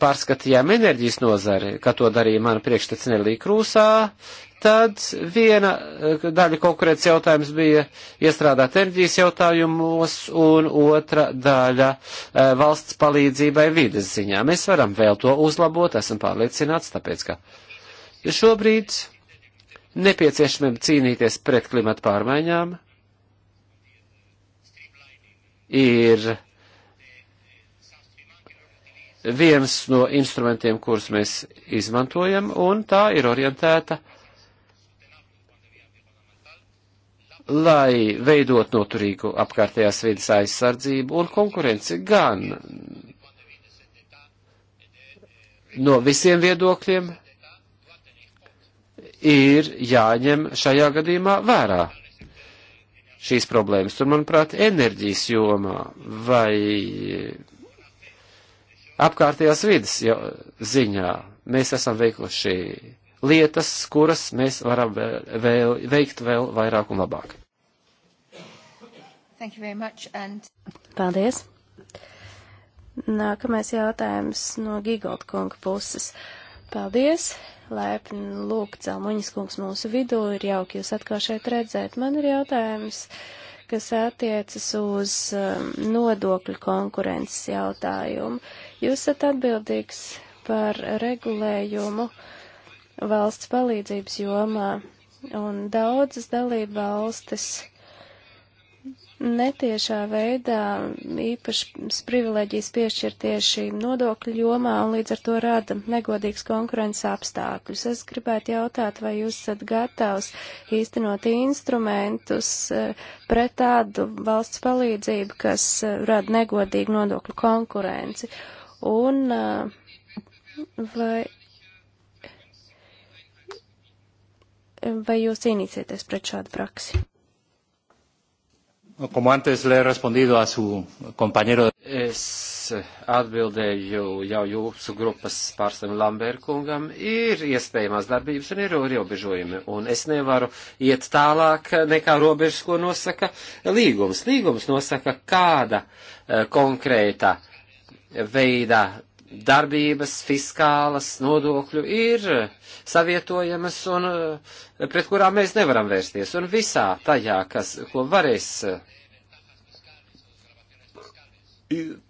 pārskatījām enerģijas nozari, kā to darīja mana priekštecene Līkrūsā, tad viena e, daļa konkurēts jautājums bija iestrādāt enerģijas jautājumos, un otra daļa e, valsts palīdzībai vides ziņā. Mēs varam vēl to uzlabot, esam pārliecināts, tāpēc ka šobrīd nepieciešamiem cīnīties pret klimatu pārmaiņām, ir viens no instrumentiem, kurus mēs izmantojam, un tā ir orientēta, lai veidot noturīgu apkārtējās vidas aizsardzību un konkurenci gan no visiem viedokļiem ir jāņem šajā gadījumā vērā šīs problēmas. Un, manuprāt, enerģijas jomā vai apkārtējās vidas ziņā mēs esam veikuši lietas, kuras mēs varam vēl, vēl, veikt vēl vairāk un labāk. And... Paldies. Nākamais jautājums no Gigolda kunga puses. Uh, Paldies! Lēpni lūgt Zelmuņas kungs mūsu vidū, ir jauki jūs atkal šeit redzēt. Man ir jautājums, kas attiecas uz um, nodokļu konkurences jautājumu. Jūs esat atbildīgs par regulējumu valsts palīdzības jomā, un daudzas dalība valstis netiešā veidā īpašas privileģijas piešķir tieši nodokļu jomā un līdz ar to rada negodīgs konkurences apstākļus. Es gribētu jautāt, vai jūs esat gatavs īstenot instrumentus e, pret tādu valsts palīdzību, kas e, rada negodīgu nodokļu konkurenci. Un e, vai, vai jūs cīnīsieties pret šādu praksi? Como antes le he respondido a su compañero. Es atbildēju jau jūsu grupas pārstāvim Lamberkungam, ir iespējamās darbības un ir ierobežojumi, un es nevaru iet tālāk nekā robežas, ko nosaka līgums. Līgums nosaka, kāda eh, konkrēta veida darbības, fiskālas, nodokļu ir savietojamas un eh, pret kurām mēs nevaram vērsties. Un visā tajā, kas, ko varēs eh,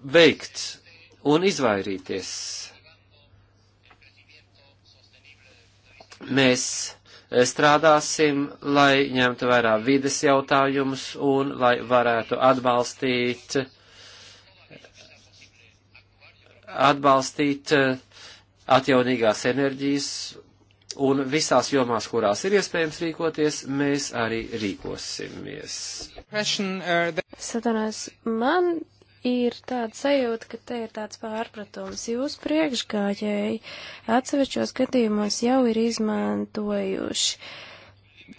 veikt un izvairīties, mēs eh, strādāsim, lai ņemtu vērā vides jautājumus un lai varētu atbalstīt uh, atbalstīt eh, atjaunīgās enerģijas un visās jomās, kurās ir iespējams rīkoties, mēs arī rīkosimies. Eh, Satanās, man ir tāda sajūta, ka te ir tāds pārpratums. Jūs priekšgājēji atsevišķos gadījumos jau ir izmantojuši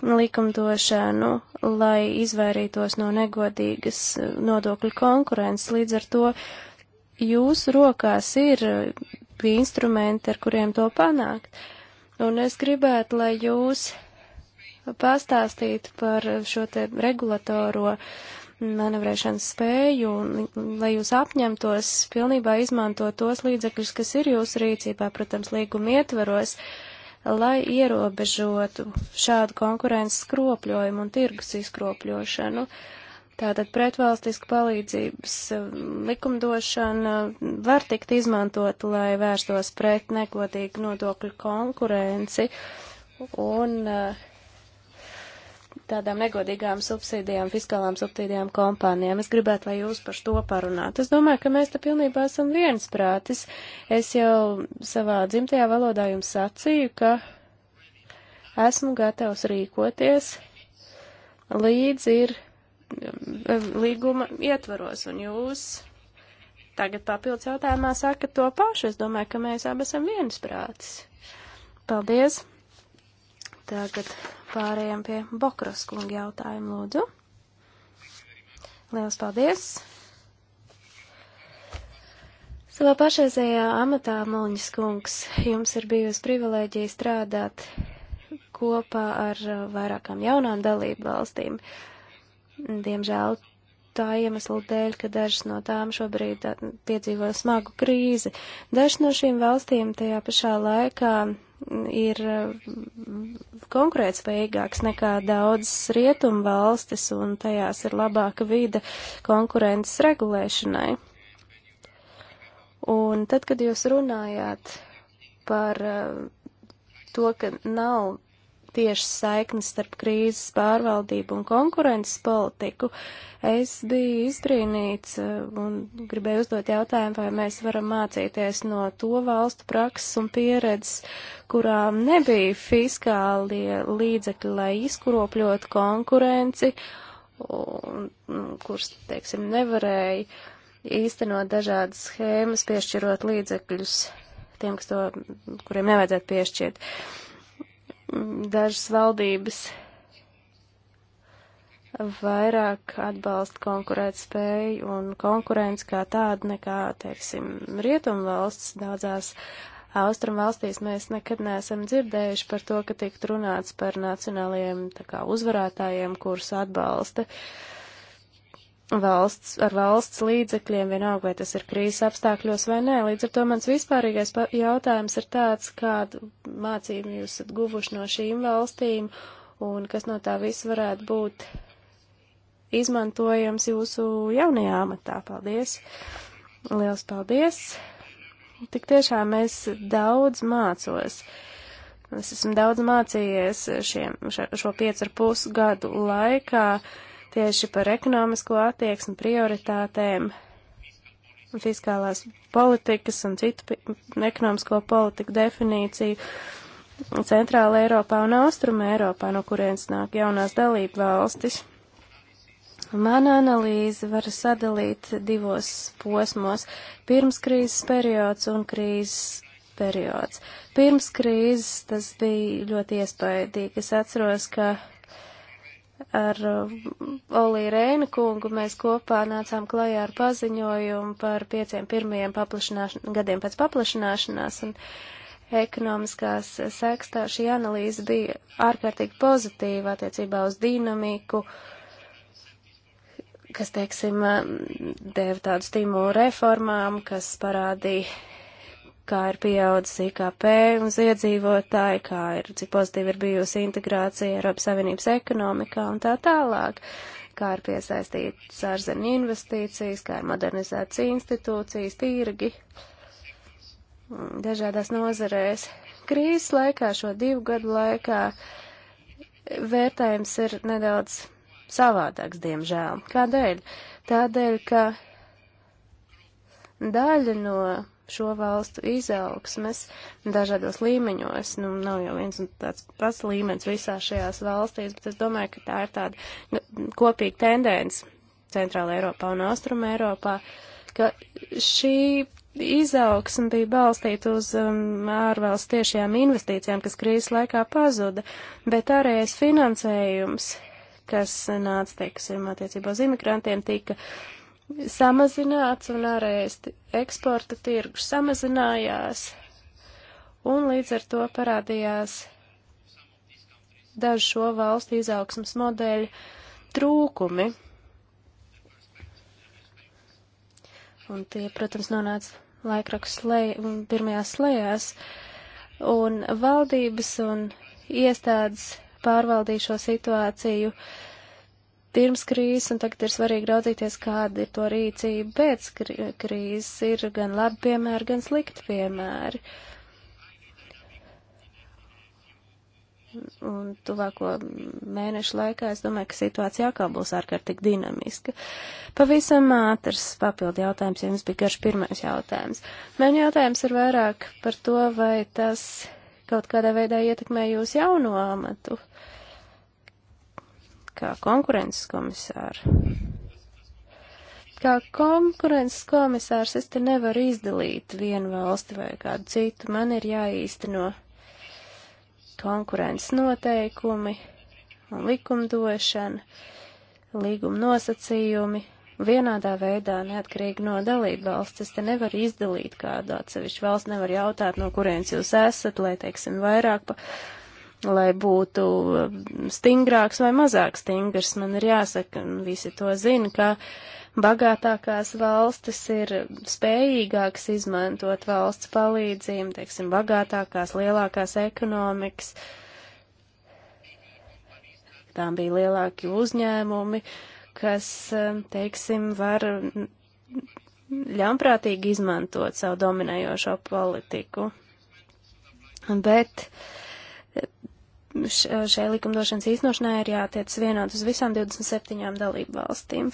likumdošanu, lai izvairītos no negodīgas eh, nodokļu konkurences. Līdz ar to jūsu rokās ir bija eh, instrumenti, ar kuriem to panākt. Un es gribētu, lai jūs pastāstītu par šo te regulatoro manevrēšanas spēju un lai jūs apņemtos pilnībā izmantot tos līdzekļus, kas ir jūsu rīcībā, protams, līguma ietveros, lai ierobežotu šādu konkurences skropļojumu un tirgus izkropļošanu. Uh, Tātad pretvalstiska palīdzības eh, likumdošana var tikt izmantot, lai vērstos pret negodīgu nodokļu konkurenci un eh, tādām negodīgām subsīdijām, fiskālām subsīdijām kompānijām. Es gribētu, lai jūs par to parunātu. Es domāju, ka mēs te pilnībā esam viensprātis. Es jau savā dzimtajā valodā jums sacīju, ka esmu gatavs rīkoties, līdz ir līguma ietvaros, un jūs tagad papildus jautājumā sakat to pašu. Es domāju, ka mēs abi esam viensprātis. Paldies! Tagad pārējām pie Bokros kunga jautājumu, lūdzu. Liels paldies! Savā pašreizējā amatā, Muliņas kungs, jums ir bijusi privilēģija strādāt kopā ar uh, vairākām jaunām dalību valstīm. Uh, diemžēl tā iemesla dēļ, ka dažas no tām šobrīd piedzīvo smagu krīzi. Dažas no šīm valstīm tajā pašā laikā ir konkurētspējīgāks nekā daudzas rietumu valstis, un tajās ir labāka vide konkurences regulēšanai. Un tad, kad jūs runājāt par to, ka nav tieši saiknes starp krīzes pārvaldību un konkurences politiku, es biju izbrīnīts uh, un gribēju uzdot jautājumu, vai mēs varam mācīties no to valstu prakses un pieredzes, kurām nebija fiskālie līdzekļi, lai izkropļot konkurenci, un, mm, kuras, teiksim, nevarēja īstenot dažādas schēmas, piešķirot līdzekļus tiem, to, kuriem nevajadzētu piešķirt. Uh, dažas valdības vairāk atbalsta konkurēt spēju un konkurenci kā tādu nekā, teiksim, rietumvalsts daudzās Austrum valstīs mēs nekad neesam dzirdējuši par to, ka tiek runāts par nacionālajiem tā kā uzvarētājiem, kurus atbalsta uh, valsts, ar valsts līdzekļiem, vienalga, vai tas ir krīzes apstākļos vai nē. Līdz ar to mans vispārīgais jautājums ir tāds, kādu mācību jūs esat guvuši no šīm valstīm un kas no tā viss varētu būt izmantojams jūsu jaunajā amatā. Paldies! Liels paldies! Tik tiešām es daudz mācos. Es esmu daudz mācījies šiem, šo, šo piecu ar pus gadu laikā. Uh, tieši par ekonomisko attieksmi, prioritātēm, fiskālās politikas un citu ekonomisko politiku definīciju Centrāla Eiropā un Austruma Eiropā, no kurienes nāk jaunās dalība valstis. Mana analīze var sadalīt divos posmos - pirms krīzes periods un krīzes periods. Pirms krīzes tas bija ļoti iespaidīgi. Es atceros, ka ar uh, Olī Rēnu kungu mēs kopā nācām klajā ar paziņojumu par pieciem pirmajiem gadiem pēc paplašanāšanās, un ekonomiskās sekstā šī analīze bija ārkārtīgi pozitīva attiecībā uz dinamiku, kas, teiksim, uh, deva tādu stimulu reformām, kas parādīja kā ir pieaudzis IKP uz iedzīvotāju, kā ir, cik pozitīvi ir bijusi integrācija Eiropas Savienības ekonomikā un tā tālāk, kā ir piesaistīts ārzemju investīcijas, kā ir modernizētas institūcijas, tirgi dažādās nozarēs. Krīzes laikā, šo divu gadu laikā, vērtējums ir nedaudz savādāks, diemžēl. Kādēļ? Tādēļ, ka daļa no šo valstu izaugsmes dažādos līmeņos. Nu, nav jau viens un tāds pats līmenis visās šajās valstīs, bet es domāju, ka tā ir tāda nu, kopīga tendence Centrāla Eiropā un Austruma Eiropā, ka šī izaugsme bija balstīta uz um, ārvalstu tiešajām investīcijām, kas krīzes laikā pazuda, bet ārējais finansējums, kas nāca, teiksim, attiecībā uz imigrantiem, tika samazināts un ārējais eksporta tirgus samazinājās, un līdz ar to parādījās dažu šo valstu izaugsmas modeļu trūkumi. Un tie, protams, nonāca laikrakus slēj, pirmajās slējās, un valdības un iestādes pārvaldīja šo situāciju uh, pirms krīzes, un tagad ir svarīgi raudzīties, kāda ir to rīcība pēc krīzes. Ir gan labi piemēri, gan slikti piemēri. Un tuvāko mēnešu laikā es domāju, ka situācija atkal būs ārkārtīgi dinamiska. Pavisam ātrs papildu jautājums, ja jums bija garš pirmais jautājums. Man jautājums ir vairāk par to, vai tas kaut kādā veidā ietekmē jūsu jauno amatu. Uh, kā konkurences komisāra. Kā konkurences komisārs es te nevaru izdalīt vienu valsti vai kādu citu. Man ir jāīsteno konkurences noteikumi un likumdošana, līguma nosacījumi, vienādā veidā, neatkarīgi no dalību valsts. Es te nevaru izdalīt kādu atsevišķu valsts, nevaru jautāt, no kurienes jūs esat, lai, teiksim, vairāk pa lai būtu um, stingrāks vai mazāk stingrs. Man ir jāsaka, un visi to zina, ka bagātākās valstis ir spējīgākas izmantot valsts palīdzību, teiksim, bagātākās, lielākās ekonomikas. Tām bija lielāki uzņēmumi, kas, um, teiksim, var ļaunprātīgi izmantot savu dominējošo politiku. Bet uh, šai likumdošanas īstenošanai ir jātiec vienot uz visām 27 dalību valstīm.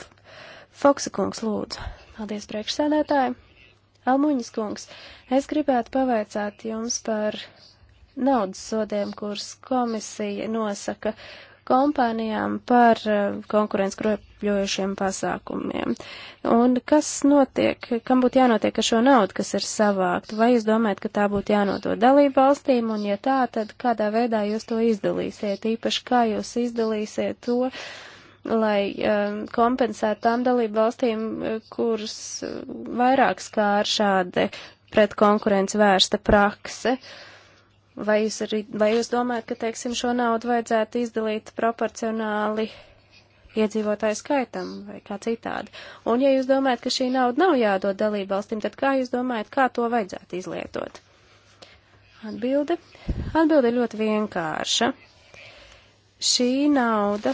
Foksa kungs lūdzu. Paldies priekšsēdētāji. Almuņas kungs, es gribētu pavaicāt jums par naudas sodiem, kuras komisija nosaka kompānijām par eh, konkurences kropļojušiem pasākumiem. Un kas notiek, kam būtu jānotiek ar šo naudu, kas ir savākt? Vai jūs domājat, ka tā būtu jānodot dalību valstīm, un ja tā, tad kādā veidā jūs to izdalīsiet? Īpaši kā jūs izdalīsiet to, lai um, kompensētu tām dalību valstīm, eh, kuras vairāk skār šāda pret konkurenci vērsta prakse? Uh, Vai jūs, arī, vai jūs domājat, ka, teiksim, šo naudu vajadzētu izdalīt proporcionāli iedzīvotāju skaitam vai kā citādi? Un ja jūs domājat, ka šī nauda nav jādod dalībvalstīm, tad kā jūs domājat, kā to vajadzētu izlietot? Atbilde. Atbilde ļoti vienkārša. Šī nauda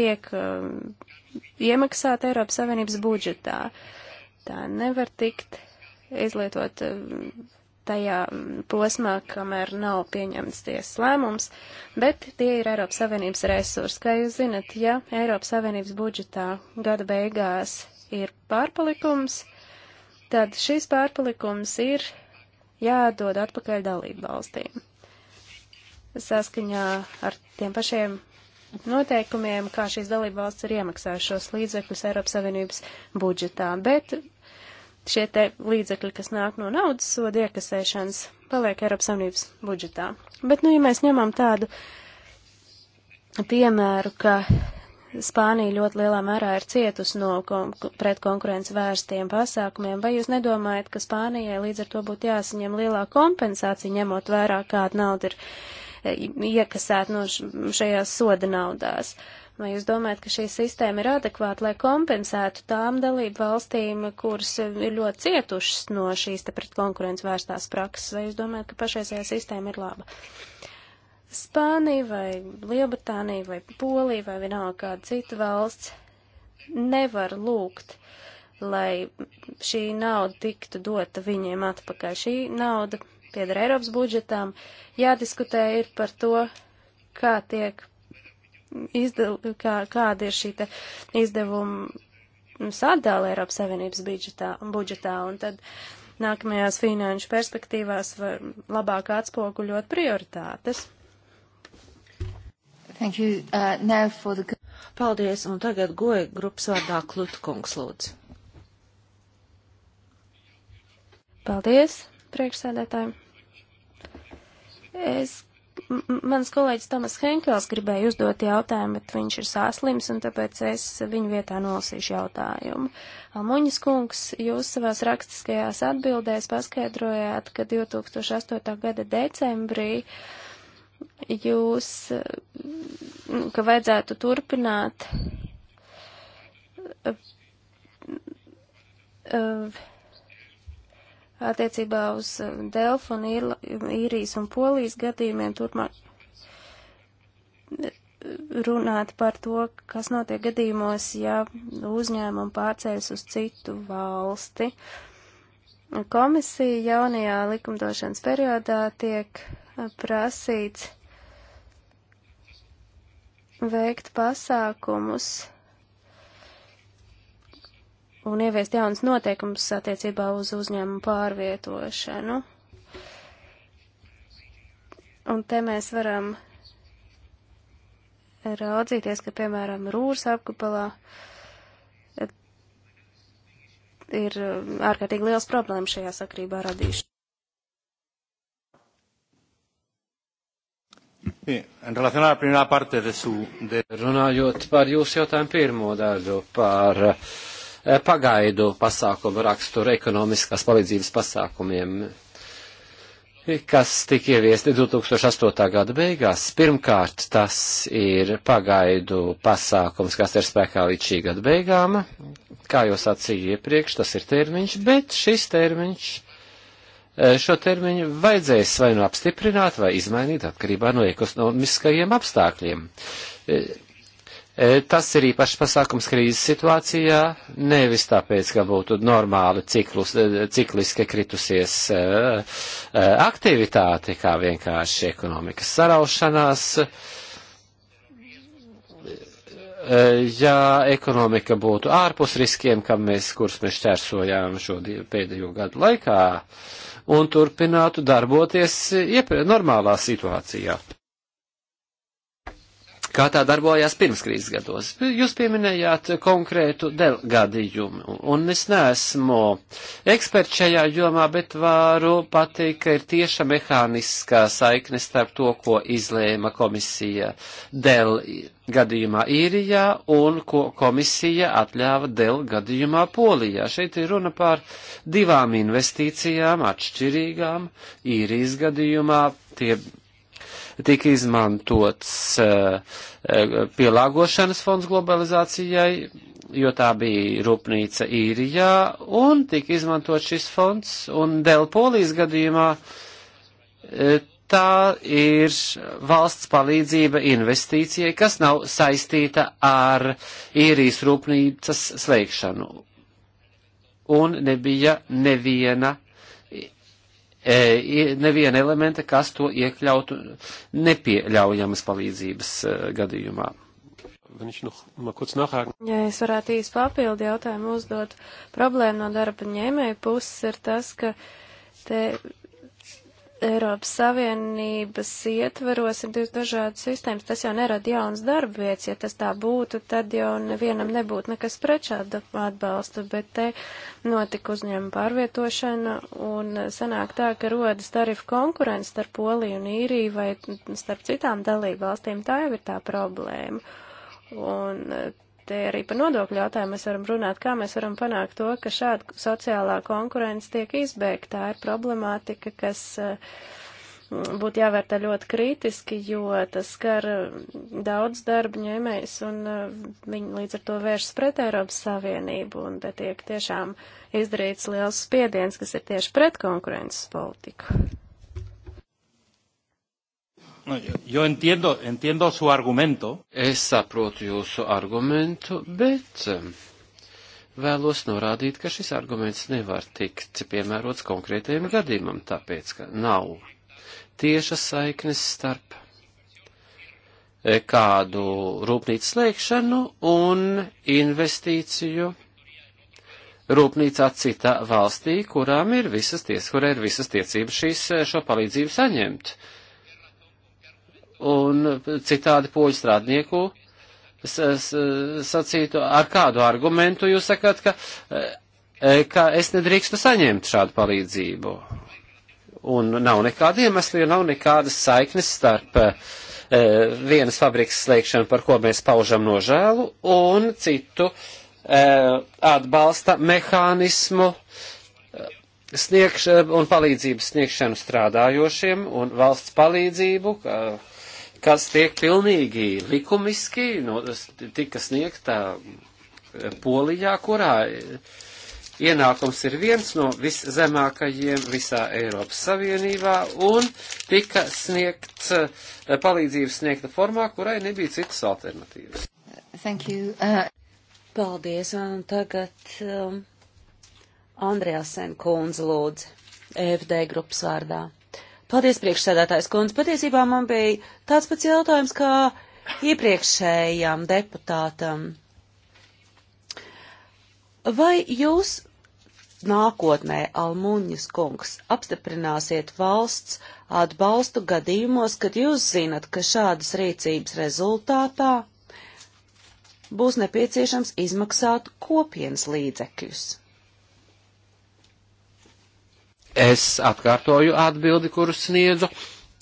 tiek um, iemaksāta Eiropas Savienības budžetā. Tā nevar tikt izlietot um, tajā posmā, kamēr nav pieņemts tiesas lēmums, bet tie ir Eiropas Savienības resursi. Kā jūs zinat, ja Eiropas Savienības budžetā gada beigās ir pārpalikums, tad šis pārpalikums ir jādod atpakaļ dalību valstīm. Saskaņā ar tiem pašiem noteikumiem, kā šīs dalība valsts ir iemaksājušos līdzekļus Eiropas Savienības budžetā, bet šie te līdzekļi, kas nāk no naudas soda iekasēšanas, paliek Eiropas Savienības budžetā. Bet, nu, ja mēs ņemam tādu piemēru, ka Spānija ļoti lielā mērā ir cietusi no kon pret konkurence vērstiem pasākumiem, vai jūs nedomājat, ka Spānijai līdz ar to būtu jāsaņem lielā kompensācija, ņemot vērā, kāda nauda ir e, iekasēta no šajās soda naudās? Uh, Vai jūs domājat, ka šī sistēma ir adekvāta, lai kompensētu tām dalību valstīm, kuras ir ļoti cietušas no šīs te pret konkurences vērstās prakses? Vai jūs domājat, ka pašreizējā sistēma ir laba? Spānija vai Lielbritānija vai Polija vai vienalga kāda cita valsts nevar lūgt, lai šī nauda tiktu dota viņiem atpakaļ. Šī nauda pieder Eiropas budžetām. Jādiskutē ir par to, kā tiek izdev, kā, kāda ir šī izdevuma sadāla Eiropas Savienības budžetā, budžetā un tad nākamajās finanšu perspektīvās var labāk atspoguļot prioritātes. Thank you. Uh, now for the... Paldies, un tagad goja grupas vārdā Klutkungs lūdzu. Paldies, priekšsēdētāji. Es mans kolēģis Tomas Henkels gribēja uzdot jautājumu, bet viņš ir sāslims, un tāpēc es viņu vietā nolasīšu jautājumu. Almuņas kungs, jūs savās rakstiskajās atbildēs paskaidrojāt, ka 2008. gada decembrī jūs, ka vajadzētu turpināt. Uh, uh, attiecībā uz eh, Delfu un īrijas un polijas gadījumiem turpmāk eh, runāt par to, kas notiek gadījumos, ja uzņēmumu pārcēs uz citu valsti. Komisija jaunajā likumdošanas periodā tiek eh, prasīts veikt pasākumus, un ieviest jaunas noteikumus attiecībā uz uzņēmumu pārvietošanu. Un te mēs varam raudzīties, ka, piemēram, rūras apkupalā ir um, ārkārtīgi liels problēma šajā sakrībā radīšana. Runājot par jūsu jautājumu pirmo daļu par uh, pagaidu pasākumu raksturu ekonomiskās palīdzības pasākumiem, kas tika ieviesti 2008. gada beigās. Pirmkārt, tas ir pagaidu pasākums, kas ir spēkā līdz šī gada beigām. Kā jau sacīju iepriekš, tas ir termiņš, bet šis termiņš eh, šo termiņu vajadzēs vai nu apstiprināt, vai izmainīt atkarībā no ekonomiskajiem apstākļiem. Eh, E, tas ir īpašs pasākums krīzes situācijā, nevis tāpēc, ka būtu normāli ciklus, e, cikliski kritusies e, aktivitāte, kā vienkārši ekonomikas saraušanās. Ja ekonomika būtu ārpus riskiem, kam mēs, kurus mēs šķērsojām šo pēdējo gadu laikā, un turpinātu darboties iepre, normālā situācijā kā tā darbojās pirms krīzes gados. Jūs pieminējāt konkrētu gadījumu, un es neesmu eksperts šajā jomā, bet varu pateikt, ka ir tieša mehāniskā saikne starp to, ko izlēma komisija Dēl gadījumā īrijā un ko komisija atļāva Dēl gadījumā Polijā. Šeit ir runa par divām investīcijām atšķirīgām īrijas gadījumā. Tie tika izmantots eh, eh, pielāgošanas fonds globalizācijai, jo tā bija rūpnīca īrijā, un tika izmantot šis fonds, un dēļ polijas gadījumā eh, tā ir valsts palīdzība investīcijai, kas nav saistīta ar īrijas rūpnīcas slēgšanu. Un nebija neviena E, neviena elementa, kas to iekļautu nepieļaujamas palīdzības e, gadījumā. Ja es varētu īsti papildi jautājumu uzdot, problēma no darba ņēmēja puses ir tas, ka te Eiropas Savienības ietveros ir divas dažādas sistēmas. Tas jau nerada jaunas darba vietas. Ja tas tā būtu, tad jau nevienam nebūtu nekas pret šādu atbalstu, bet te notika uzņēmuma pārvietošana un sanāk tā, ka rodas tarifu konkurence starp Poliju un Īriju vai starp citām dalību valstīm. Tā jau ir tā problēma. Un te arī par nodokļu jautājumu mēs varam runāt, kā mēs varam panākt to, ka šāda sociālā konkurence tiek izbēgta. Tā ir problemātika, kas eh, būtu jāvērtē ļoti kritiski, jo tas skar eh, daudz darba ņēmējs un eh, viņi līdz ar to vēršas pret Eiropas Savienību un te tiek tiešām izdarīts liels spiediens, kas ir tieši pret konkurences politiku. Yo entiendo, entiendo su argumento. Es saprotu jūsu argumentu, bet um, vēlos norādīt, ka šis arguments nevar tikt piemērots konkrētajam gadījumam, tāpēc, ka nav tiešas saiknes starp e, kādu rūpnīcu slēgšanu un investīciju rūpnīcā citā valstī, kurām ir visas ties, kurā ir visas tiecības šīs, e, šo palīdzību saņemt. Uh, un citādi poļu strādnieku sacītu, ar kādu argumentu jūs sakāt, ka, e, ka es nedrīkstu saņemt šādu palīdzību. Un nav nekāda iemesla, jo nav nekādas saiknes starp uh, vienas fabrikas slēgšanu, par ko mēs paužam nožēlu, un citu uh, atbalsta mehānismu sniegš, un palīdzības sniegšanu strādājošiem un valsts palīdzību. Uh, kas tiek pilnīgi likumiski, no, tika sniegta eh, Polijā, kurā eh, ienākums ir viens no viszemākajiem visā Eiropas Savienībā, un tika sniegts eh, palīdzības sniegta formā, kurai nebija citas alternatīvas. Thank you. Uh, paldies, un tagad um, Andrēsen kundze lūdzu, EFD grupas vārdā. Paldies, priekšsēdētājs kundze. Patiesībā man bija tāds pats jautājums kā iepriekšējām deputātam. Vai jūs nākotnē, Almuņas kungs, apstiprināsiet valsts atbalstu gadījumos, kad jūs zinat, ka šādas rīcības rezultātā būs nepieciešams izmaksāt kopienas līdzekļus? Es atkārtoju atbildi, kuru sniedzu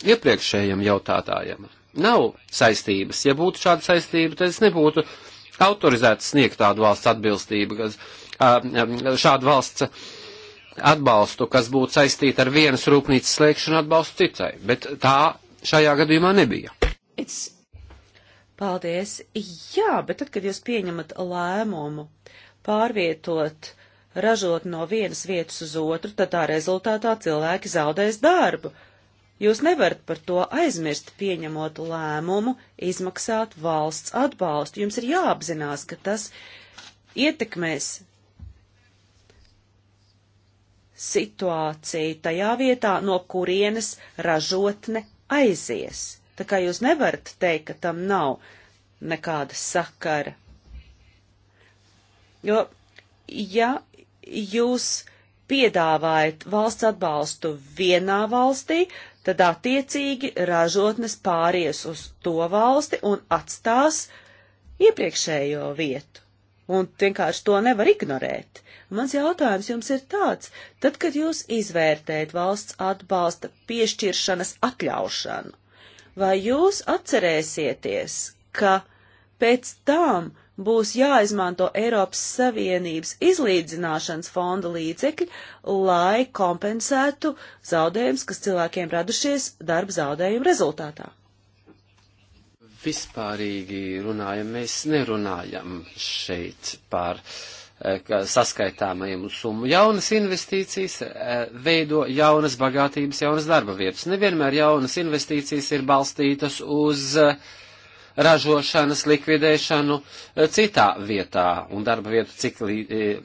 iepriekšējam jautātājam. Nav saistības. Ja būtu šāda saistība, tad es nebūtu autorizēts sniegt tādu valsts atbilstību, kas, šādu valsts atbalstu, kas būtu saistīta ar vienas rūpnīcas slēgšanu atbalstu citai. Bet tā šajā gadījumā nebija. It's... Paldies. Jā, bet tad, kad jūs pieņemat lēmumu pārvietot uh, ražot no vienas vietas uz otru, tad tā rezultātā cilvēki zaudēs darbu. Jūs nevarat par to aizmirst, pieņemot lēmumu, izmaksāt valsts atbalstu. Jums ir jāapzinās, ka tas ietekmēs situāciju tajā vietā, no kurienes ražotne aizies. Tā kā jūs nevarat teikt, ka tam nav nekāda sakara. Jo, ja jūs piedāvājat valsts atbalstu vienā valstī, tad attiecīgi ražotnes pāries uz to valsti un atstās iepriekšējo vietu. Un vienkārši to nevar ignorēt. Mans jautājums jums ir tāds, tad, kad jūs izvērtējat valsts atbalsta piešķiršanas atļaušanu, vai jūs atcerēsieties, ka pēc tam būs jāizmanto Eiropas Savienības izlīdzināšanas fonda līdzekļi, lai kompensētu zaudējumus, kas cilvēkiem radušies darba zaudējumu rezultātā. Vispārīgi runājam, mēs nerunājam šeit par eh, saskaitāmajiem summu. Jaunas investīcijas eh, veido jaunas bagātības, jaunas darba vietas. Nevienmēr jaunas investīcijas ir balstītas uz uh, ražošanas likvidēšanu eh, citā vietā un darba vietu cikli, eh,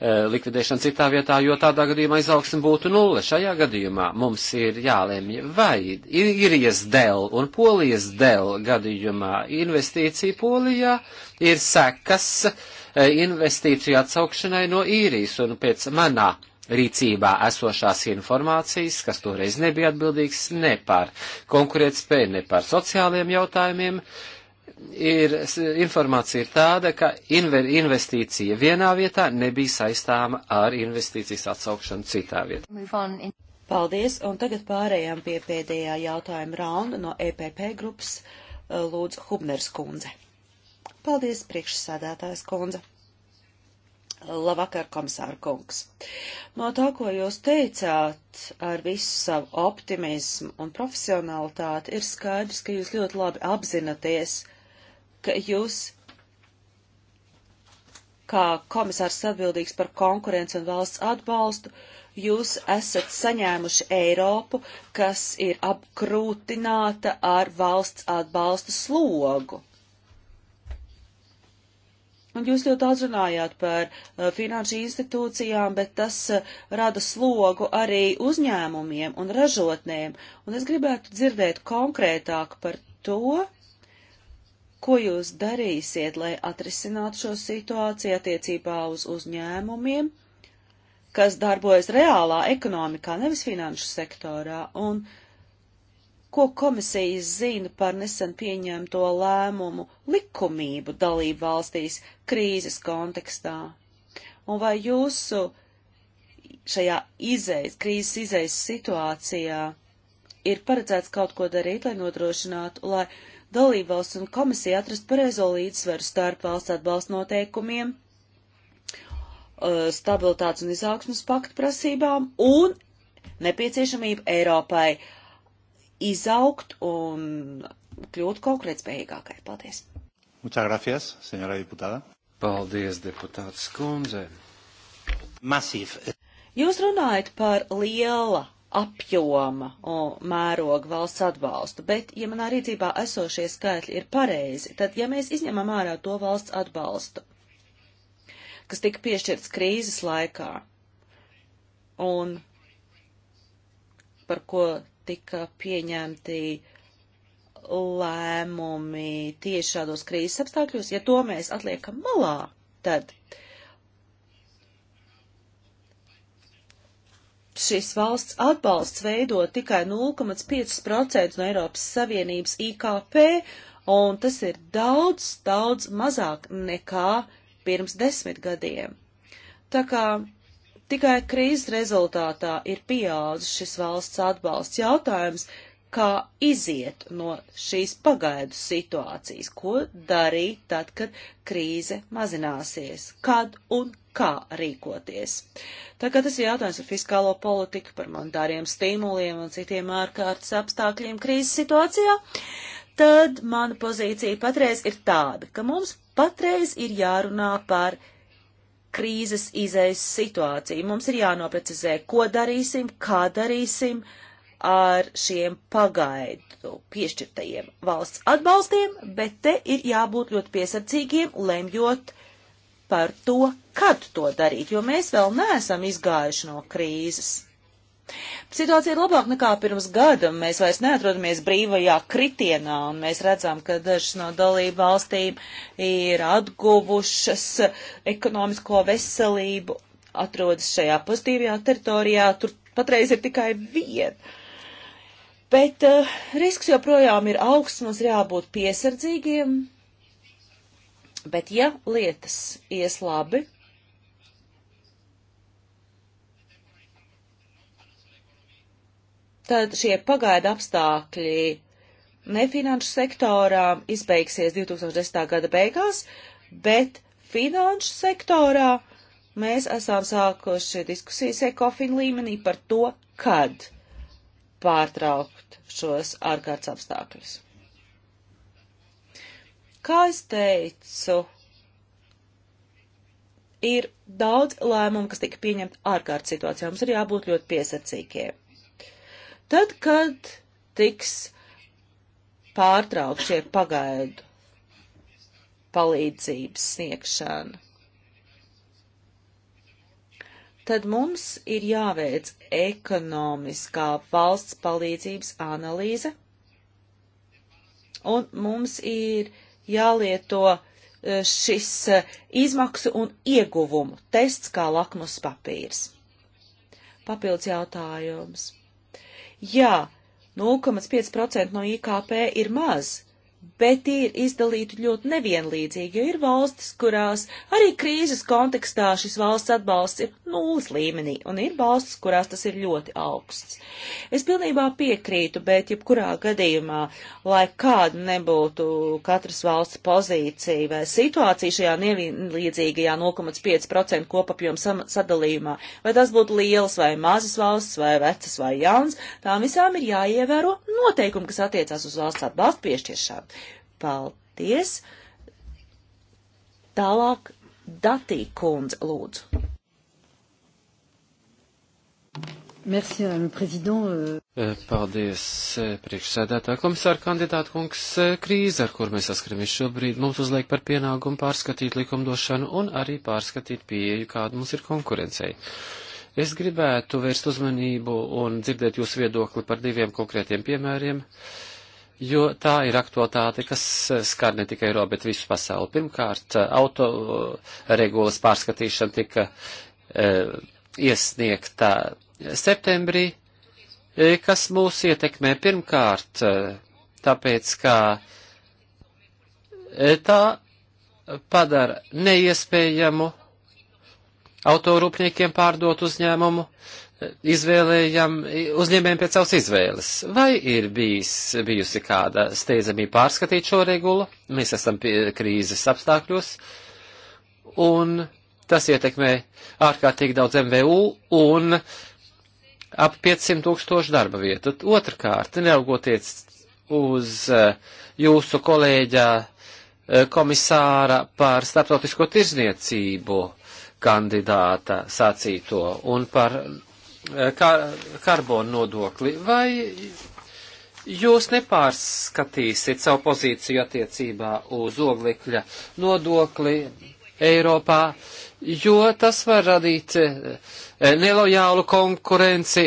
eh, likvidēšanu citā vietā, jo tādā gadījumā izaugsme būtu nulle. Šajā gadījumā mums ir jālemj, vai īrijas dēl un polijas dēl gadījumā investīcija polijā ir sekas investīciju atsaukšanai no īrijas un pēc manā rīcībā esošās informācijas, kas toreiz nebija atbildīgs ne par konkurētspēju, ne par sociāliem jautājumiem. Ir, informācija ir tāda, ka investīcija vienā vietā nebija saistāma ar investīcijas atsaukšanu citā vietā. Paldies, un tagad pārējām pie pēdējā jautājuma raunda no EPP grupas. Lūdzu, Hubners kundze. Paldies, priekšsādātājs kundze. Labvakar, komisāra kungs! No tā, ko jūs teicāt, ar visu savu optimismu un profesionalitāti, ir skaidrs, ka jūs ļoti labi apzināties, ka jūs, kā komisārs atbildīgs par konkurenci un valsts atbalstu, jūs esat saņēmuši Eiropu, kas ir apkrūtināta ar valsts atbalsta slogu Un jūs ļoti daudz runājāt par uh, finanšu institūcijām, bet tas uh, rada slogu arī uzņēmumiem un ražotnēm. Un es gribētu dzirdēt konkrētāk par to, ko jūs darīsiet, lai atrisinātu šo situāciju attiecībā uz uzņēmumiem, kas darbojas reālā ekonomikā, nevis finanšu sektorā. Un, uh, ko komisija zina par nesen pieņemto lēmumu likumību dalību valstīs krīzes kontekstā? Un vai jūsu šajā izējas, krīzes izējas situācijā ir paredzēts kaut ko darīt, lai nodrošinātu, lai dalību valsts un komisija atrast pareizo līdzsveru starp valsts atbalsta noteikumiem, uh, stabilitātes un izaugsmas paktu prasībām un nepieciešamību Eiropai uh, izaugt un kļūt konkurētspējīgākai. Paldies! Muchas gracias, señora diputada. Paldies, deputāts Kundze. Masīv. Jūs runājat par liela apjoma un mēroga valsts atbalstu, bet, ja manā rīcībā esošie skaitļi ir pareizi, tad, ja mēs izņemam ārā to valsts atbalstu, kas tika piešķirts krīzes laikā un par ko tika pieņemti lēmumi tieši šādos krīzes apstākļos, ja to mēs atliekam malā, tad šis valsts atbalsts veido tikai 0,5% no Eiropas Savienības IKP, un tas ir daudz, daudz mazāk nekā pirms desmit gadiem. Tā kā Tikai krīzes rezultātā ir pieaudzis šis valsts atbalsts jautājums, kā iziet no šīs pagaidu situācijas, ko darīt tad, kad krīze mazināsies, kad un kā rīkoties. Tagad tas ir jautājums par fiskālo politiku, par monetāriem stimuliem un citiem ārkārtas apstākļiem krīzes situācijā. Tad mana pozīcija patreiz ir tāda, ka mums patreiz ir jārunā par krīzes izējas situāciju. Mums ir jānoprecizē, ko darīsim, kā darīsim ar šiem pagaidu piešķirtajiem valsts atbalstiem, bet te ir jābūt ļoti piesardzīgiem, lemjot par to, kad to darīt, jo mēs vēl neesam izgājuši no krīzes. Situācija ir labāka nekā pirms gada. Mēs vairs neatrodamies brīvajā kritienā, un mēs redzam, ka dažas no dalību valstīm ir atguvušas ekonomisko veselību, atrodas šajā pozitīvajā teritorijā, tur patreiz ir tikai viena. Bet uh, risks joprojām ir augsts, mums ir jābūt piesardzīgiem. Bet ja lietas ies labi, tad šie pagaida apstākļi nefinanšu sektorā izbeigsies 2010. gada beigās, bet finanšu sektorā mēs esam sākuši diskusijas ekofin līmenī par to, kad pārtraukt šos ārkārtas apstākļus. Kā es teicu, ir daudz lēmumu, kas tika pieņemti ārkārtas situācijā. Mums ir jābūt ļoti piesacīgiem. Tad, kad tiks pārtraukt šie pagaidu palīdzības sniegšana, tad mums ir jāveic ekonomiskā valsts palīdzības analīze, un mums ir jālieto e, šis e, izmaksu un ieguvumu tests kā lakmus papīrs. Papildus jautājums jā, 0,5% no IKP ir maz, bet tie ir izdalīti ļoti nevienlīdzīgi, jo ir valstis, kurās arī krīzes kontekstā šis valsts atbalsts ir nulles līmenī, un ir valstis, kurās tas ir ļoti augsts. Es pilnībā piekrītu, bet jebkurā gadījumā, lai kāda nebūtu katras valsts pozīcija vai situācija šajā nevienlīdzīgajā 0,5% kopapjoma sadalījumā, vai tas būtu lielas vai mazas valsts vai vecas vai jauns, tām visām ir jāievēro noteikumi, kas attiecās uz valsts atbalstu piešķiršanu. Paldies! Tālāk Datī kundze lūdzu. Merci, eh, Paldies, eh, priekšsēdētā komisāra kandidāta kungs. Eh, krīze, ar kur mēs saskaramies šobrīd, mums uzliek par pienākumu pārskatīt likumdošanu un arī pārskatīt pieeju, kāda mums ir konkurencei. Es gribētu vērst uzmanību un dzirdēt jūsu viedokli par diviem konkrētiem piemēriem. Uh, jo tā ir aktualitāte, kas eh, skar ne tikai Eiropu, bet visu pasauli. Pirmkārt, eh, autoregulas eh, pārskatīšana tika e, iesniegta septembrī, e, kas mūs ietekmē pirmkārt, e, tāpēc, ka e, tā padara neiespējamu autorūpniekiem pārdot uzņēmumu, e, izvēlējam uzņēmējiem pēc savas izvēles. Vai ir bijis, bijusi kāda steidzamība pārskatīt šo regulu? Mēs esam pie krīzes apstākļos, un tas ietekmē ārkārtīgi daudz MVU un ap 500 tūkstošu darba vietu. Otrkārt, neraugoties uz eh, jūsu kolēģa eh, komisāra par starptautisko tirzniecību kandidāta sacīto un par Eh, kar, karbonu nodokli, vai jūs nepārskatīsiet savu pozīciju attiecībā uz oglekļa nodokli Eiropā, jo tas var radīt eh, nelojālu konkurenci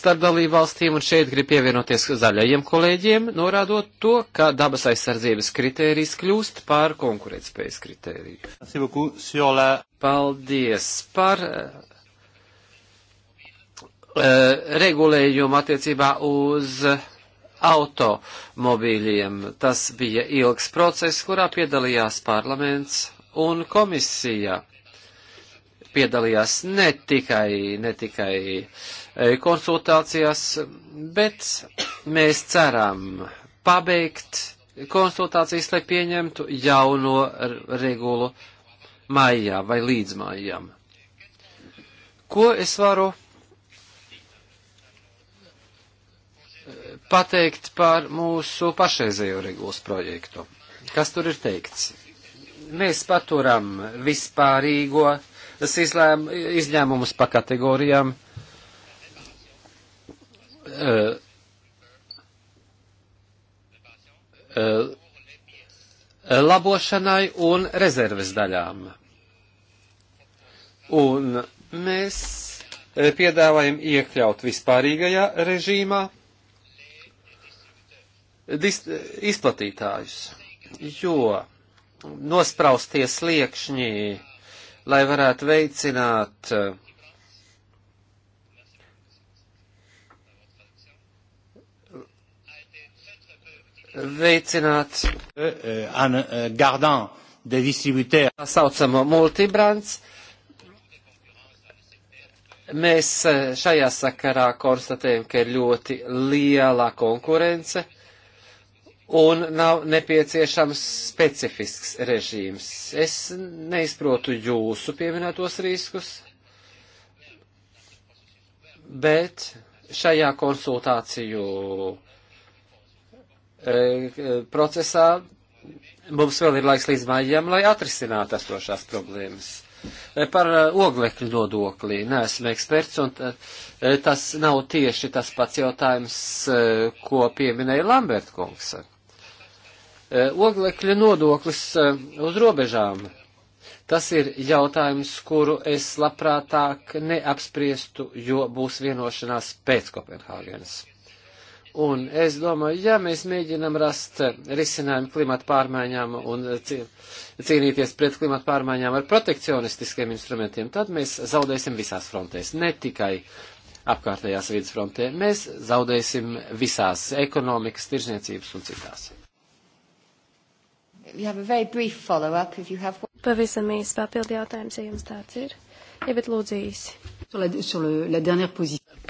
starp dalību valstīm, un šeit grib pievienoties zaļajiem kolēģiem, norādot to, ka dabas aizsardzības kritērijas kļūst par konkurētspējas kritēriju. Paldies par eh, Eh, regulējumu attiecībā uz automobīļiem. Tas bija ilgs process, kurā piedalījās parlaments un komisija. Piedalījās ne tikai, ne tikai eh, konsultācijās, bet mēs ceram pabeigt konsultācijas, lai pieņemtu jauno regulu maijā vai līdz mājām. Ko es varu pateikt par mūsu pašreizējo regulas projektu. Kas tur ir teikts? Mēs paturam vispārīgo izlēm, izņēmumus pa kategorijām. Uh, uh, labošanai un rezerves daļām. Un mēs piedāvājam iekļaut vispārīgajā režīmā izplatītājus, jo nosprausties liekšņi, lai varētu veicināt eh, veicināt eh, eh, en gardant des distributeurs. Tā saucamo multibrands. Mēs šajā sakarā konstatējam, ka ir ļoti liela konkurence un nav nepieciešams specifisks režīms. Es neizprotu jūsu pieminētos riskus, bet šajā konsultāciju e, procesā mums vēl ir laiks līdz maijam, lai atrisinātu esošās problēmas. E, par e, oglekļu nodokli neesmu eksperts, un tas nav tieši tas pats jautājums, ko pieminēja Lambertkungs. kungs. Eh, oglekļa nodoklis eh, uz robežām. Tas ir jautājums, kuru es labprātāk neapspriestu, jo būs vienošanās pēc Kopenhāgenes. Un es domāju, ja mēs mēģinam rast eh, risinājumu klimata pārmaiņām un cīnīties pret klimata pārmaiņām ar protekcionistiskiem instrumentiem, tad mēs zaudēsim visās frontēs, ne tikai apkārtējās vidas frontē. Mēs zaudēsim visās ekonomikas, tirzniecības un citās. Have... Pavisam īsi papildi jautājums, ja jums tāds ir. Ja, bet lūdzu īsi.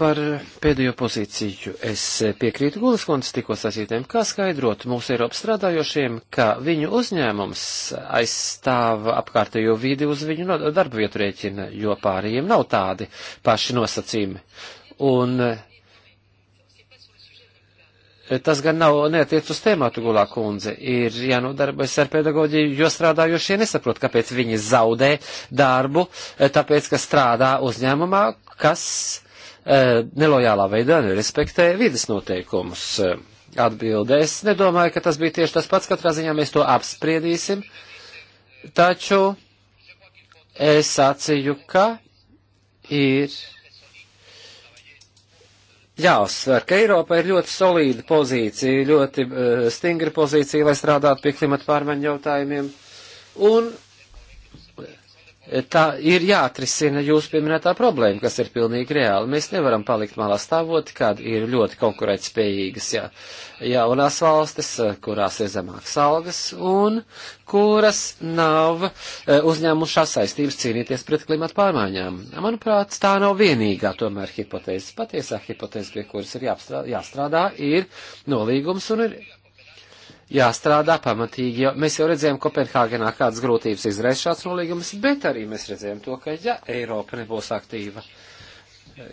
Par pēdējo pozīciju es piekrītu Gulas kundzes tikko sasītēm, kā skaidrot mūsu Eiropas strādājošiem, ka viņu uzņēmums aizstāv apkārtējo vidi uz viņu darba vietu rēķina, jo pārējiem nav tādi paši nosacījumi. Un E, tas gan nav neatiec uz tēmātu gulā kundze, ir jānodarbojas ar pedagoģiju, jo strādājošie nesaprot, kāpēc viņi zaudē darbu, e, tāpēc, ka strādā uzņēmumā, kas e, nelojālā veidā nerespektē vidas noteikumus. Atbilde. Es nedomāju, ka tas bija tieši tas pats. Katrā ziņā mēs to apspriedīsim. Taču es sacīju, ka ir jāuzsver, ka Eiropa ir ļoti solīda pozīcija, ļoti eh, stingra pozīcija, lai strādātu pie klimata pārmaiņu jautājumiem. Un tā ir jāatrisina jūs pieminētā problēma, kas ir pilnīgi reāli. Mēs nevaram palikt malā stāvot, kad ir ļoti konkurētspējīgas ja, jaunās valstis, kurās ir zemākas algas un kuras nav e, uzņēmušās saistības cīnīties pret klimatu pārmaiņām. Manuprāt, tā nav vienīgā tomēr hipotēze. Patiesā hipotēze, pie kuras ir jāstrādā, ir nolīgums un ir jāstrādā pamatīgi, jo mēs jau redzējām Kopenhāgenā kādas grūtības izraisa šāds nolīgums, bet arī mēs redzējām to, ka ja Eiropa nebūs aktīva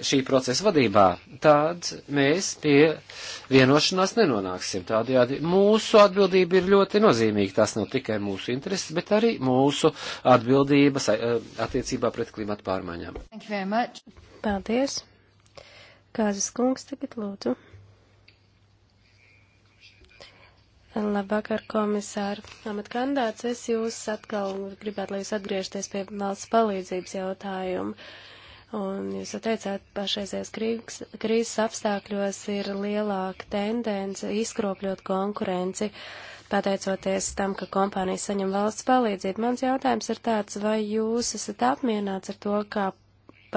šī procesa vadībā, tad mēs pie vienošanās nenonāksim. Tādējādi mūsu atbildība ir ļoti nozīmīga. Tas nav tikai mūsu intereses, bet arī mūsu atbildības eh, attiecībā pret klimatu pārmaiņām. Paldies! Kāzas kungs tagad lūdzu. Labvakar, komisāri. Amat kandāts, es jūs atkal gribētu, lai jūs atgriežaties pie valsts palīdzības jautājumu. Un jūs teicāt, pašreizies krīgs, krīzes apstākļos ir lielāka tendence izkropļot konkurenci, pateicoties tam, ka kompānijas saņem valsts palīdzību. Mans jautājums ir tāds, vai jūs esat apmierināts ar to, kā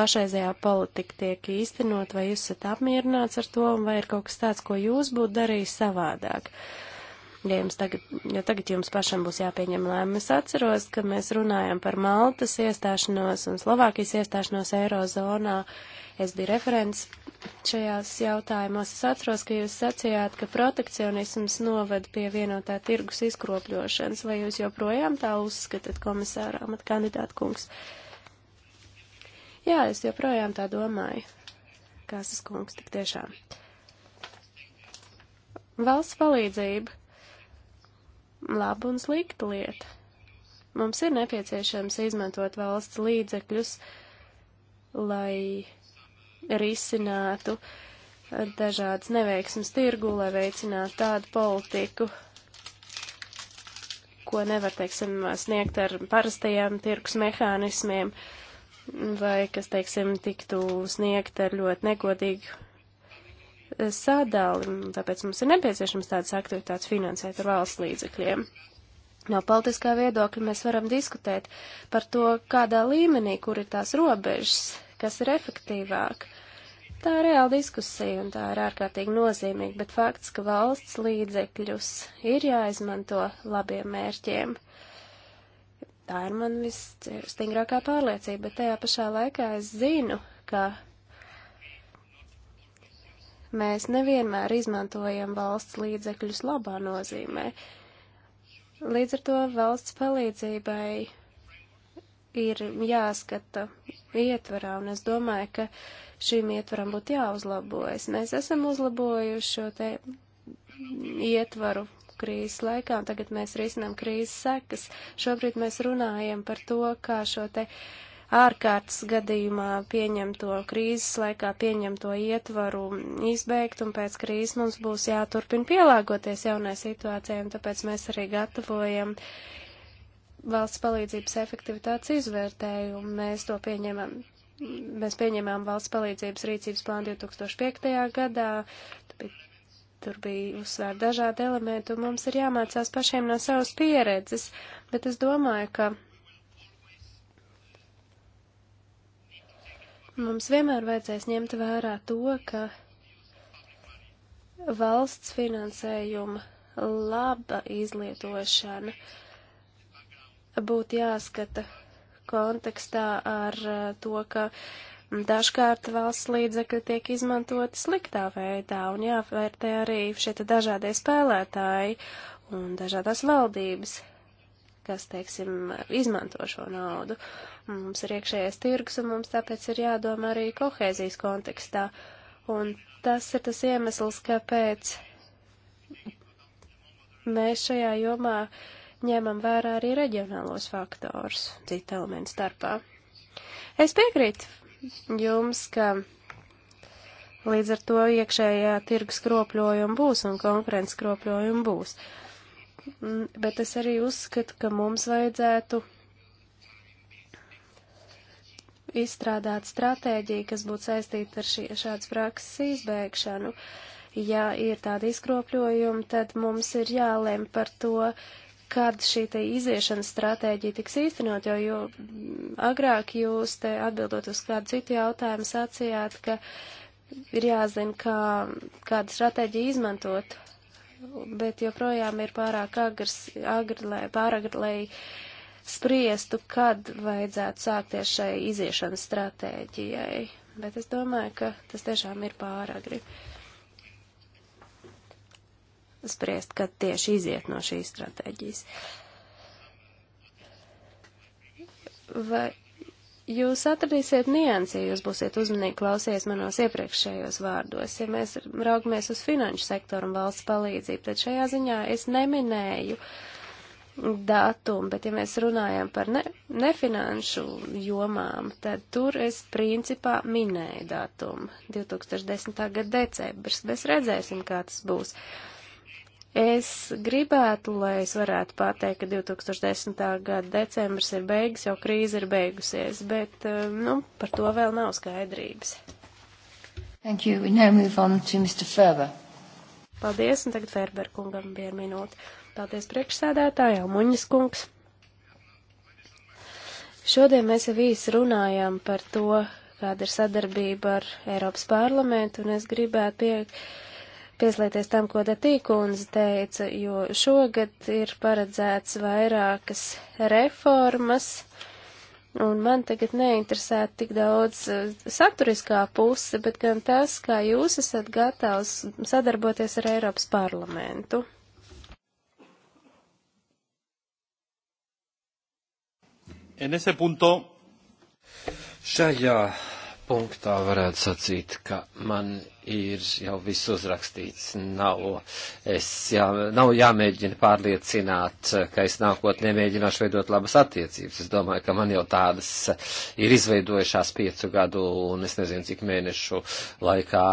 pašreizējā politika tiek īstenot, vai jūs esat apmierināts ar to, un vai ir kaut kas tāds, ko jūs būtu darījis savādāk? Uh, ja jums tagad, jo tagad jums pašam būs jāpieņem lēmumi. Es atceros, ka mēs runājam par Maltas iestāšanos un Slovākijas iestāšanos Eirozonā. Es biju referents šajās jautājumos. Es atceros, ka jūs sacījāt, ka protekcionisms noved pie vienotā tirgus izkropļošanas. Vai jūs joprojām tā uzskatāt, komisārā, mat kandidāta kungs? Jā, es joprojām tā domāju. Kāsas kungs, tik tiešām. Valsts palīdzība labu un sliktu lietu. Mums ir nepieciešams izmantot valsts līdzekļus, lai risinātu dažādas neveiksmes tirgu, lai veicinātu tādu politiku, ko nevar, teiksim, sniegt ar parastajiem tirkus mehānismiem, vai kas, teiksim, tiktu sniegt ar ļoti negodīgu sadali, tāpēc mums ir nepieciešams tādas aktivitātes finansēt ar valsts līdzekļiem. No politiskā viedokļa mēs varam diskutēt par to, kādā līmenī, kur ir tās robežas, kas ir efektīvāk. Tā ir reāla diskusija un tā ir ārkārtīgi nozīmīga, bet fakts, ka valsts līdzekļus ir jāizmanto labiem mērķiem. Tā ir man visstingrākā pārliecība, bet tajā pašā laikā es zinu, ka Mēs nevienmēr izmantojam valsts līdzekļus labā nozīmē. Līdz ar to valsts palīdzībai ir jāskata ietvarā, un es domāju, ka šīm ietvaram būtu jāuzlabojas. Mēs esam uzlabojuši šo te ietvaru krīzes laikā, un tagad mēs risinām krīzes sekas. Šobrīd mēs runājam par to, kā šo te uh, ārkārtas gadījumā pieņemto, krīzes laikā pieņemto ietvaru izbeigt, un pēc krīzes mums būs jāturpina pielāgoties jaunai situācijai, un tāpēc mēs arī gatavojam valsts palīdzības efektivitātes izvērtējumu. Mēs to pieņemam. Mēs pieņemām valsts palīdzības rīcības plānu 2005. gadā, tur bija uzsvēr dažādi elementi, un mums ir jāmācās pašiem no savas pieredzes, bet es domāju, ka Mums vienmēr vajadzēs ņemt vērā to, ka valsts finansējuma laba izlietošana būtu jāskata kontekstā ar eh, to, ka dažkārt valsts līdzekļi tiek izmantoti sliktā veidā un jāvērtē arī šie dažādie spēlētāji un dažādās valdības kas, teiksim, izmanto šo naudu. Mums ir iekšējais tirgs, un mums tāpēc ir jādomā arī kohēzijas kontekstā. Un tas ir tas iemesls, kāpēc mēs šajā jomā ņemam vērā arī reģionālos faktors citu elementu starpā. Es piekrītu jums, ka līdz ar to iekšējā tirgus kropļojuma būs un konkurences kropļojuma būs. Uh, Mm, bet es arī uzskatu, ka mums vajadzētu izstrādāt stratēģiju, kas būtu saistīta ar šī, šādas prakses izbēgšanu. Ja ir tādi izkropļojumi, tad mums ir jālem par to, kad šī te iziešanas stratēģija tiks īstenot, jo, jo agrāk jūs te atbildot uz kādu citu jautājumu sacījāt, ka ir jāzina, kā, kādu stratēģiju izmantot bet joprojām ir pārāk agrs, agri, lai, pāragri, lai spriestu, kad vajadzētu sākties šai iziešanas stratēģijai. Bet es domāju, ka tas tiešām ir pāragri spriest, kad tieši iziet no šīs stratēģijas. Vai Jūs atradīsiet niansi, ja jūs būsiet uzmanīgi klausies manos iepriekšējos vārdos. Ja mēs raugamies uz finanšu sektoru un valsts palīdzību, tad šajā ziņā es neminēju datumu, bet ja mēs runājam par ne, nefinanšu jomām, tad tur es principā minēju datumu 2010. gada decembris, bet redzēsim, kā tas būs. Uh, Es gribētu, lai es varētu pateikt, ka 2010. gada decembris ir beigas, jau krīze ir beigusies, bet, eh, nu, par to vēl nav skaidrības. Thank you. We now move on to Mr. Ferber. Paldies, un tagad Ferber kungam bija minūte. Paldies priekšsēdētājā, Muņas kungs. Šodien mēs jau īsi runājām par to, kāda ir sadarbība ar Eiropas parlamentu, un es gribētu pie pieslēties tam, ko Datīkūns teica, jo šogad ir paredzēts vairākas reformas, un man tagad neinteresē tik daudz eh, saturiskā puse, bet gan tas, kā jūs esat gatavs sadarboties ar Eiropas parlamentu. En ese punto, šajā punktā varētu sacīt, ka man ir jau viss uzrakstīts. Nav, es jā, nav jāmēģina pārliecināt, ka es nākotnē mēģināšu veidot labas attiecības. Es domāju, ka man jau tādas ir izveidojušās piecu gadu un es nezinu, cik mēnešu laikā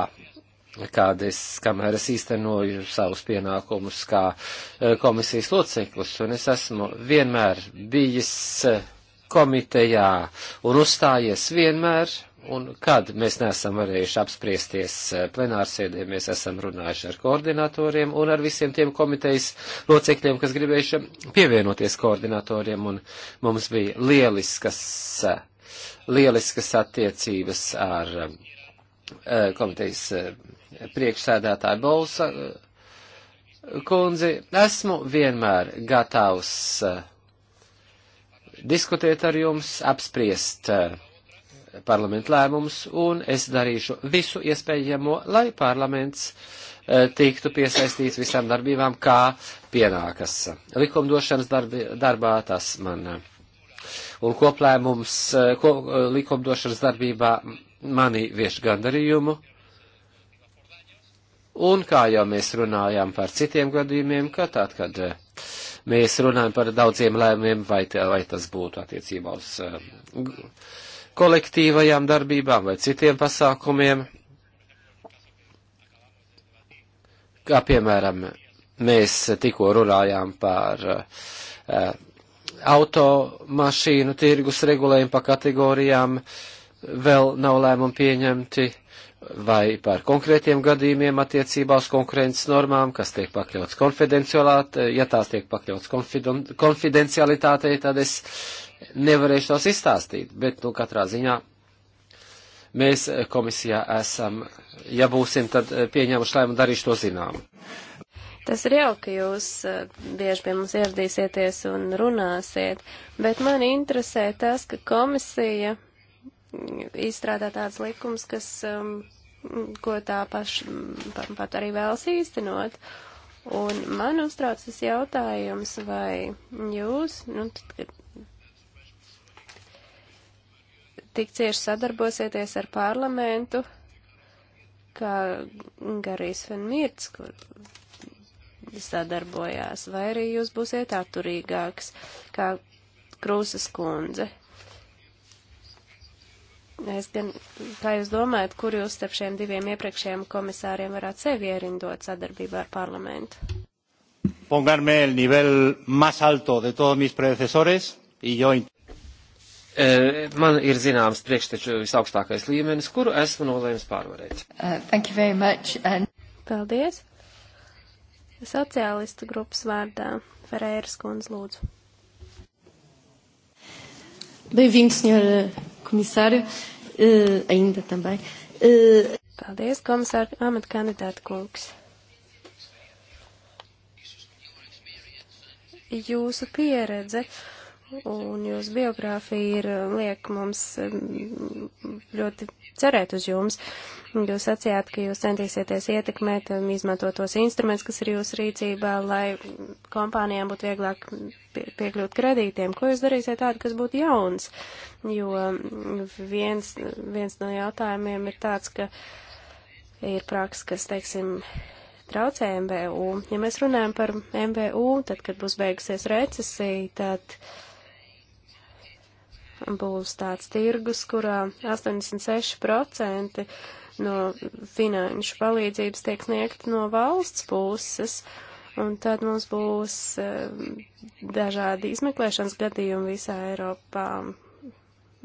kāda es, kamēr es īstenoju savus pienākumus kā eh, komisijas loceklis, un es esmu vienmēr bijis eh, komitejā un uzstājies vienmēr Un kad mēs neesam varējuši apspriesties eh, plenārsēdē, mēs esam runājuši ar koordinatoriem un ar visiem tiem komitejas locekļiem, kas gribējuši pievienoties koordinatoriem, un mums bija lieliskas, eh, lieliskas attiecības ar eh, komitejas priekšsēdētāju Bolsa kundzi. Esmu vienmēr gatavs diskutēt ar jums, apspriest uh, parlamentu lēmumus, un es darīšu visu iespējamo, lai parlaments eh, tiktu piesaistīts visām darbībām, kā pienākas likumdošanas darbi, darbā. Tas man eh, un koplēmums eh, ko, likumdošanas darbībā mani vieš gandarījumu. Un kā jau mēs runājām par citiem gadījumiem, ka tad, kad mēs runājam par daudziem lēmumiem, vai, vai tas būtu attiecībā uz kolektīvajām darbībām vai citiem pasākumiem, kā piemēram mēs tikko runājām par uh, automašīnu tirgus regulējumu pa kategorijām, vēl nav lēmumi pieņemti vai par konkrētiem gadījumiem attiecībā uz konkurences normām, kas tiek pakļauts konfidencialitātei, ja tās tiek pakļauts konfidencialitātei, tad es nevarēšu tos izstāstīt, bet, nu, katrā ziņā mēs komisijā esam, ja būsim, tad eh, pieņēmuši lēmumu, darīšu to zinām. Tas ir jauki, ka jūs eh, bieži pie mums ieradīsieties un runāsiet, bet man interesē tas, ka komisija izstrādā tāds likums, kas, um, ko tā paš, pat arī vēlas īstenot. Un man uztrauc tas jautājums, vai jūs, nu, tad, kad tik cieši sadarbosieties ar parlamentu, kā Garīs Fenmirts, kur sadarbojās, vai arī jūs būsiet atturīgāks, kā Krūzes kundze. Es gan, kā jūs domājat, kur jūs starp šiem diviem iepriekšējiem komisāriem varētu sevi ierindot sadarbībā ar parlamentu? Pongarme el nivel más alto de todos mis predecesores y yo. E, man ir zināms priekšteču visaugstākais līmenis, kuru esmu nolēmis pārvarēt. Uh, thank you very much. And... Paldies. Sociālistu grupas vārdā Ferēras kundze lūdzu. Bem-vindo, senhora comissário, uh, ainda também. Uh... Paldies, komisāra amata kandidāta kungs. Jūsu pieredze uh, un jūsu biogrāfija ir, liek mums mm, ļoti cerēt uz jums. Jūs sacījāt, ka jūs centīsieties ietekmēt, mm, izmantot tos instrumentus, kas ir jūsu rīcībā, lai kompānijām būtu vieglāk piekļūt kredītiem. Ko jūs darīsiet tādu, kas būtu jauns? Jo mm, viens, viens no jautājumiem ir tāds, ka ir praks, kas, teiksim, traucē MBU. Ja mēs runājam par MBU, tad, kad būs beigusies recesija, tad. Uh, būs tāds tirgus, kurā 86% no finanšu palīdzības tiek sniegta no valsts puses. Un tad mums būs eh, dažādi izmeklēšanas gadījumi visā Eiropā.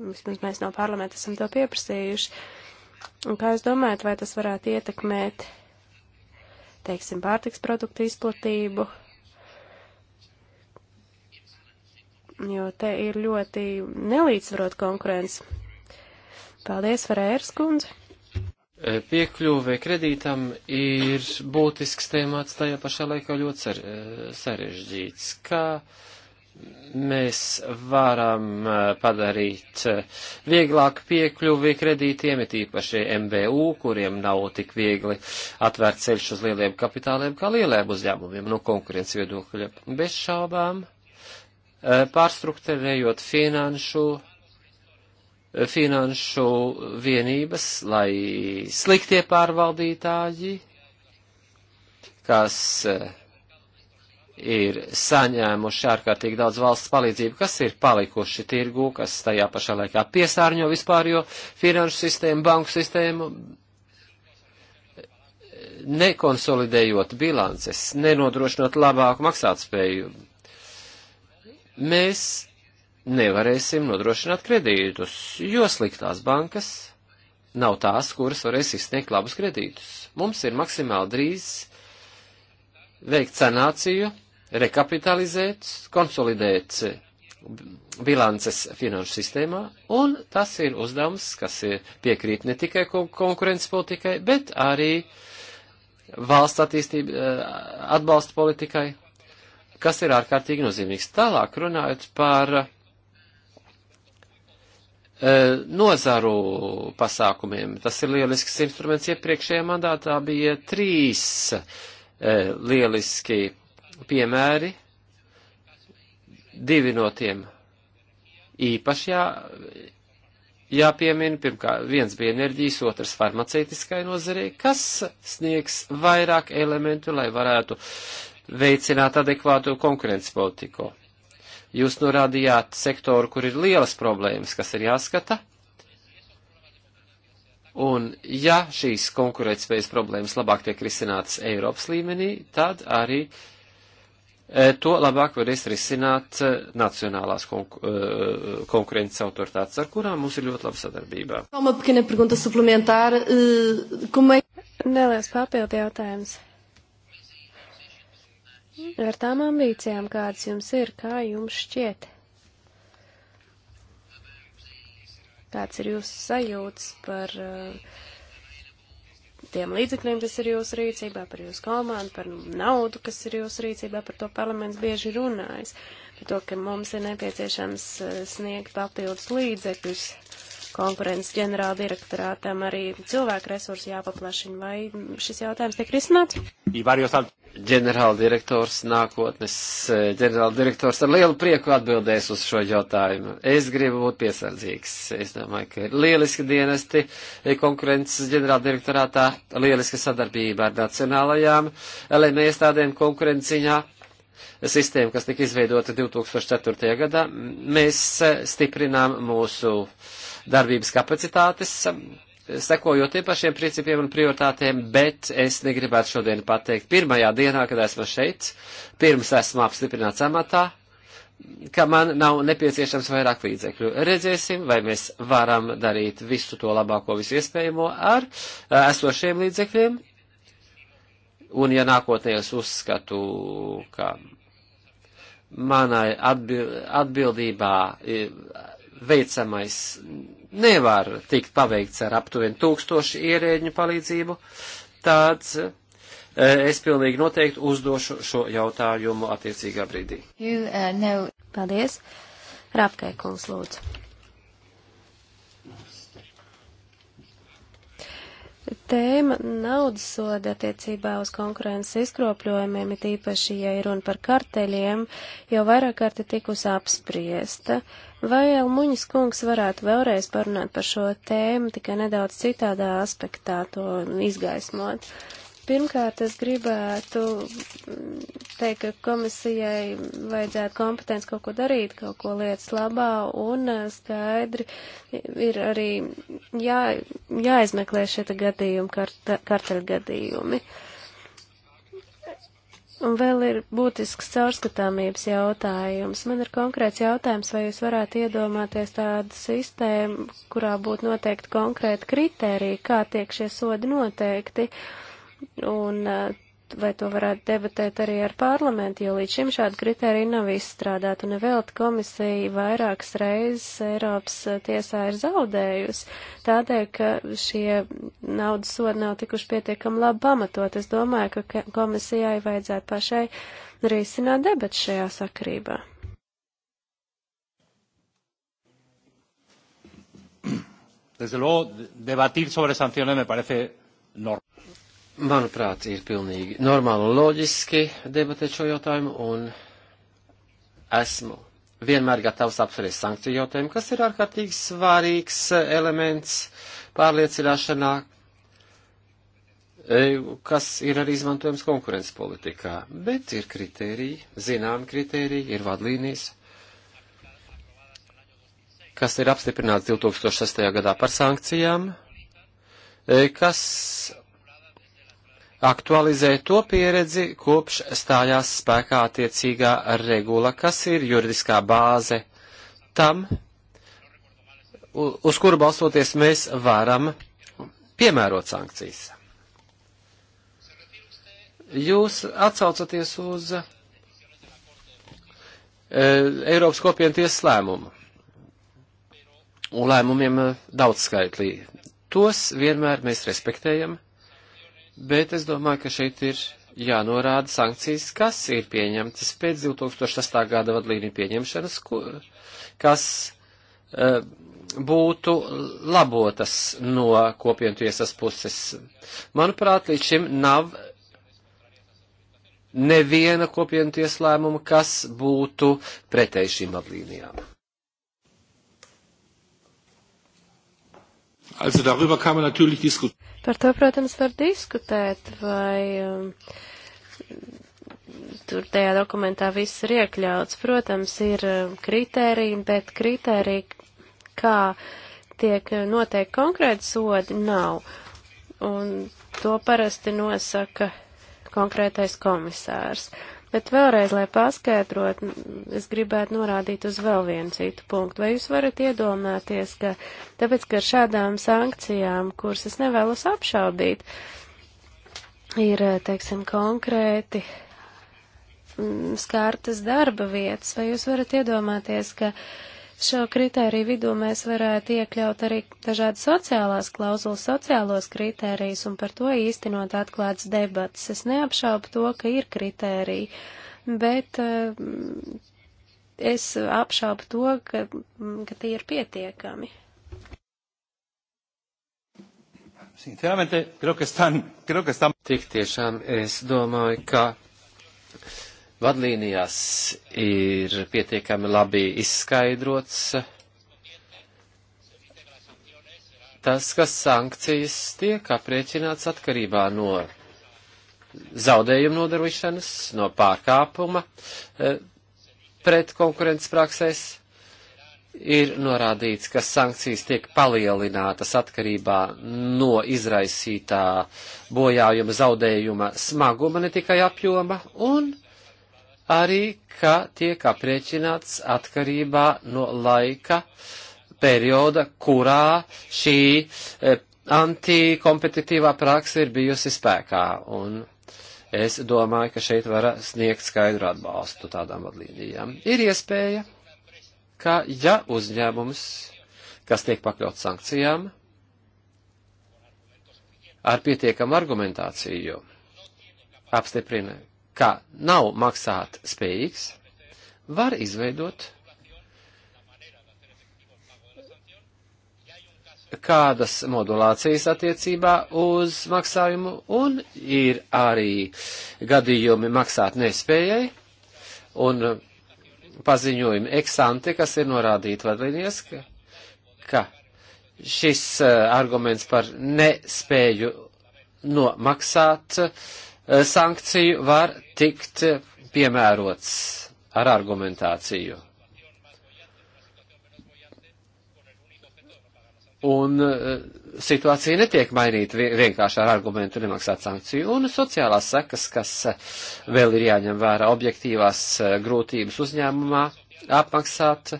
Vismaz mēs no parlamenta esam to pieprasījuši. Un kā jūs domājat, vai tas varētu ietekmēt, teiksim, pārtiks produktu izplatību jo te ir ļoti nelīdzsvarot konkurence. Paldies, Varērs kundze! E, piekļuve kredītam ir būtisks tēmāts, tajā pašā laikā ļoti sar, e, sarežģīts. Kā mēs varam e, padarīt vieglāk piekļuvi kredītiem, it īpaši MBU, kuriem nav tik viegli atvērt ceļš uz lieliem kapitāliem kā lieliem uzņēmumiem no konkurences viedokļa. Bez šaubām Eh, pārstruktūrējot finanšu, eh, finanšu vienības, lai sliktie pārvaldītāji, kas eh, ir saņēmuši ārkārtīgi daudz valsts palīdzību, kas ir palikuši tirgu, kas tajā pašā laikā piesārņo vispārjo finanšu sistēmu, banku sistēmu, nekonsolidējot bilances, nenodrošinot labāku maksātspēju mēs nevarēsim nodrošināt kredītus, jo sliktās bankas nav tās, kuras varēs izsniegt labus kredītus. Mums ir maksimāli drīz veikt sanāciju, rekapitalizēt, konsolidēt bilances finanšu sistēmā, un tas ir uzdevums, kas ir piekrīt ne tikai konkurences politikai, bet arī valsts attīstība eh, atbalsta politikai kas ir ārkārtīgi nozīmīgs. Tālāk runājot par e, nozaru pasākumiem. Tas ir lielisks instruments. Iepriekšējā mandātā bija trīs e, lieliski piemēri. Divi no tiem īpaši jā, jāpiemina. Pirmkārt, viens bija enerģijas, otrs farmaceitiskai nozarei, kas sniegs vairāk elementu, lai varētu veicināt adekvātu konkurences politiku. Jūs norādījāt sektoru, kur ir lielas problēmas, kas ir jāskata. Un ja šīs konkurētspējas problēmas labāk tiek risinātas Eiropas līmenī, tad arī e, to labāk varēs risināt e, nacionālās konku e, konkurences autoritātes, ar kurām mums ir ļoti laba sadarbība. Nelielas papildu jautājums ar tām ambīcijām, kādas jums ir, kā jums šķiet? Kāds ir jūsu sajūts par uh, tiem līdzekļiem, kas ir jūsu rīcībā, par jūsu komandu, par naudu, kas ir jūsu rīcībā, par to parlaments bieži runājis, par to, ka mums ir nepieciešams eh, sniegt papildus līdzekļus konkurences ģenerāla direktorātam arī cilvēku resursi jāpaplašina. Vai šis jautājums tiek risināts? Ģenerāla direktors nākotnes, e, ģenerāla direktors ar lielu prieku atbildēs uz šo jautājumu. Es gribu būt piesardzīgs. Es domāju, ka ir lieliski dienesti e, konkurences ģenerāla direktorātā, lieliska sadarbība ar nacionālajām LME iestādēm konkurenciņā sistēma, kas tika izveidota 2004. gadā, mēs e, stiprinām mūsu uh, darbības kapacitātes, um, sekojot tie pašiem principiem un prioritātēm, bet es negribētu šodien pateikt pirmajā dienā, kad esmu šeit, pirms esmu apstiprināts amatā, ka man nav nepieciešams vairāk līdzekļu. Redzēsim, vai mēs varam darīt visu to labāko, visu iespējamo ar uh, esošiem līdzekļiem. Un ja nākotnē es uzskatu, ka manai atbildībā eh, veicamais nevar tikt paveikts ar aptuveni tūkstoši ierēģņu palīdzību, tad e, es pilnīgi noteikti uzdošu šo jautājumu attiecīgā brīdī. You, uh, no. Paldies. Rapkai kungs lūdzu. Tēma naudas soda attiecībā uz konkurences izkropļojumiem, it īpaši, ja ir runa par karteļiem, jau vairāk kārti tikus apspriesta. Uh, Vai Elmuņas kungs varētu vēlreiz parunāt par šo tēmu, tikai nedaudz citādā aspektā to izgaismot? Pirmkārt, es gribētu mm, teikt, ka komisijai vajadzētu kompetents kaut ko darīt, kaut ko lietas labā, un eh, skaidri ir arī jā, jāizmeklē šie gadījumi, kart, karteļu gadījumi. Uh, Un vēl ir būtisks caurskatāmības jautājums. Man ir konkrēts jautājums, vai jūs varētu iedomāties tādu sistēmu, kurā būtu noteikti konkrēti kriteriji, kā tiek šie sodi noteikti, un eh, vai to varētu debatēt arī ar parlamentu, jo līdz šim šāda kriterija nav izstrādāta, un vēl komisija vairākas reizes Eiropas eh, tiesā ir zaudējusi, tādēļ, ka šie naudas sodi nav tikuši pietiekami labi pamatot. Es domāju, ka komisijai vajadzētu pašai risināt debatu šajā sakrībā. Desde luego, debatir sobre sanciones me parece normal manuprāt, ir pilnīgi normāli un loģiski debatēt šo jautājumu, un esmu vienmēr gatavs apspriest sankciju jautājumu, kas ir ārkārtīgi svarīgs elements pārliecināšanā, e, kas ir arī izmantojams konkurences politikā. Bet ir kritēriji, zinām kritēriji, ir vadlīnijas, kas ir apstiprināts 2006. gadā par sankcijām, e, kas aktualizē to pieredzi, kopš stājās spēkā attiecīgā regula, kas ir juridiskā bāze tam, uz kuru balstoties mēs varam piemērot sankcijas. Jūs atsaucaties uz e, Eiropas kopienas tiesas lēmumu. Un lēmumiem e, daudz skaitlī. Tos vienmēr mēs respektējam bet es domāju, ka šeit ir jānorāda sankcijas, kas ir pieņemtas pēc 2008. gada vadlīniju pieņemšanas, kas e, būtu labotas no kopienu tiesas puses. Manuprāt, līdz šim nav neviena kopienu tieslēmuma, kas būtu pretēji šīm vadlīnijām. Also darüber kann man natürlich diskutieren. Par to, protams, var diskutēt, vai um, tur tajā dokumentā viss ir iekļauts. Protams, ir um, kritēriji, bet kritēriji, kā tiek noteikti konkrēti sodi, nav. Un to parasti nosaka konkrētais komisārs. Uh, Bet vēlreiz, lai paskaidrot, es gribētu norādīt uz vēl vienu citu punktu. Vai jūs varat iedomāties, ka tāpēc, ka ar šādām sankcijām, kuras es nevēlos apšaubīt, ir, teiksim, konkrēti mm, skārtas darba vietas, vai jūs varat iedomāties, ka uh, Šo kritēriju vidū mēs varētu iekļaut arī dažādi sociālās klauzulas, sociālos kritērijus, un par to īstenot atklāts debats. Es neapšaubu to, ka ir kritēriji, bet eh, es apšaubu to, ka, ka tie ir pietiekami. Sinceramente, creo que están, creo que están. Tik tiešām es domāju, ka vadlīnijās ir pietiekami labi izskaidrots tas, kas sankcijas tiek aprēķināts atkarībā no zaudējumu nodarīšanas, no pārkāpuma e, pret konkurences praksēs. Ir norādīts, ka sankcijas tiek palielinātas atkarībā no izraisītā bojājuma zaudējuma smaguma, ne tikai apjoma, un arī, ka tiek aprēķināts atkarībā no laika perioda, kurā šī e, antikompetitīvā praksa ir bijusi spēkā. Un es domāju, ka šeit var sniegt skaidru atbalstu tādām vadlīnijām. Ir iespēja, ka ja uzņēmums, kas tiek pakļauts sankcijām, ar pietiekamu argumentāciju apstiprina, ka nav maksāt spējīgs, var izveidot kādas modulācijas attiecībā uz maksājumu, un ir arī gadījumi maksāt nespējai, un paziņojumi eksante, kas ir norādīti vadlīnijas, ka, ka šis eh, arguments par nespēju nomaksāt uh, Eh, sankciju var tikt eh, piemērots ar argumentāciju. Un eh, situācija netiek mainīta vienkārši ar argumentu nemaksāt sankciju. Un sociālās sekas, kas vēl ir jāņem vērā objektīvās grūtības uzņēmumā apmaksāt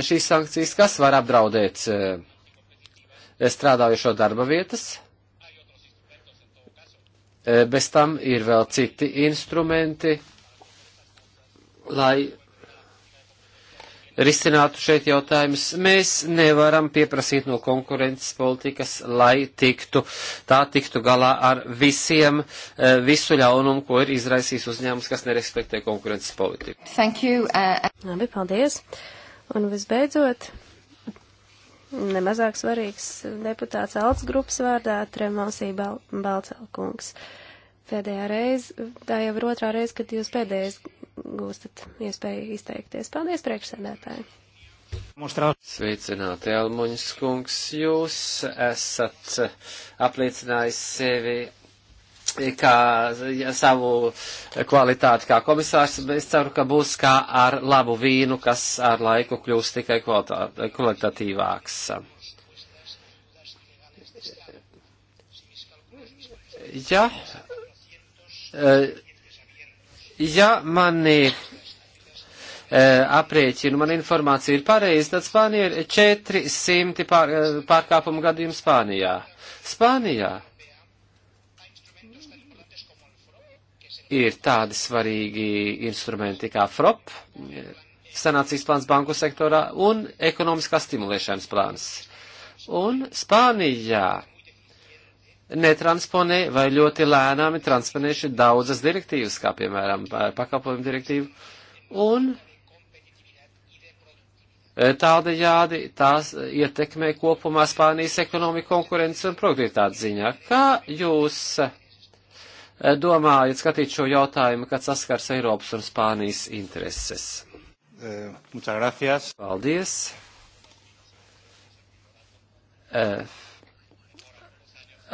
šīs sankcijas, kas var apdraudēt strādājušo darba vietas E, bez tam ir vēl citi instrumenti, lai risinātu šeit jautājumus. Mēs nevaram pieprasīt no konkurences politikas, lai tiktu, tā tiktu galā ar visiem, e, visu ļaunumu, ko ir izraisījis uzņēmums, kas nerespektē konkurences politiku. Thank you. Uh, Labi, paldies. Un visbeidzot, nemazāk svarīgs deputāts Alts grupas vārdā Tremonsī Bal Balcelkungs. Pēdējā reize, tā jau ir otrā reize, kad jūs pēdējais gūstat iespēju izteikties. Paldies priekšsēdētāji! Sveicināti, Elmuņas kungs, jūs esat apliecinājis sevi kā savu kvalitāti kā komisārs, es ceru, ka būs kā ar labu vīnu, kas ar laiku kļūs tikai kvalitatīvāks. Ja, eh, ja mani eh, aprēķinu, man informācija ir pareiza, tad Spānija ir 400 pār, eh, pārkāpumu gadījumu Spānijā. Spānijā ir tādi svarīgi instrumenti kā FROP, sanācijas plāns banku sektorā un ekonomiskā stimulēšanas plāns. Un Spānijā netransponē vai ļoti lēnām ir transponējuši daudzas direktīvas, kā piemēram pakalpojumu direktīvu, un tādējādi tās ietekmē kopumā Spānijas ekonomiku konkurences un produktivitātes ziņā. Kā jūs Eh, domājat skatīt šo jautājumu, kad saskars Eiropas un Spānijas intereses? E, Paldies. E,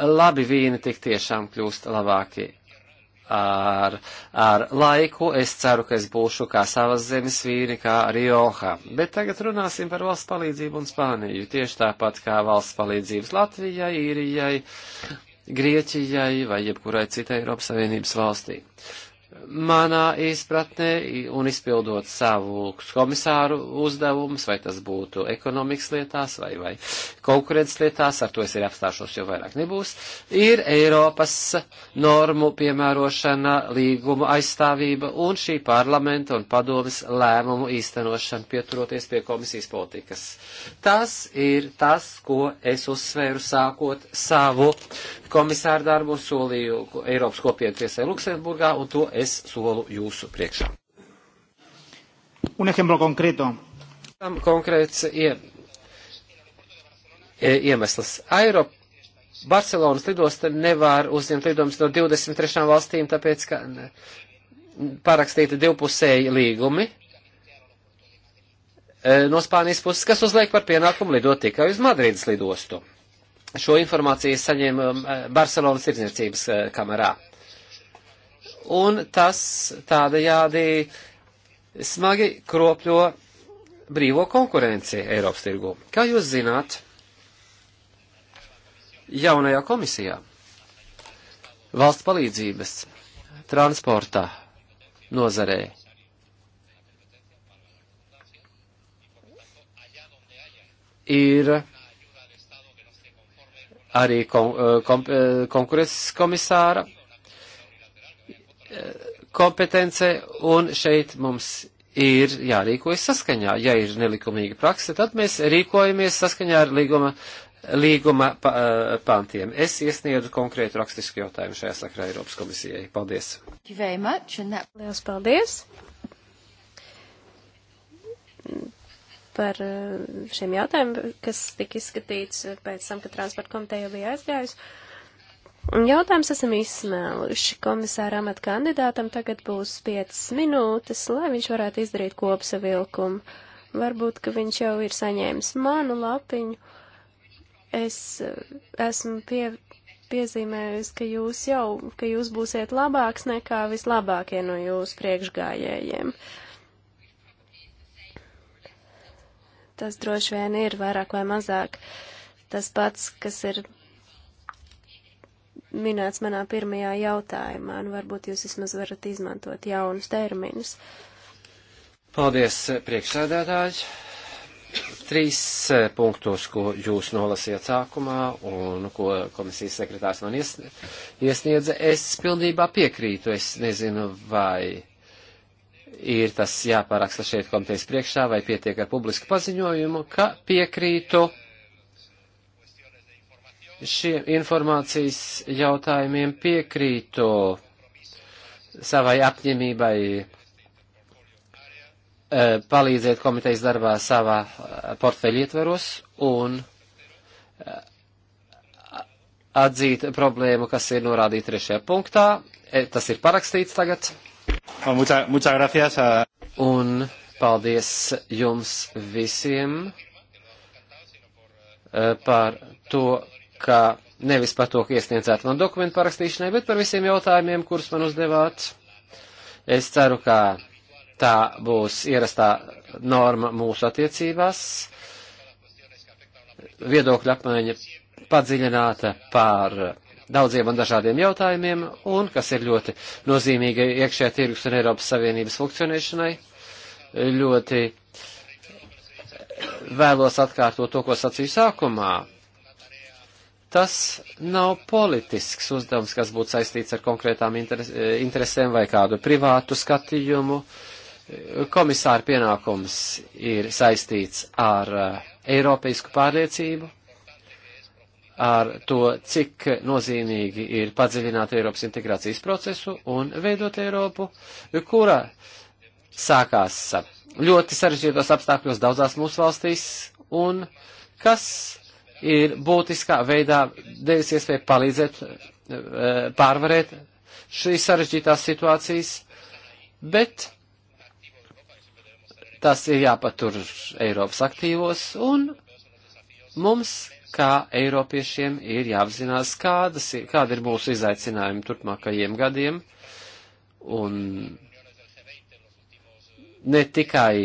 labi vīni tik tiešām kļūst labāki ar, ar laiku. Es ceru, ka es būšu kā savas zemes vīri, kā Rioja. Bet tagad runāsim par valsts palīdzību un Spāniju. Tieši tāpat kā valsts palīdzības Latvijai, Īrijai Grieķijai vai jebkurai citai Eiropas Savienības valstī. Manā izpratnē un izpildot savu komisāru uzdevumus, vai tas būtu ekonomikas lietās vai, vai konkurences lietās, ar to es arī apstāšos, jo vairāk nebūs, ir Eiropas normu piemērošana, līguma aizstāvība un šī parlamenta un padomis lēmumu īstenošana, pieturoties pie komisijas politikas. Tas ir tas, ko es uzsvēru sākot savu komisāra darbu, solīju Eiropas kopienu tiesai Luksemburgā, un to es solu jūsu priekšā. Un ejemplo konkrēto. Tam konkrēts ie, iemesls. Eiropa Barcelonas lidosta nevar uzņemt lidojumus no 23 valstīm, tāpēc, ka parakstīti divpusēji līgumi e, no Spānijas puses, kas uzliek par pienākumu lidot tikai uz Madrīdas lidostu. Šo informāciju es saņēmu um, Barcelonas tirdzniecības uh, kamerā. Un tas tādajādi smagi kropļo brīvo konkurenci Eiropas tirgū. Kā jūs zināt, jaunajā komisijā valsts palīdzības transportā nozarē ir arī kon, eh, kom, eh, konkurences komisāra eh, kompetence, un šeit mums ir jārīkojas saskaņā. Ja ir nelikumīga prakse, tad mēs rīkojamies saskaņā ar līguma, līguma pa, pantiem. Es iesniedzu konkrētu rakstisku jautājumu šajā sakarā Eiropas komisijai. Paldies! Lielas paldies! par eh, šiem jautājumiem, kas tika izskatīts pēc tam, kad transporta komiteja jau bija aizgājusi. Un jautājums esam izsmēluši. Komisāra amata kandidātam tagad būs 5 minūtes, lai viņš varētu izdarīt kopsavilkumu. Varbūt, ka viņš jau ir saņēmis manu lapiņu. Es eh, esmu pie, piezīmējusi, ka jūs jau, ka jūs būsiet labāks nekā vislabākie no jūsu priekšgājējiem. Uh, tas droši vien ir vairāk vai mazāk tas pats, kas ir minēts manā pirmajā jautājumā, un nu, varbūt jūs vismaz varat izmantot jaunus terminus. Paldies, priekšsēdētāji. Trīs eh, punktus, ko jūs nolasījāt sākumā un ko komisijas sekretārs man iesniedza, es pilnībā piekrītu. Es nezinu, vai ir tas jāparaksta šeit komitejas priekšā vai pietiek ar publisku paziņojumu, ka piekrītu šiem informācijas jautājumiem, piekrītu savai apņemībai e, palīdzēt komitejas darbā savā e, portfeļa ietveros un e, atzīt problēmu, kas ir norādīta trešajā punktā. Tas ir parakstīts tagad. Ah, Un paldies jums visiem eh, par to, ka nevis par to, ka iesniedzāt man dokumentu parakstīšanai, bet par visiem jautājumiem, kurus man uzdevāt. Es ceru, ka tā būs ierastā norma mūsu attiecībās. Viedokļa apmaiņa padziļināta par daudziem un dažādiem jautājumiem, un kas ir ļoti nozīmīga iekšējā tirgus un Eiropas Savienības funkcionēšanai. Ļoti vēlos atkārtot to, ko sacīju sākumā. Tas nav politisks uzdevums, kas būtu saistīts ar konkrētām interes, interesēm vai kādu privātu skatījumu. Komisāra pienākums ir saistīts ar eh, Eiropeisku pārliecību, ar to, cik nozīmīgi ir padziļināt Eiropas integrācijas procesu un veidot Eiropu, kura sākās ļoti sarežģītos apstākļos daudzās mūsu valstīs un kas ir būtiskā veidā devis iespēju palīdzēt eh, pārvarēt šīs sarežģītās situācijas, bet tas ir jāpatur Eiropas aktīvos un mums kā Eiropiešiem ir jāapzinās, kādas ir, kāda ir mūsu izaicinājumi turpmākajiem gadiem. Un ne tikai,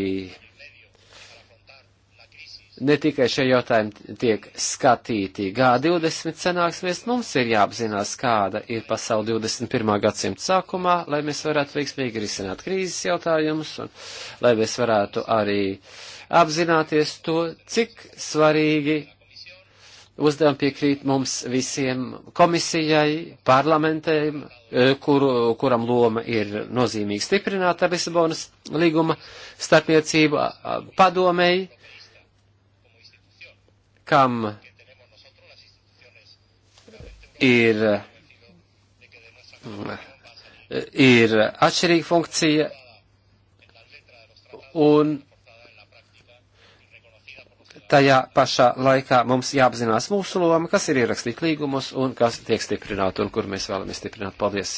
ne tikai šie jautājumi tiek skatīti G20 sanāksmēs, mums ir jāapzinās, kāda ir pasauli 21. gadsimta sākumā, lai mēs varētu veiksmīgi risināt krīzes jautājumus un lai mēs varētu arī apzināties to, cik svarīgi uzdevumi piekrīt mums visiem komisijai, parlamentēm, e, kuru, kuram loma ir nozīmīgi stiprināta Lisabonas līguma starpniecība padomēji, kam ir, ir atšķirīga funkcija un tajā pašā laikā mums jāapzinās mūsu loma, kas ir ierakstīta līgumos un kas tiek stiprināta un kur mēs vēlamies stiprināt. Paldies!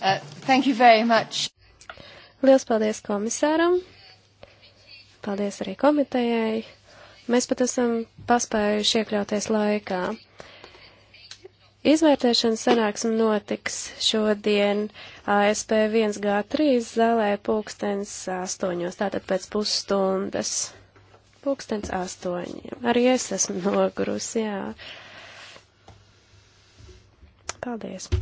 Uh, thank you very much. Liels paldies komisāram. Paldies arī komitejai. Mēs pat esam paspējuši iekļauties laikā. Izvērtēšanas sanāksme notiks šodien ASP 1G3 zālē pulkstens 8, tātad pēc pusstundas. Pulkstens 8. Arī es esmu nogurus, jā. Paldies.